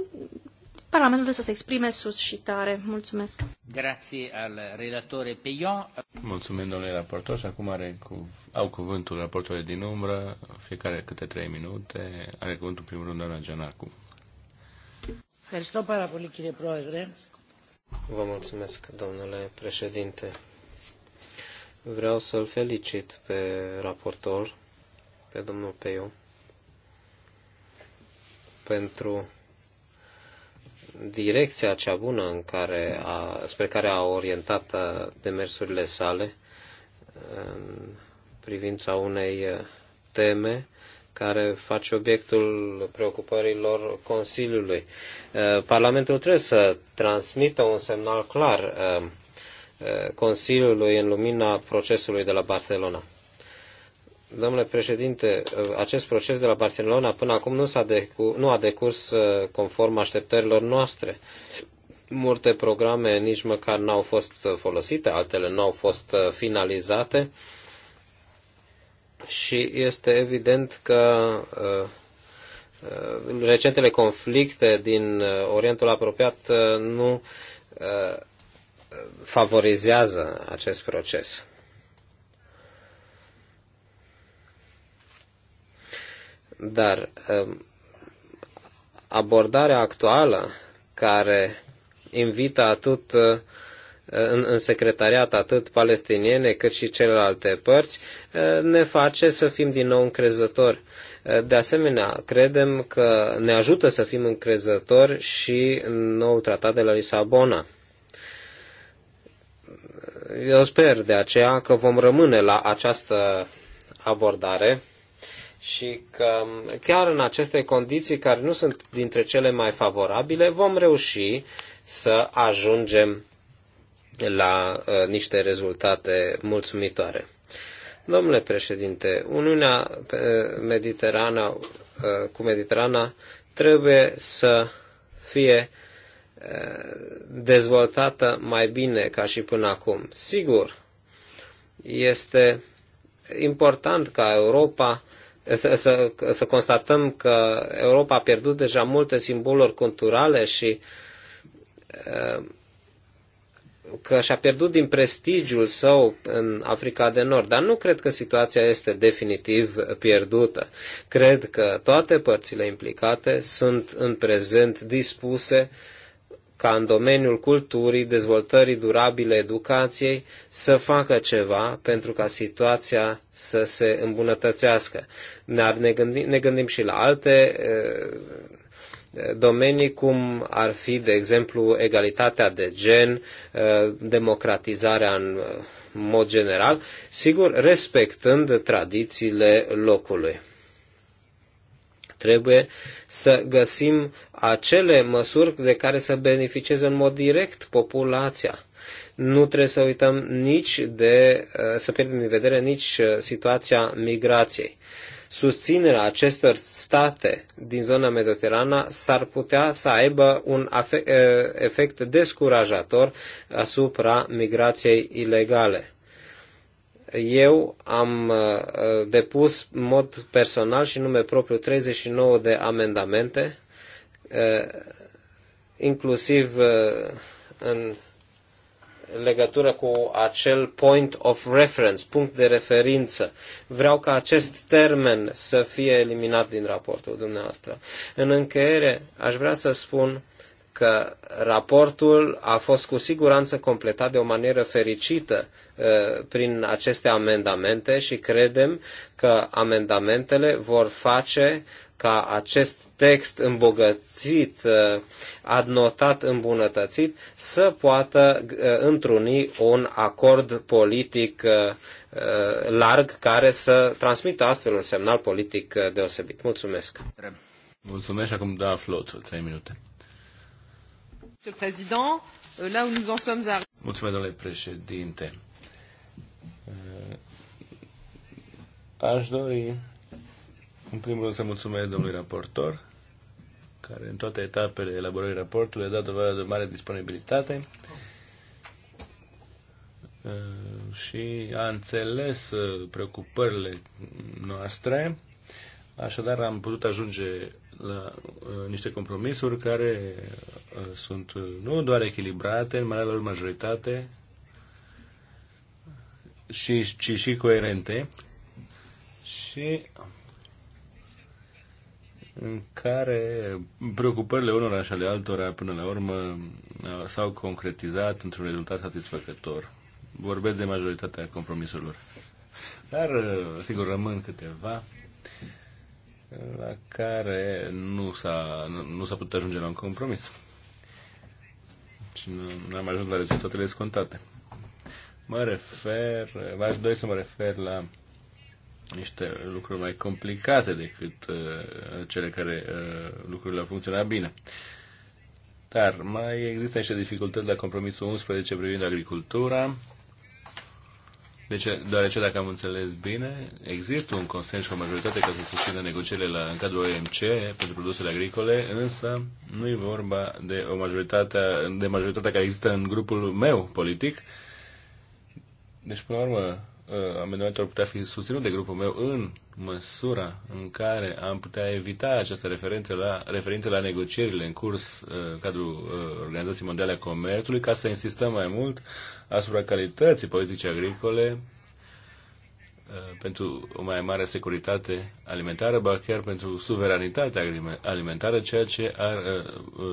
Parlamentul să se exprime sus și tare. Mulțumesc. Grazie al relatore Peion. Mulțumim, domnule raportor. Și acum are au cuvântul raportorii din umbră, fiecare câte trei minute. Are cuvântul primul rând, doamna Gianacu. Ευχαριστώ πάρα πολύ Vă mulțumesc, domnule președinte. Vreau să-l felicit pe raportor, pe domnul Peiu, pentru direcția cea bună în care a, spre care a orientat demersurile sale în privința unei teme care face obiectul preocupărilor Consiliului. Uh, Parlamentul trebuie să transmită un semnal clar uh, uh, Consiliului în lumina procesului de la Barcelona. Domnule președinte, acest proces de la Barcelona până acum nu, s-a decu- nu a decurs conform așteptărilor noastre. Multe programe nici măcar n-au fost folosite, altele n au fost finalizate. Uh, și este evident că uh, uh, recentele conflicte din uh, Orientul apropiat nu favorizează acest proces. Dar um, abordarea actuală care invită atât uh, Uh, în, în secretariat atât palestiniene cât și celelalte părți, uh, ne face să fim din nou încrezători. Uh, de asemenea, credem că ne ajută să fim încrezători și în nou tratat de la Lisabona. Eu sper de aceea că vom rămâne la această abordare și că chiar în aceste condiții care nu sunt dintre cele mai favorabile, vom reuși să ajungem la uh, niște rezultate mulțumitoare. Domnule președinte, Uniunea uh, Mediterana, uh, cu Mediterana trebuie să fie dezvoltată mai bine ca și până acum. Sigur, este important ca Europa să, să, să constatăm că Europa a pierdut deja multe simboluri culturale și că și-a pierdut din prestigiul său în Africa de Nord, dar nu cred că situația este definitiv pierdută. Cred că toate părțile implicate sunt în prezent dispuse ca în domeniul culturii, dezvoltării durabile, educației, să facă ceva pentru ca situația să se îmbunătățească. Dar ne gândim, ne gândim și la alte eh, domenii cum ar fi, de exemplu, egalitatea de gen, eh, democratizarea în eh, mod general, sigur, respectând tradițiile locului. Trebuie să găsim acele măsuri de care să beneficieze în mod direct populația. Nu trebuie să uităm nici de, eh, să pierdem din vedere nici situația migrației. Uh, susținerea acestor state din zona mediterana s-ar putea să aibă un efect descurajator asupra migrației ilegale. Eu am depus în mod personal și nume propriu 39 de amendamente, inclusiv în legătură cu acel point of reference, punct de referință. Vreau ca acest termen să fie eliminat din raportul dumneavoastră. În încheiere, aș vrea să spun că raportul a fost cu siguranță completat de o manieră fericită uh, prin aceste amendamente și credem că amendamentele vor face ca acest text îmbogățit, uh, adnotat, îmbunătățit, să poată uh, întruni un acord politic uh, larg care să transmită astfel un semnal politic deosebit. Mulțumesc! Mulțumesc acum da flot, trei minute. Euh, Mulțumesc, domnule președinte. Aș dori în primul rând să mulțumesc domnului raportor, care în toate etapele elaborării raportului a dat dovadă de mare disponibilitate uh, și a înțeles uh, preocupările noastre. Așadar, am putut ajunge la uh, niște compromisuri care sunt nu doar echilibrate, în marea lor majoritate, și, ci și coerente. Și în care preocupările unora și ale altora până la urmă uh, s-au concretizat într-un rezultat satisfăcător. Vorbesc de majoritatea compromisurilor. Dar, uh, sigur, rămân câteva uh, la care nu s-a, nu s-a putut ajunge la un compromis. Și nu am ajuns la rezultatele scontate. Mă refer, v-aș dori să mă refer la niște lucruri mai complicate decât uh, cele care uh, lucrurile au funcționat bine. Dar mai există niște dificultăți la compromisul 11 privind agricultura. Deci, deoarece, dacă am înțeles bine, există un consens și o majoritate ca să susțină negocierile la, în cadrul OMC pentru produsele agricole, însă nu e vorba de o majoritate, de majoritatea care există în grupul meu politic. Deci, până la urmă, Uh, amendamentul ar putea fi susținut de grupul meu în măsura în care am putea evita această referință la, referință la negocierile în curs uh, în cadrul uh, Organizației Mondiale a Comerțului ca să insistăm mai mult asupra calității politicii agricole pentru o mai mare securitate alimentară, ba chiar pentru suveranitatea alimentară, ceea ce ar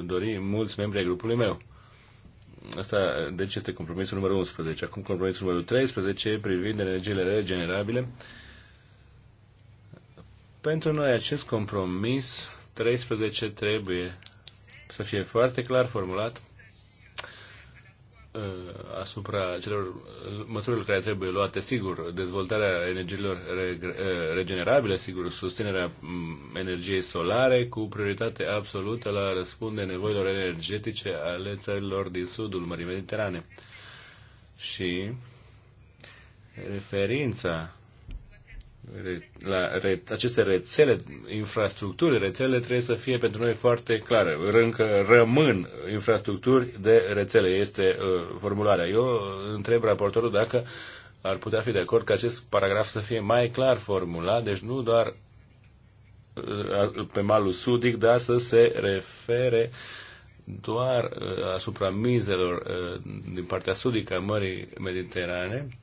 dori mulți membri ai grupului meu. Asta, deci, este compromisul numărul 11. Acum compromisul numărul 13 privind energiile regenerabile. Pentru noi acest compromis 13 trebuie să fie foarte clar formulat Uh, asupra celor măsurilor care trebuie luate, sigur, dezvoltarea energiilor uh, regenerabile, sigur, susținerea mm, energiei solare cu prioritate absolută la răspunde nevoilor energetice ale țărilor din sudul Mării Mediterane. Și referința la re, aceste rețele, infrastructuri, rețele trebuie să fie pentru noi foarte clare. Încă rămân infrastructuri de rețele, este uh, formularea. Eu întreb raportorul dacă ar putea fi de acord că acest paragraf să fie mai clar formulat, deci nu doar uh, pe malul sudic, dar să se refere doar uh, asupra mizelor uh, din partea sudică a Mării Mediterane, uh,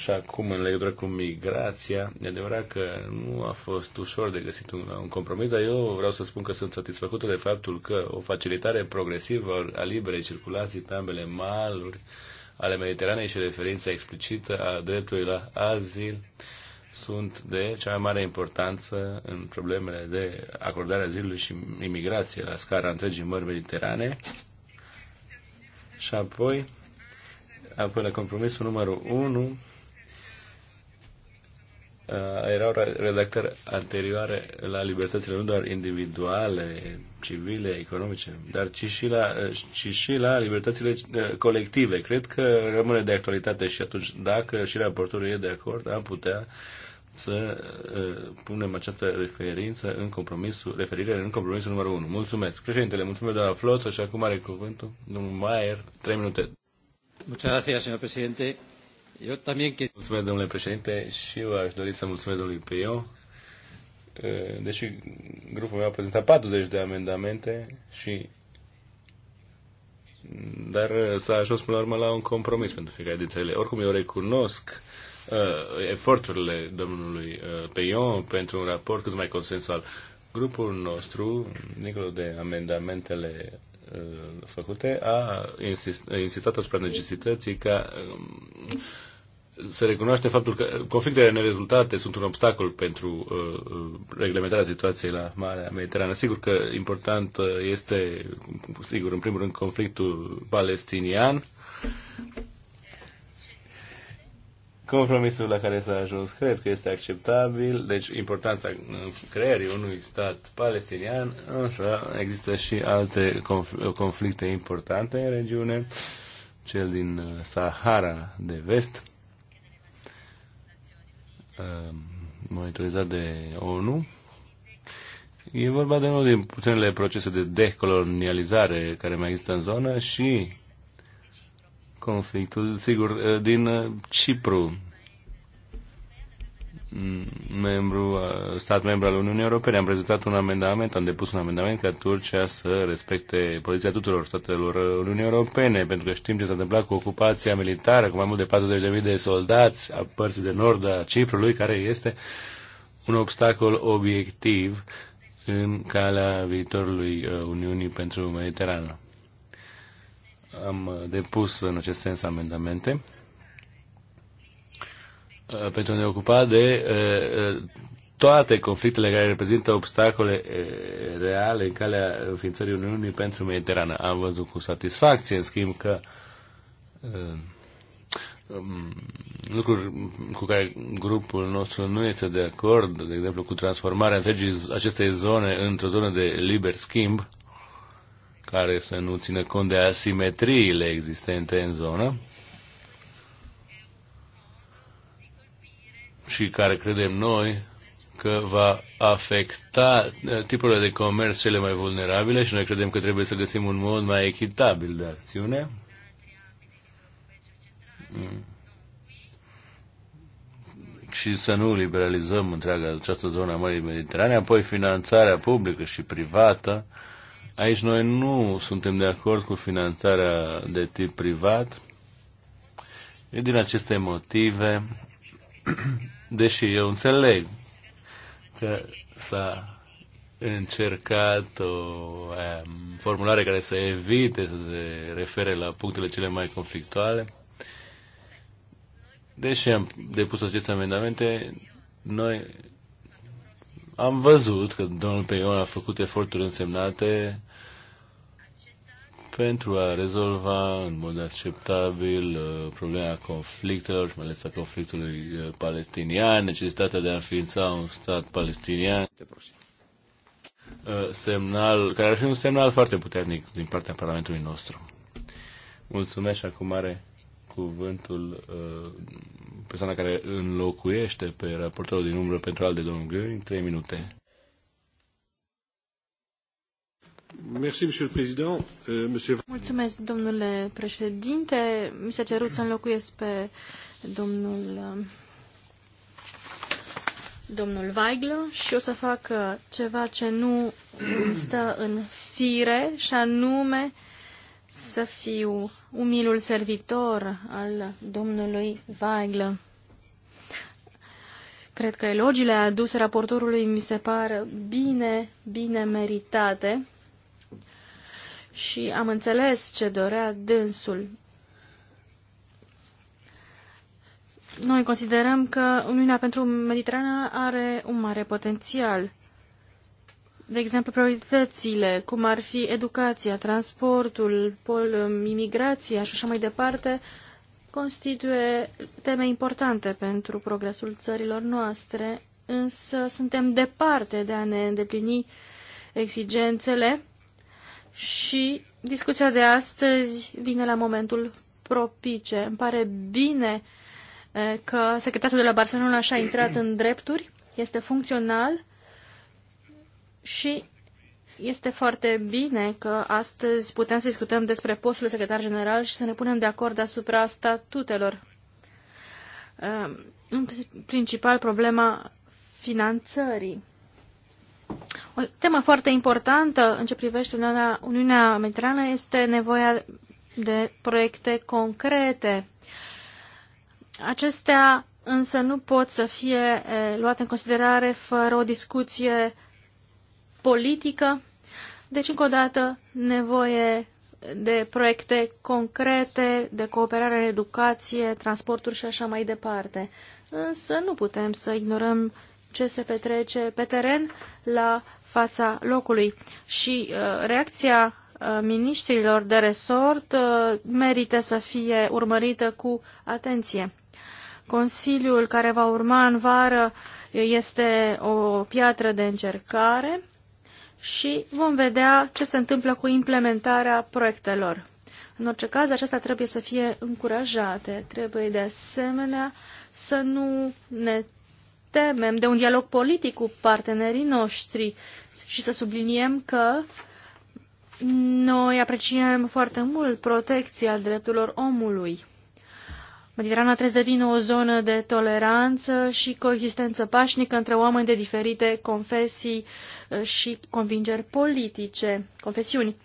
Și acum, în legătură cu migrația, e adevărat că nu a fost ușor de găsit un, un compromis, dar eu vreau să spun că sunt satisfăcută de faptul că o facilitare progresivă a liberei circulații pe ambele maluri ale Mediteranei și referința explicită a dreptului la azil sunt de cea mai mare importanță în problemele de acordare a azilului și imigrație la scara întregii mări mediterane. Și apoi, apoi la compromisul numărul 1, Uh, erau redactări anterioare la libertățile nu doar individuale, civile, economice, dar ci și la, uh, ci și la libertățile uh, colective. Cred că rămâne de actualitate și atunci, dacă și raportorul e de acord, am putea să punem această referință în compromisul, referire în compromisul numărul 1. Mulțumesc. Președintele, mulțumesc doamna Floță și acum are cuvântul domnul Maier, 3 minute. Muchas gracias, señor presidente. Eu también que... Mulțumesc, domnule președinte, și eu aș dori să mulțumesc domnului Peio. Deși grupul meu a prezentat 40 de amendamente și dar s-a ajuns până la urmă la un compromis pentru fiecare dintre ele. Oricum, eu recunosc uh, eforturile domnului uh, Peion pentru un raport cât mai consensual. Grupul nostru, dincolo de amendamentele uh, făcute, a insist, insistat asupra necesității ca uh, se recunoaște faptul că conflictele nerezultate sunt un obstacol pentru uh, uh, reglementarea situației la Marea Mediterană. Sigur că important uh, este, sigur, în primul rând, conflictul palestinian. Compromisul la care s-a ajuns cred că este acceptabil, deci importanța uh, creării unui stat palestinian, însă există și alte conflicte importante în regiune, cel din Sahara de vest Uh, monitorizat de ONU. E vorba de unul din puținele procese de decolonializare care mai există în zonă și conflictul, sigur, uh, din uh, Cipru, membru, stat membru al Uniunii Europene. Am prezentat un amendament, am depus un amendament ca Turcia să respecte poziția tuturor statelor Uniunii Europene, pentru că știm ce s-a întâmplat cu ocupația militară, cu mai mult de 40.000 de soldați a părții de nord a Ciprului, care este un obstacol obiectiv în calea viitorului Uniunii pentru Mediterană. Am depus în acest sens amendamente. Uh, pentru a ne ocupa de uh, uh, toate conflictele care reprezintă obstacole reale în calea înființării Uniunii pentru Mediterană. Am văzut cu satisfacție, în schimb, că um, lucruri cu care grupul nostru nu este de acord, de exemplu cu transformarea întregii acestei zone într-o zonă de liber schimb, care să nu țină cont de asimetriile existente în zonă, și care credem noi că va afecta eh, tipurile de comerț cele mai vulnerabile și noi credem că trebuie să găsim un mod mai echitabil de acțiune. Mm. și să nu liberalizăm întreaga această zonă a Mării Mediterane, apoi finanțarea publică și privată. Aici noi nu suntem de acord cu finanțarea de tip privat. E din aceste motive deși eu înțeleg că s-a încercat o um, formulare care să evite să se refere la punctele cele mai conflictuale. Deși am depus aceste amendamente, noi am văzut că domnul Peion a făcut eforturi însemnate pentru a rezolva în mod acceptabil uh, problema conflictelor și mai ales a conflictului uh, palestinian, necesitatea de a înființa un stat palestinian. Uh, semnal, care ar fi un semnal foarte puternic din partea Parlamentului nostru. Mulțumesc acum are cuvântul persoana care înlocuiește pe raportorul din umbră pentru al de domnul Göring, 3 minute. Euh, Mulțumesc, domnule președinte. Mi s-a cerut să înlocuiesc pe domnul, um, domnul Weigl și o să fac uh, ceva ce nu stă în fire și anume să fiu umilul servitor al domnului Weigl. Cred că elogiile aduse raportorului mi se par bine, bine meritate și am înțeles ce dorea dânsul. Noi considerăm că Uniunea pentru Mediterana are un mare potențial. De exemplu, prioritățile, cum ar fi educația, transportul, pol, um, imigrația și așa mai departe, constituie teme importante pentru progresul țărilor noastre, însă suntem departe de a ne îndeplini exigențele și discuția de astăzi vine la momentul propice. Îmi pare bine că secretarul de la Barcelona și-a intrat în drepturi, este funcțional și este foarte bine că astăzi putem să discutăm despre postul de secretar general și să ne punem de acord asupra statutelor. În principal, problema finanțării. O temă foarte importantă în ce privește Uniunea, Uniunea Mediterană este nevoia de proiecte concrete. Acestea însă nu pot să fie eh, luate în considerare fără o discuție politică. Deci, încă o dată, nevoie de proiecte concrete, de cooperare în educație, transporturi și așa mai departe. Însă nu putem să ignorăm ce se petrece pe teren la fața locului. Și uh, reacția uh, miniștrilor de resort uh, merită să fie urmărită cu atenție. Consiliul care va urma în vară este o piatră de încercare și vom vedea ce se întâmplă cu implementarea proiectelor. În orice caz, acestea trebuie să fie încurajate, trebuie de asemenea să nu ne temem de un dialog politic cu partenerii noștri și să subliniem că noi apreciem foarte mult protecția drepturilor omului. Mediterana trebuie să devină o zonă de toleranță și coexistență pașnică între oameni de diferite confesii uh, și convingeri politice, confesiuni.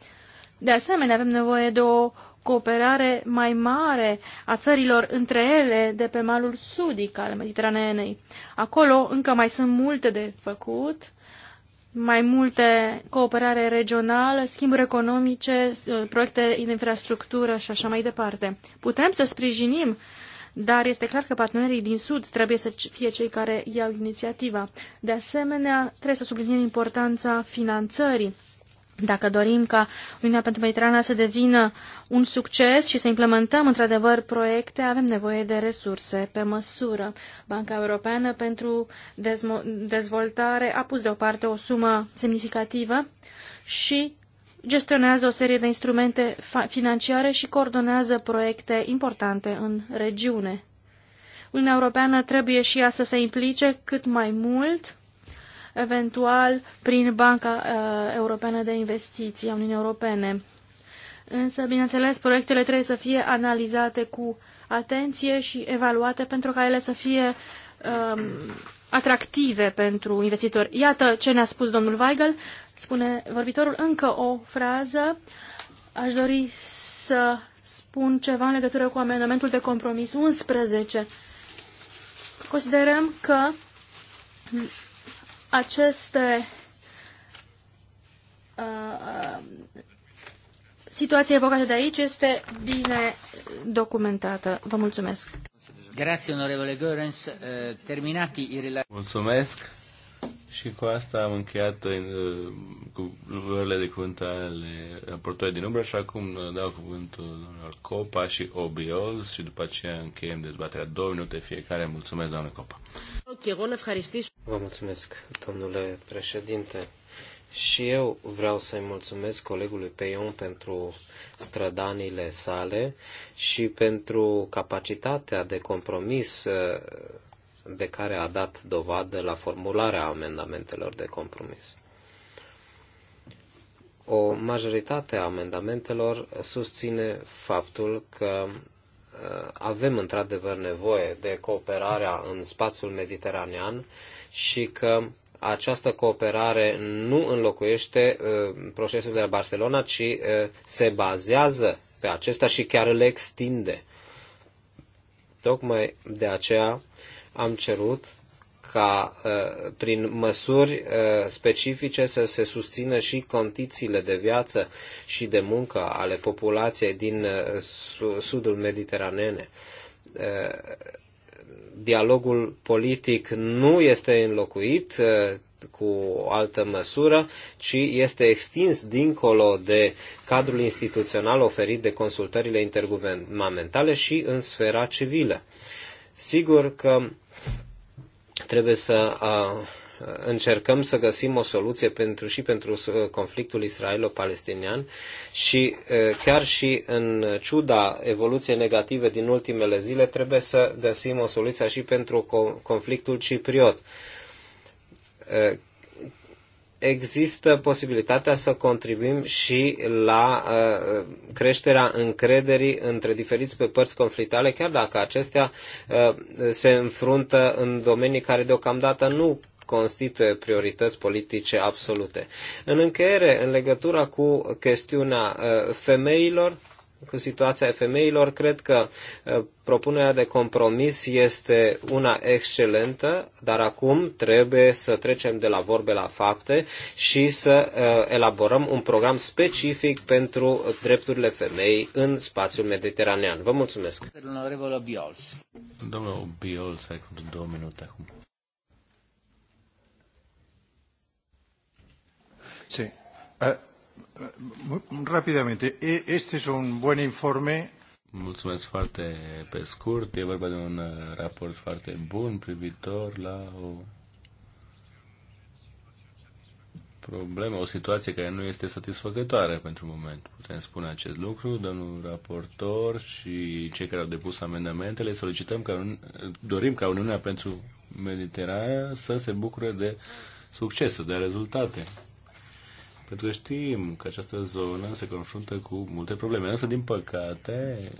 De asemenea, avem nevoie de o cooperare mai mare a țărilor între ele de pe malul sudic al Mediteraneenei. Acolo încă mai sunt multe de făcut, mai multe cooperare regională, schimburi economice, proiecte în infrastructură și așa mai departe. Putem să sprijinim, dar este clar că partenerii din Sud trebuie să fie cei care iau inițiativa. De asemenea, trebuie să subliniem importanța finanțării dacă dorim ca Uniunea pentru Mediterana să devină un succes și să implementăm într-adevăr proiecte, avem nevoie de resurse pe măsură. Banca Europeană pentru Dezvoltare a pus deoparte o sumă semnificativă și gestionează o serie de instrumente financiare și coordonează proiecte importante în regiune. Uniunea Europeană trebuie și ea să se implice cât mai mult eventual prin Banca uh, Europeană de Investiții a Uniunii Europene. Însă, bineînțeles, proiectele trebuie să fie analizate cu atenție și evaluate pentru ca ele să fie um, atractive pentru investitori. Iată ce ne-a spus domnul Weigel, spune vorbitorul încă o frază. Aș dori să spun ceva în legătură cu amendamentul de compromis 11. Considerăm că aceste uh, uh situație evocată de aici este bine documentată. Vă mulțumesc. Grazie, onorevole Görens. Eh, terminati i Mulțumesc. Și cu asta am încheiat uh, cu lucrurile de cuvânt ale raportului din umbră și acum uh, dau cuvântul domnilor Copa și Obios și după aceea încheiem dezbaterea. Două minute fiecare. Mulțumesc, doamne Copa. Vă mulțumesc, domnule președinte. Și eu vreau să-i mulțumesc colegului Peion pentru strădanile sale și pentru capacitatea de compromis uh, de care a dat dovadă la formularea amendamentelor de compromis. O majoritate a amendamentelor susține faptul că uh, avem într-adevăr nevoie de cooperarea în spațiul mediteranean și că această cooperare nu înlocuiește uh, procesul de la Barcelona, ci uh, se bazează pe acesta și chiar le extinde. Tocmai de aceea am cerut ca uh, prin măsuri uh, specifice să se susțină și condițiile de viață și de muncă ale populației din uh, sudul Mediteranene. Dialogul politic nu este înlocuit cu o altă măsură, ci este extins dincolo de cadrul instituțional oferit de consultările interguvernamentale și în sfera civilă. Sigur că Trebuie să încercăm să găsim o soluție pentru, și pentru uh, conflictul israelo-palestinian și uh, chiar și în ciuda evoluției negative din ultimele zile trebuie să găsim o soluție și pentru conflictul cipriot uh, există posibilitatea să contribuim și la uh, creșterea încrederii între diferiți pe părți conflictuale, chiar dacă acestea uh, se înfruntă în domenii care deocamdată nu constituie priorități politice absolute. În încheiere, în legătură cu chestiunea uh, femeilor, cu situația femeilor, cred că uh, propunerea de compromis este una excelentă, dar acum trebuie să trecem de la vorbe la fapte și să uh, elaborăm un program specific pentru drepturile femei în spațiul mediteranean. Vă mulțumesc! Domnul Biols, ai două minute acum. Sí. Uh. Rapidamente, este es un buen informe. Mulțumesc foarte pe scurt. E vorba de un uh, raport foarte bun privitor la o problemă, o situație care nu este satisfăcătoare pentru moment. Putem spune acest lucru, domnul raportor și cei care au depus amendamentele, solicităm ca, dorim ca Uniunea pentru Mediterana să se bucure de succes, de rezultate. Pentru că știm că această zonă se confruntă cu multe probleme. Însă, din păcate,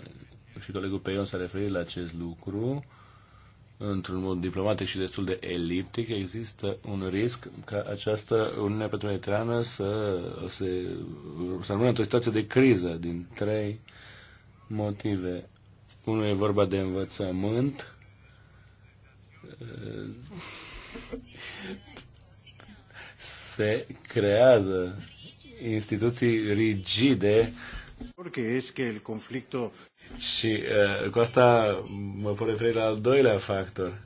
și colegul Peion s-a referit la acest lucru, într-un mod diplomatic și destul de eliptic, există un risc ca această Uniunea pentru Mediterană să, se, să rămână într-o situație de criză din trei motive. Unul e vorba de învățământ, se creează instituții rigide și uh, cu asta mă pot referi la al doilea factor.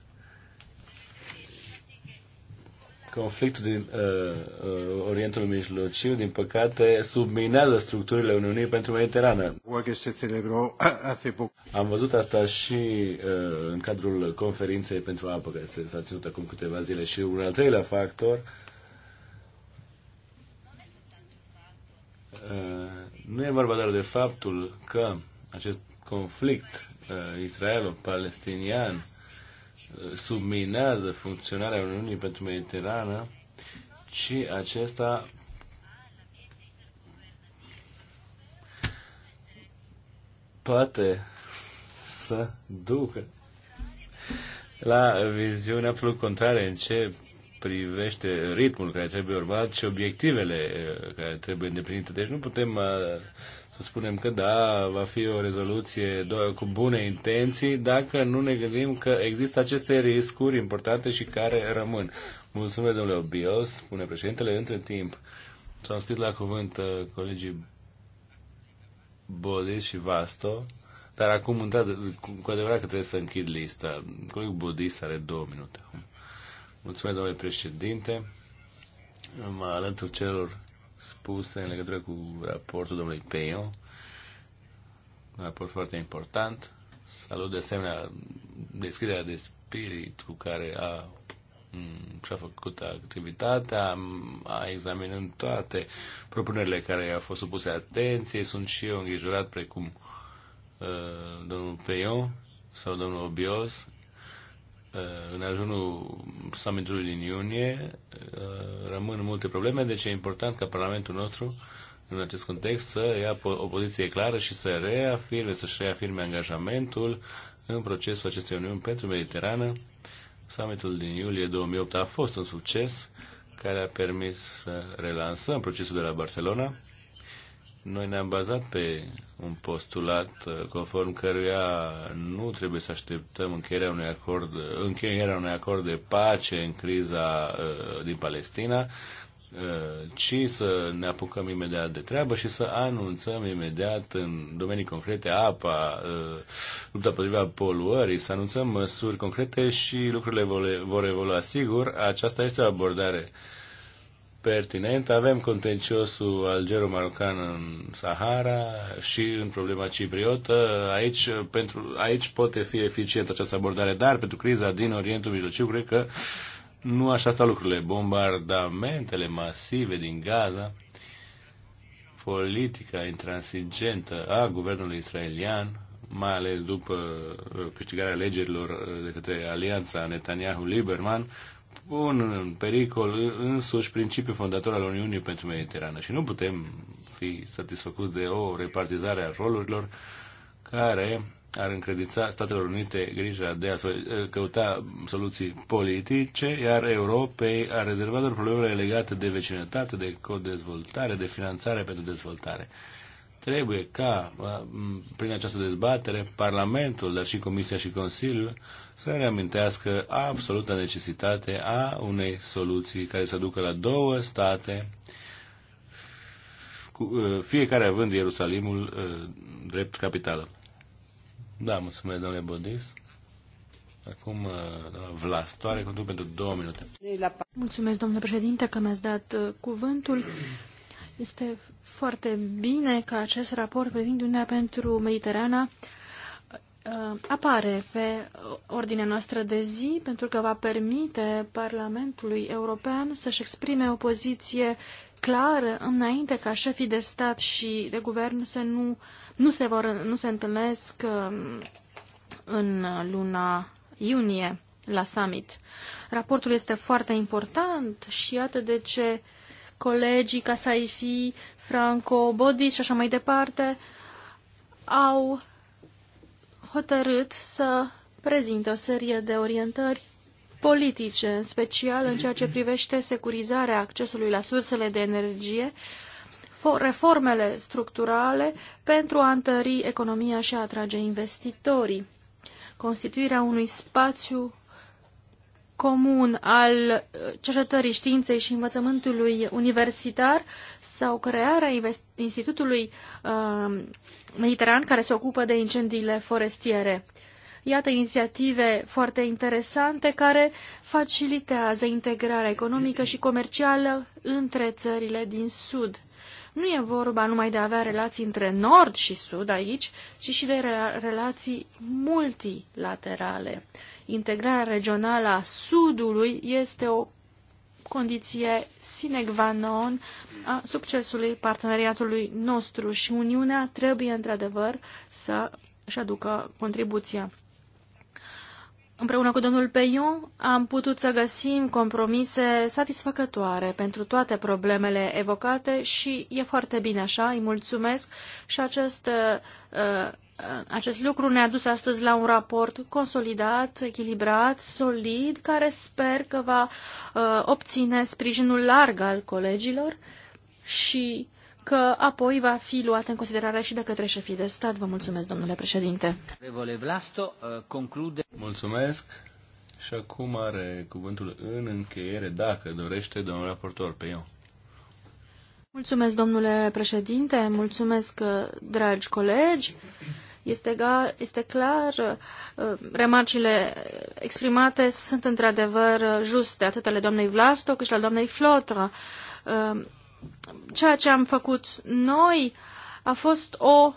Conflictul din uh, uh Orientul Mijlociu, din păcate, subminează structurile Uniunii pentru Mediterană. Am văzut asta și uh, în cadrul conferinței pentru apă, care s-a ținut acum câteva zile. Și un al treilea factor Uh, nu e vorba doar de faptul că acest conflict uh, israelo-palestinian uh, subminează funcționarea Uniunii pentru Mediterană, ci acesta poate să ducă la viziunea absolut contrare în ce privește ritmul care trebuie urmat și obiectivele uh, care trebuie îndeplinite. Deci nu putem uh, să spunem că da, va fi o rezoluție cu bune intenții, dacă nu ne gândim că există aceste riscuri importante și care rămân. Mulțumesc, domnule Obios, spune președintele, între timp s-au scris la cuvânt uh, colegii Bodis și Vasto, dar acum, cu adevărat că trebuie să închid lista. Colegul Bodis are două minute acum. Mulțumesc, domnule președinte. Mă alătur celor spuse în legătură cu raportul domnului Peio. Un raport foarte important. Salut de asemenea descrierea de spirit cu care a mm, și-a făcut activitatea, a examinând toate propunerile care au fost supuse atenție. Sunt și eu îngrijorat precum uh, domnul Peion sau domnul Obios Eh, în ajunul summitului din iunie eh, rămân multe probleme, deci e important ca Parlamentul nostru în acest context să ia o poziție clară și să reafirme, să-și reafirme angajamentul în procesul acestei Uniuni pentru Mediterană. Summitul din iulie 2008 a fost un succes care a permis să relansăm procesul de la Barcelona noi ne-am bazat pe un postulat uh, conform căruia nu trebuie să așteptăm încheierea unui acord, încheierea unui acord de pace în criza uh, din Palestina, uh, ci să ne apucăm imediat de treabă și să anunțăm imediat în domenii concrete apa, lupta potriva poluării, să anunțăm măsuri concrete și lucrurile vor evolua. Sigur, aceasta este o abordare uh, pertinent. Avem contenciosul algero-marocan în Sahara și în problema cipriotă. Aici, pentru, aici poate fi eficientă această abordare, dar pentru criza din Orientul Mijlociu, cred că nu așa stau lucrurile. Bombardamentele masive din Gaza, politica intransigentă a guvernului israelian, mai ales după uh, câștigarea alegerilor uh, de către alianța Netanyahu-Lieberman, pun în pericol însuși principiul fondator al Uniunii pentru Mediterană și nu putem fi satisfăcuți de o repartizare a rolurilor care ar încredința Statelor Unite grija de a căuta soluții politice, iar Europei a rezervat doar problemele legate de vecinătate, de codezvoltare, de finanțare pentru dezvoltare. Trebuie ca, uh, prin această dezbatere, Parlamentul, dar și Comisia și Consiliul să reamintească absoluta necesitate a unei soluții care să ducă la două state, uh, fiecare având Ierusalimul uh, drept capitală. Da, mulțumesc, domnule Bodis. Acum, doamna Vlastoare, contul pentru două minute. Mulțumesc, domnule președinte, că mi-ați dat cuvântul. Este foarte bine că acest raport privind Uniunea pentru Mediterana uh, apare pe ordinea noastră de zi pentru că va permite Parlamentului European să-și exprime o poziție clară înainte ca șefii de stat și de guvern să nu, nu, se, vor, nu se întâlnesc um, în luna iunie la summit. Raportul este foarte important și iată de ce uh, colegii fi Franco, Bodi și așa mai departe, au hotărât să prezinte o serie de orientări politice, în special în ceea ce privește securizarea accesului la sursele de energie, reformele structurale pentru a întări economia și a atrage investitorii, constituirea unui spațiu comun al uh, cercetării științei și învățământului universitar sau crearea Institutului uh, Mediteran care se ocupă de incendiile forestiere. Iată inițiative foarte interesante care facilitează integrarea economică și comercială între țările din Sud. Nu e vorba numai de a avea relații între nord și sud aici, ci și de relații multilaterale. Integrarea regională a sudului este o condiție sine qua non a succesului parteneriatului nostru și Uniunea trebuie într-adevăr să își aducă contribuția. Împreună cu domnul Peion am putut să găsim compromise satisfăcătoare pentru toate problemele evocate și e foarte bine așa, îi mulțumesc și acest, uh, uh, acest lucru ne-a dus astăzi la un raport consolidat, echilibrat, solid, care sper că va uh, obține sprijinul larg al colegilor și că apoi va fi luată în considerare și de către șefii de stat. Vă mulțumesc, domnule președinte. Uh, mulțumesc. Și acum are cuvântul în încheiere, dacă dorește, domnul raportor, pe eu. Mulțumesc, domnule președinte, mulțumesc, uh, dragi colegi. Este, ga, este clar, uh, remarcile exprimate sunt într-adevăr juste, atât ale doamnei Vlasto cât și ale doamnei Flotra ceea ce am făcut noi a fost o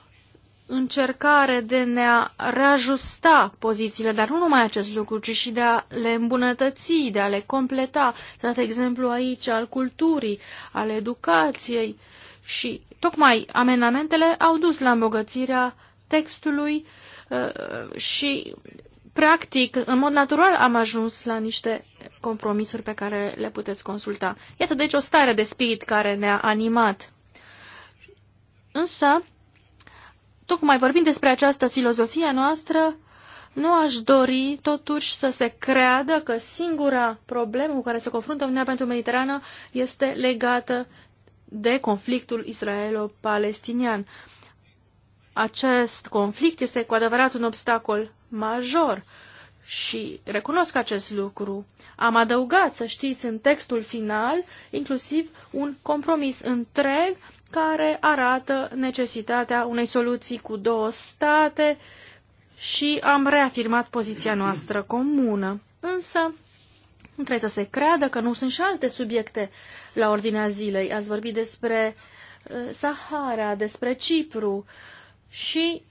încercare de ne a reajusta pozițiile, dar nu numai acest lucru, ci și de a le îmbunătăți, de a le completa. Dat exemplu aici al culturii, al educației și tocmai amenamentele au dus la îmbogățirea textului uh, și practic, în mod natural am ajuns la niște compromisuri pe care le puteți consulta. Iată, deci, o stare de spirit care ne-a animat. Însă, tocmai vorbind despre această filozofie noastră, nu aș dori totuși să se creadă că singura problemă cu care se confruntă Uniunea pentru Mediterană este legată de conflictul israelo-palestinian acest conflict este cu adevărat un obstacol major și recunosc acest lucru. Am adăugat, să știți, în textul final, inclusiv un compromis întreg care arată necesitatea unei soluții cu două state și am reafirmat poziția noastră comună. Însă, nu trebuie să se creadă că nu sunt și alte subiecte la ordinea zilei. Ați vorbit despre uh, Sahara, despre Cipru, uh, și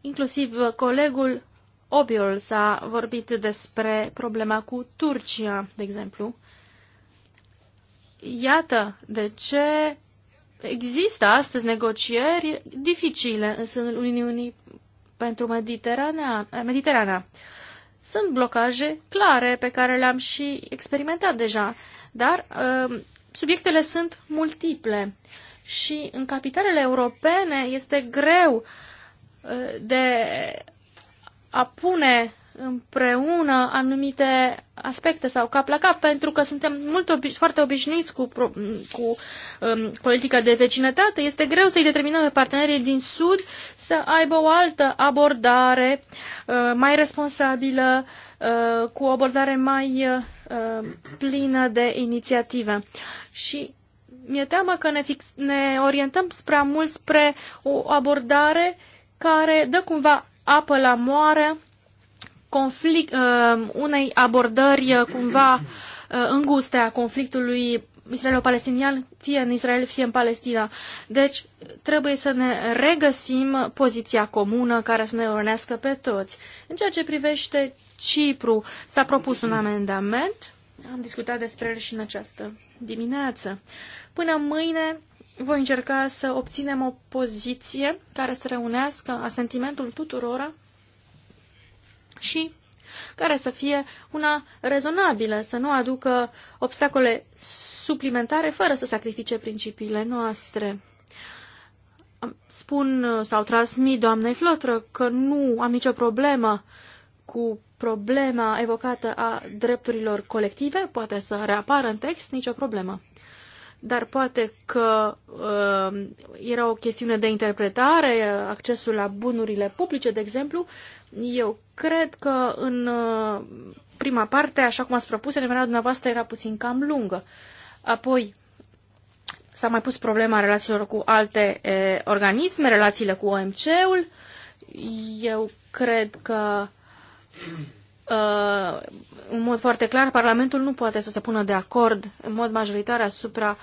inclusiv colegul Obiol s-a vorbit despre problema cu Turcia, de exemplu. Iată de ce există astăzi negocieri dificile în sânul Uniunii pentru Mediterana. Mediterana. Sunt blocaje clare pe care le-am și experimentat deja, dar uh, subiectele sunt multiple. Uh, și în capitalele europene este greu uh, de a pune împreună anumite aspecte sau cap la cap, pentru că suntem mult obi- foarte obișnuiți cu, pro- cu um, politica de vecinătate. Este greu să-i determinăm pe partenerii din Sud să aibă o altă abordare uh, mai responsabilă, uh, cu o abordare mai uh, uh plină de inițiativă. Și mi-e teamă că ne, fix, ne orientăm prea mult spre o abordare care dă cumva apă la moară conflict, uh, unei abordări uh, cumva uh, înguste a conflictului israelo-palestinian, fie în Israel, fie în Palestina. Deci trebuie să ne regăsim poziția comună care să ne urnească pe toți. În ceea ce privește Cipru, s-a propus un amendament am discutat despre el și în această dimineață. Până mâine voi încerca să obținem o poziție care să reunească asentimentul tuturora și care să fie una rezonabilă, să nu aducă obstacole suplimentare fără să sacrifice principiile noastre. Spun sau transmit doamnei Flotră că nu am nicio problemă cu problema evocată a drepturilor colective poate să reapară în text, nicio problemă. Dar poate că uh, era o chestiune de interpretare, accesul la bunurile publice, de exemplu. Eu cred că în uh, prima parte, așa cum ați propus, enumerarea dumneavoastră era puțin cam lungă. Apoi, s-a mai pus problema relațiilor cu alte e, eh, organisme, relațiile cu OMC-ul. Eu cred că uh, Uh, în mod foarte clar, Parlamentul nu poate să se pună de acord în mod majoritar asupra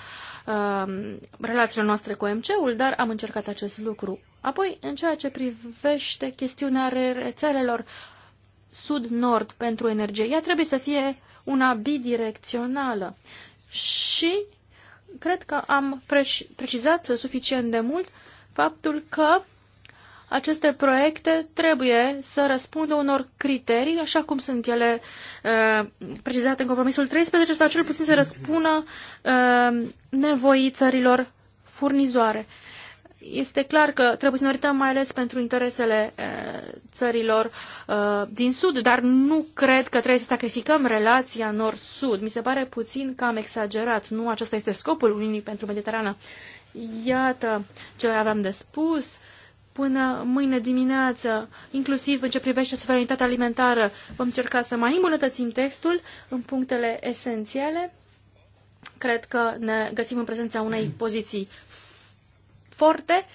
uh, relațiilor noastre cu MC-ul, dar am încercat acest lucru. Apoi, în ceea ce privește chestiunea rețelelor sud-nord pentru energie, ea trebuie să fie una bidirecțională și cred că am precizat suficient de mult faptul că aceste proiecte trebuie să răspundă unor criterii, așa cum sunt ele uh, precizate în compromisul 13, sau cel puțin să răspună uh, nevoii țărilor furnizoare. Este clar că trebuie să ne uităm mai ales pentru interesele uh, țărilor uh, din Sud, dar nu cred că trebuie să sacrificăm relația Nord-Sud. Mi se pare puțin cam exagerat. Nu acesta este scopul Uniunii pentru Mediterană. Iată ce aveam de spus până mâine dimineață, inclusiv în ce privește suveranitatea alimentară. Vom încerca să mai îmbunătățim textul în punctele esențiale. Cred că ne găsim în prezența unei poziții forte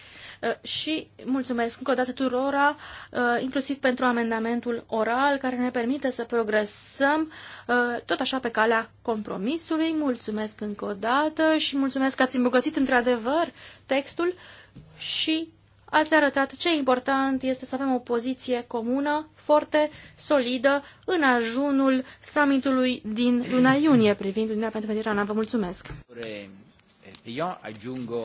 uh, și mulțumesc încă o dată tuturora, uh, inclusiv pentru amendamentul oral care ne permite să progresăm uh, tot așa pe calea compromisului. Mulțumesc încă o dată și mulțumesc că ați îmbogățit într-adevăr textul și ați arătat ce important este să avem o poziție comună, foarte solidă, în ajunul summitului din luna iunie privind Uniunea pentru Mediterana. Vă mulțumesc!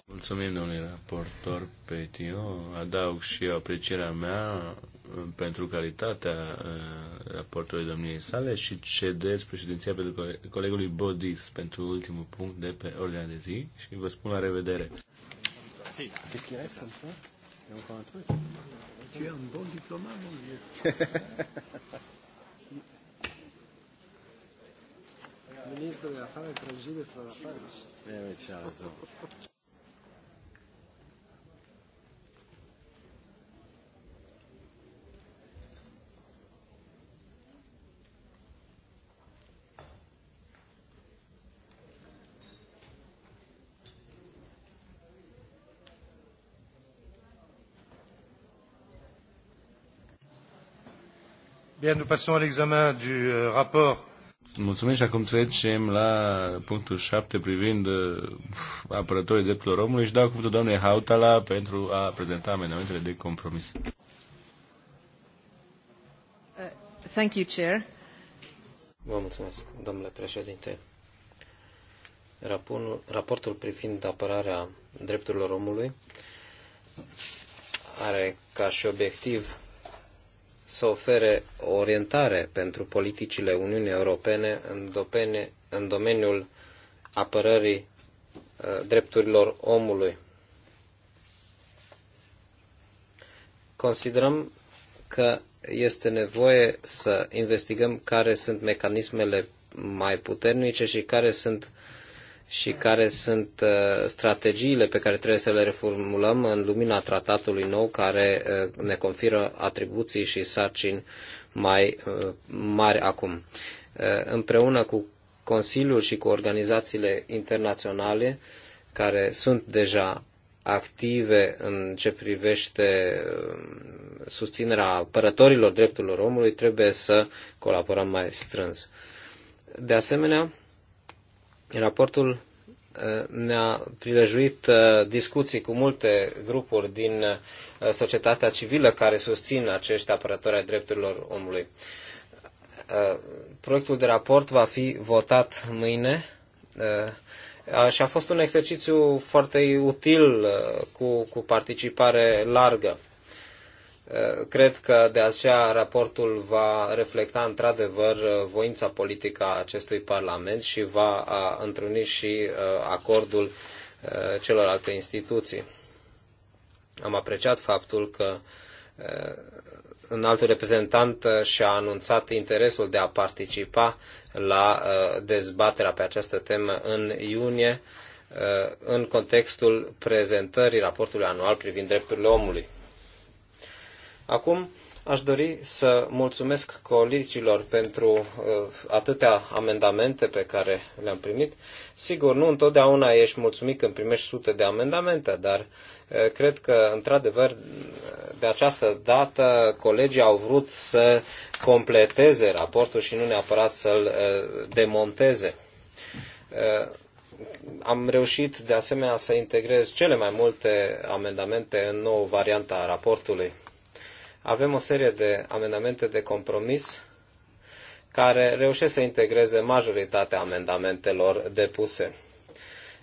Mulțumim, domnule raportor Petio. Adaug și eu aprecierea mea uh, pentru calitatea uh, raportului domniei sale și cedez președinția pentru colegului Bodis pentru ultimul punct de pe ordinea de zi și vă spun la revedere. Sì, Il y a encore un truc. Tu es un bon diplomate, mon vieux. Ministre de Affaires étrangères de la France. Eh oui, tu as raison. Bien, nous passons à l'examen du euh, rapport. Mulțumim și acum trecem la punctul 7 privind uh, apărătorii drepturilor omului și dau cuvântul doamnei Hautala pentru a prezenta amendamentele de compromis. Uh, thank you, Chair. Vă mulțumesc, domnule președinte. Raportul, raportul privind apărarea drepturilor omului are ca și obiectiv să ofere o orientare pentru politicile Uniunii Europene în, dopene, în domeniul apărării uh, drepturilor omului. Considerăm că este nevoie să investigăm care sunt mecanismele mai puternice și care sunt uh, și care sunt uh, strategiile pe care trebuie să le reformulăm în lumina tratatului nou care uh, ne conferă atribuții și sarcini mai uh, mari acum. Împreună cu Consiliul și cu organizațiile internaționale care sunt deja active în ce privește susținerea apărătorilor drepturilor omului, trebuie să colaborăm mai strâns. De asemenea, Raportul uh, ne-a prilejuit uh, discuții cu multe grupuri din uh, societatea civilă care susțin acești apărători ai drepturilor omului. Proiectul de raport va fi votat mâine și a fost un exercițiu foarte util cu, cu participare largă. Eh, cred că de aceea raportul va reflecta într-adevăr eh, voința politică a acestui Parlament și va întruni și eh, acordul celorlalte instituții. Am apreciat faptul că un alt reprezentant și-a anunțat interesul de a participa la dezbaterea pe această temă în iunie în contextul prezentării raportului anual privind drepturile omului. Acum aș dori să mulțumesc colegilor pentru uh, atâtea amendamente pe care le-am primit. Sigur, nu întotdeauna ești mulțumit când primești sute de amendamente, dar uh, cred că, într-adevăr, de această dată colegii au vrut să completeze raportul și nu neapărat să-l uh, demonteze. Uh, am reușit de asemenea să integrez cele mai multe amendamente în nouă variantă a raportului avem o serie de amendamente de compromis care reușesc să integreze majoritatea amendamentelor depuse.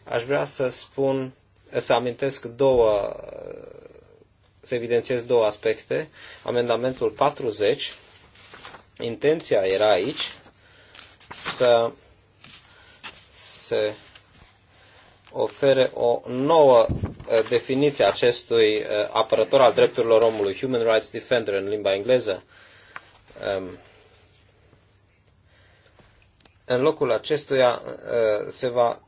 Aș vrea să spun, să amintesc două, să evidențiez două aspecte. Amendamentul 40, intenția era aici să se ofere o nouă eh, definiție acestui eh, apărător al drepturilor omului, Human Rights Defender în limba engleză. În locul acestuia eh, se va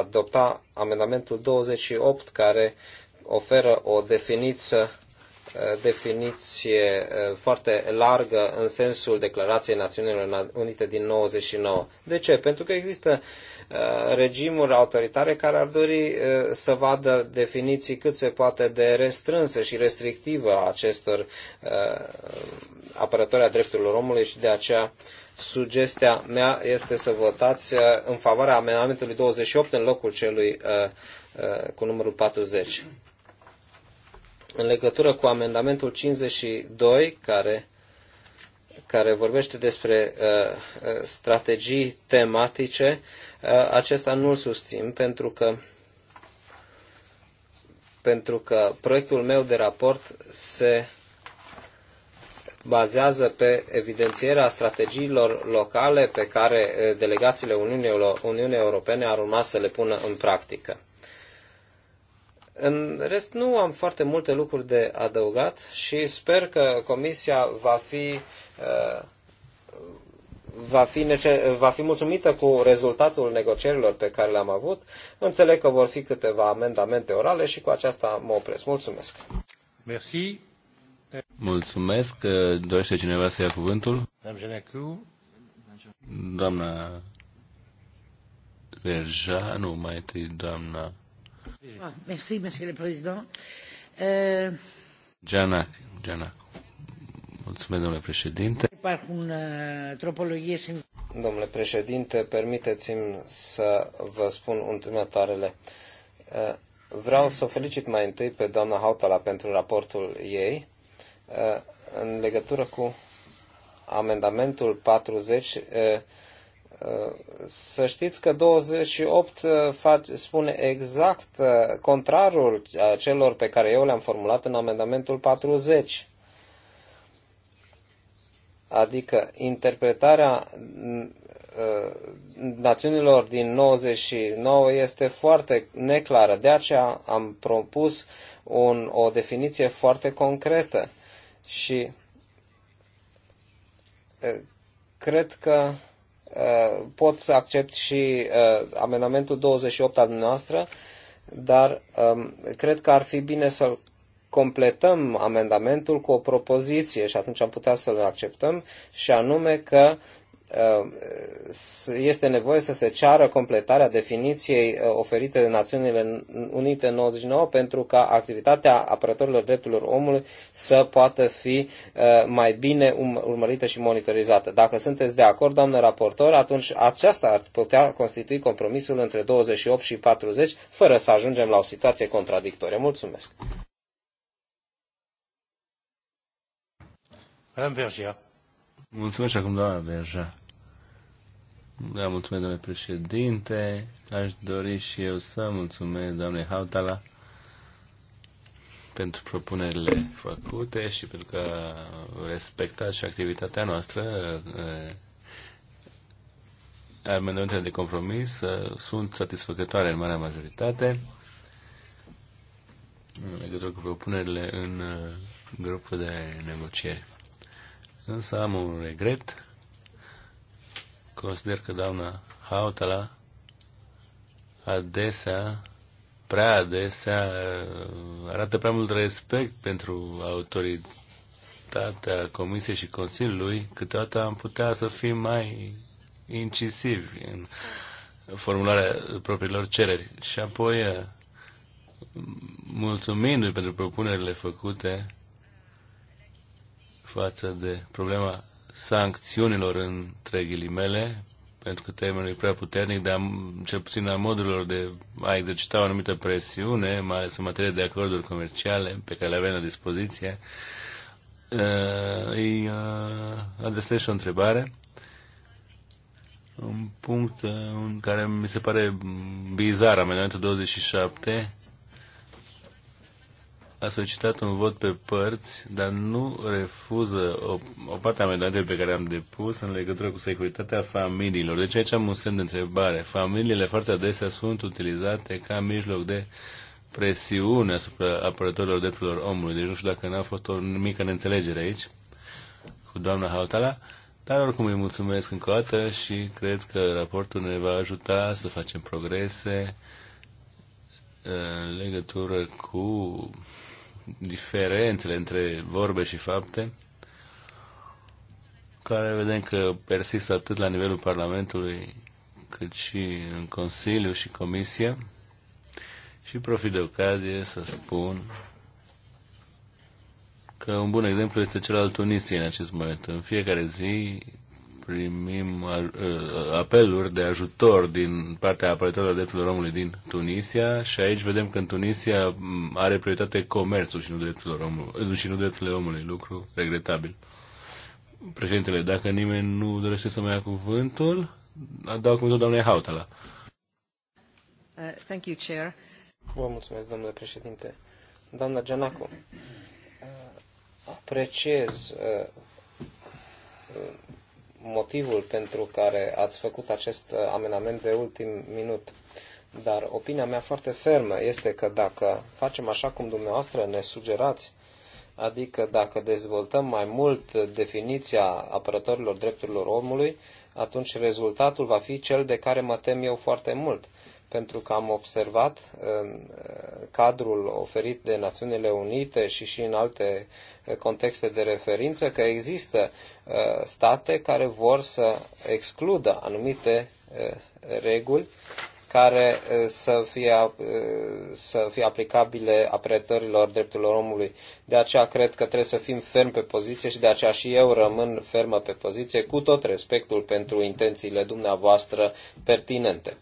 adopta amendamentul 28 care oferă o definiție definiție eh, foarte largă în sensul Declarației Națiunilor Unite din 99. De ce? Pentru că există eh, regimuri autoritare care ar dori eh, să vadă definiții cât se poate de restrânse și restrictivă a acestor apărători a drepturilor omului și de aceea sugestia mea este să votați în favoarea amendamentului 28 în locul celui cu numărul 40 în legătură cu amendamentul 52 care, care vorbește despre uh, uh strategii tematice, uh, acesta nu l susțin pentru că pentru că proiectul meu de raport se bazează pe evidențierea strategiilor locale pe care uh, delegațiile Uniunii Europene ar urma să le pună în practică. În rest, nu am foarte multe lucruri de adăugat și sper că comisia va fi, uh, va fi, nece- va fi mulțumită cu rezultatul negocierilor pe care le-am avut. Înțeleg că vor fi câteva amendamente orale și cu aceasta mă opresc. Mulțumesc! Merci. Mulțumesc. Dorește cineva să ia cuvântul? Doamna Verja, nu, mai întâi doamna Ah, monsieur le président. Euh, Gianna, Gianna. Mulțumesc, domnule președinte. Uh, domnule președinte, permiteți-mi să vă spun următoarele. Uh, vreau să o felicit mai întâi pe doamna Hautala pentru raportul ei uh, în legătură cu amendamentul 40 să știți că 28 uh, spune exact uh, contrarul uh, celor pe care eu le-am formulat în amendamentul 40. Adică interpretarea națiunilor din 99 este foarte neclară. De aceea am propus un, o definiție foarte concretă și cred că Uh, pot să accept și uh, amendamentul 28 al noastră, dar um, cred că ar fi bine să-l completăm amendamentul cu o propoziție și atunci am putea să-l acceptăm și anume că Uh, este nevoie să se ceară completarea definiției uh, oferite de Națiunile Unite în 99 pentru ca activitatea apărătorilor drepturilor omului să poată fi uh, mai bine um, urmărită și monitorizată. Dacă sunteți de acord, doamnă raportor, atunci aceasta ar putea constitui compromisul între 28 și 40, fără să ajungem la o situație contradictorie. Mulțumesc! Madame Vergia. Mulțumesc acum, doamna Berja. Da, mulțumesc, domnule președinte. Aș dori și eu să mulțumesc, doamne Hautala, pentru propunerile făcute și pentru că respectați și activitatea noastră. Eh, amendamentele de compromis eh, sunt satisfăcătoare în marea majoritate în legătură cu propunerile în eh, grupul de negocieri. Însă am un regret. Consider că doamna Hautala adesea, prea adesea, arată prea mult respect pentru autoritatea Comisiei și Consiliului, câteodată am putea să fim mai incisivi în formularea propriilor cereri. Și apoi, mulțumindu-i pentru propunerile făcute, față de problema sancțiunilor între ghilimele, pentru că termenul e prea puternic, dar cel puțin a modurilor de a exercita o anumită presiune, mai ales în materie de acorduri comerciale pe care le avem la dispoziție, uh, îi uh, adresez și o întrebare. Un punct în uh, care mi se pare bizar, amendamentul 27, a solicitat un vot pe părți, dar nu refuză o, o parte a medalei pe care am depus în legătură cu securitatea familiilor. Deci aici am un semn de întrebare. Familiile foarte adesea sunt utilizate ca mijloc de presiune asupra apărătorilor drepturilor omului. Deci nu știu dacă n-a fost o mică neînțelegere aici cu doamna Hautala, dar oricum îi mulțumesc încă o dată și cred că raportul ne va ajuta să facem progrese uh, în legătură cu diferențele între vorbe și fapte, care vedem că persistă atât la nivelul Parlamentului, cât și în Consiliu și Comisie. Și profit de ocazie să spun că un bun exemplu este cel al Tunisiei în acest moment. În fiecare zi primim uh, uh, apeluri de ajutor din partea apărătorilor drepturilor omului din Tunisia și aici vedem că în Tunisia mm, are prioritate comerțul și nu drepturile omului, uh, și nu drepturile omului lucru regretabil. Președintele, dacă nimeni nu dorește să mai ia cuvântul, dau cuvântul doamnei Hautala. Uh, thank you, Chair. Vă mulțumesc, domnule președinte. Doamna Gianacu, apreciez uh, motivul pentru care ați făcut acest uh, amenament de ultim minut. Dar opinia mea foarte fermă este că dacă facem așa cum dumneavoastră ne sugerați, adică dacă dezvoltăm mai mult definiția apărătorilor drepturilor omului, atunci rezultatul va fi cel de care mă tem eu foarte mult pentru că am observat în uh, cadrul oferit de Națiunile Unite și și în alte uh, contexte de referință că există uh, state care vor să excludă anumite reguli care să fie, să fie aplicabile apretărilor drepturilor omului. De aceea cred că trebuie să fim ferm pe poziție și de aceea și eu rămân fermă pe poziție, cu tot respectul pentru intențiile dumneavoastră pertinente.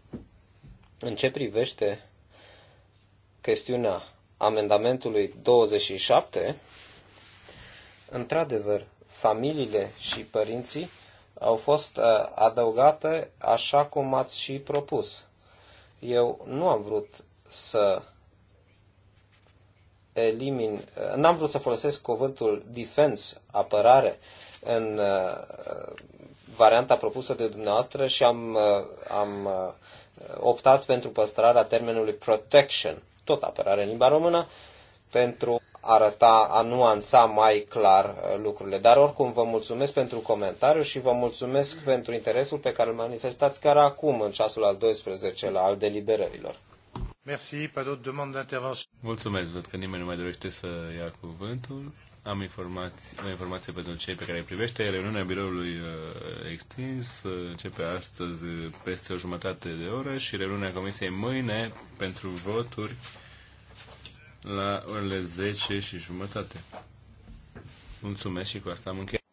În ce privește chestiunea amendamentului 27, într-adevăr, familiile și părinții au fost uh, adăugate așa cum ați și propus. Eu nu am vrut să elimin, uh, n-am vrut să folosesc cuvântul defense, apărare, în uh, varianta propusă de dumneavoastră și am, am Uh, optat pentru păstrarea termenului protection, tot apărare în limba română, pentru arăta, a nuanța mai clar uh, lucrurile. Dar oricum vă mulțumesc pentru comentariu și vă mulțumesc pentru interesul pe care îl manifestați chiar acum, în ceasul al 12-lea al deliberărilor. Merci, pas d'autres demandes d'intervention. Mulțumesc, văd că nimeni nu mai dorește să ia cuvântul am informații, o informație pentru cei pe care îi privește. Reuniunea biroului uh, extins uh, începe astăzi uh, peste o jumătate de oră și reuniunea comisiei mâine pentru voturi la orele 10 și jumătate. Mulțumesc și cu asta am încheiat.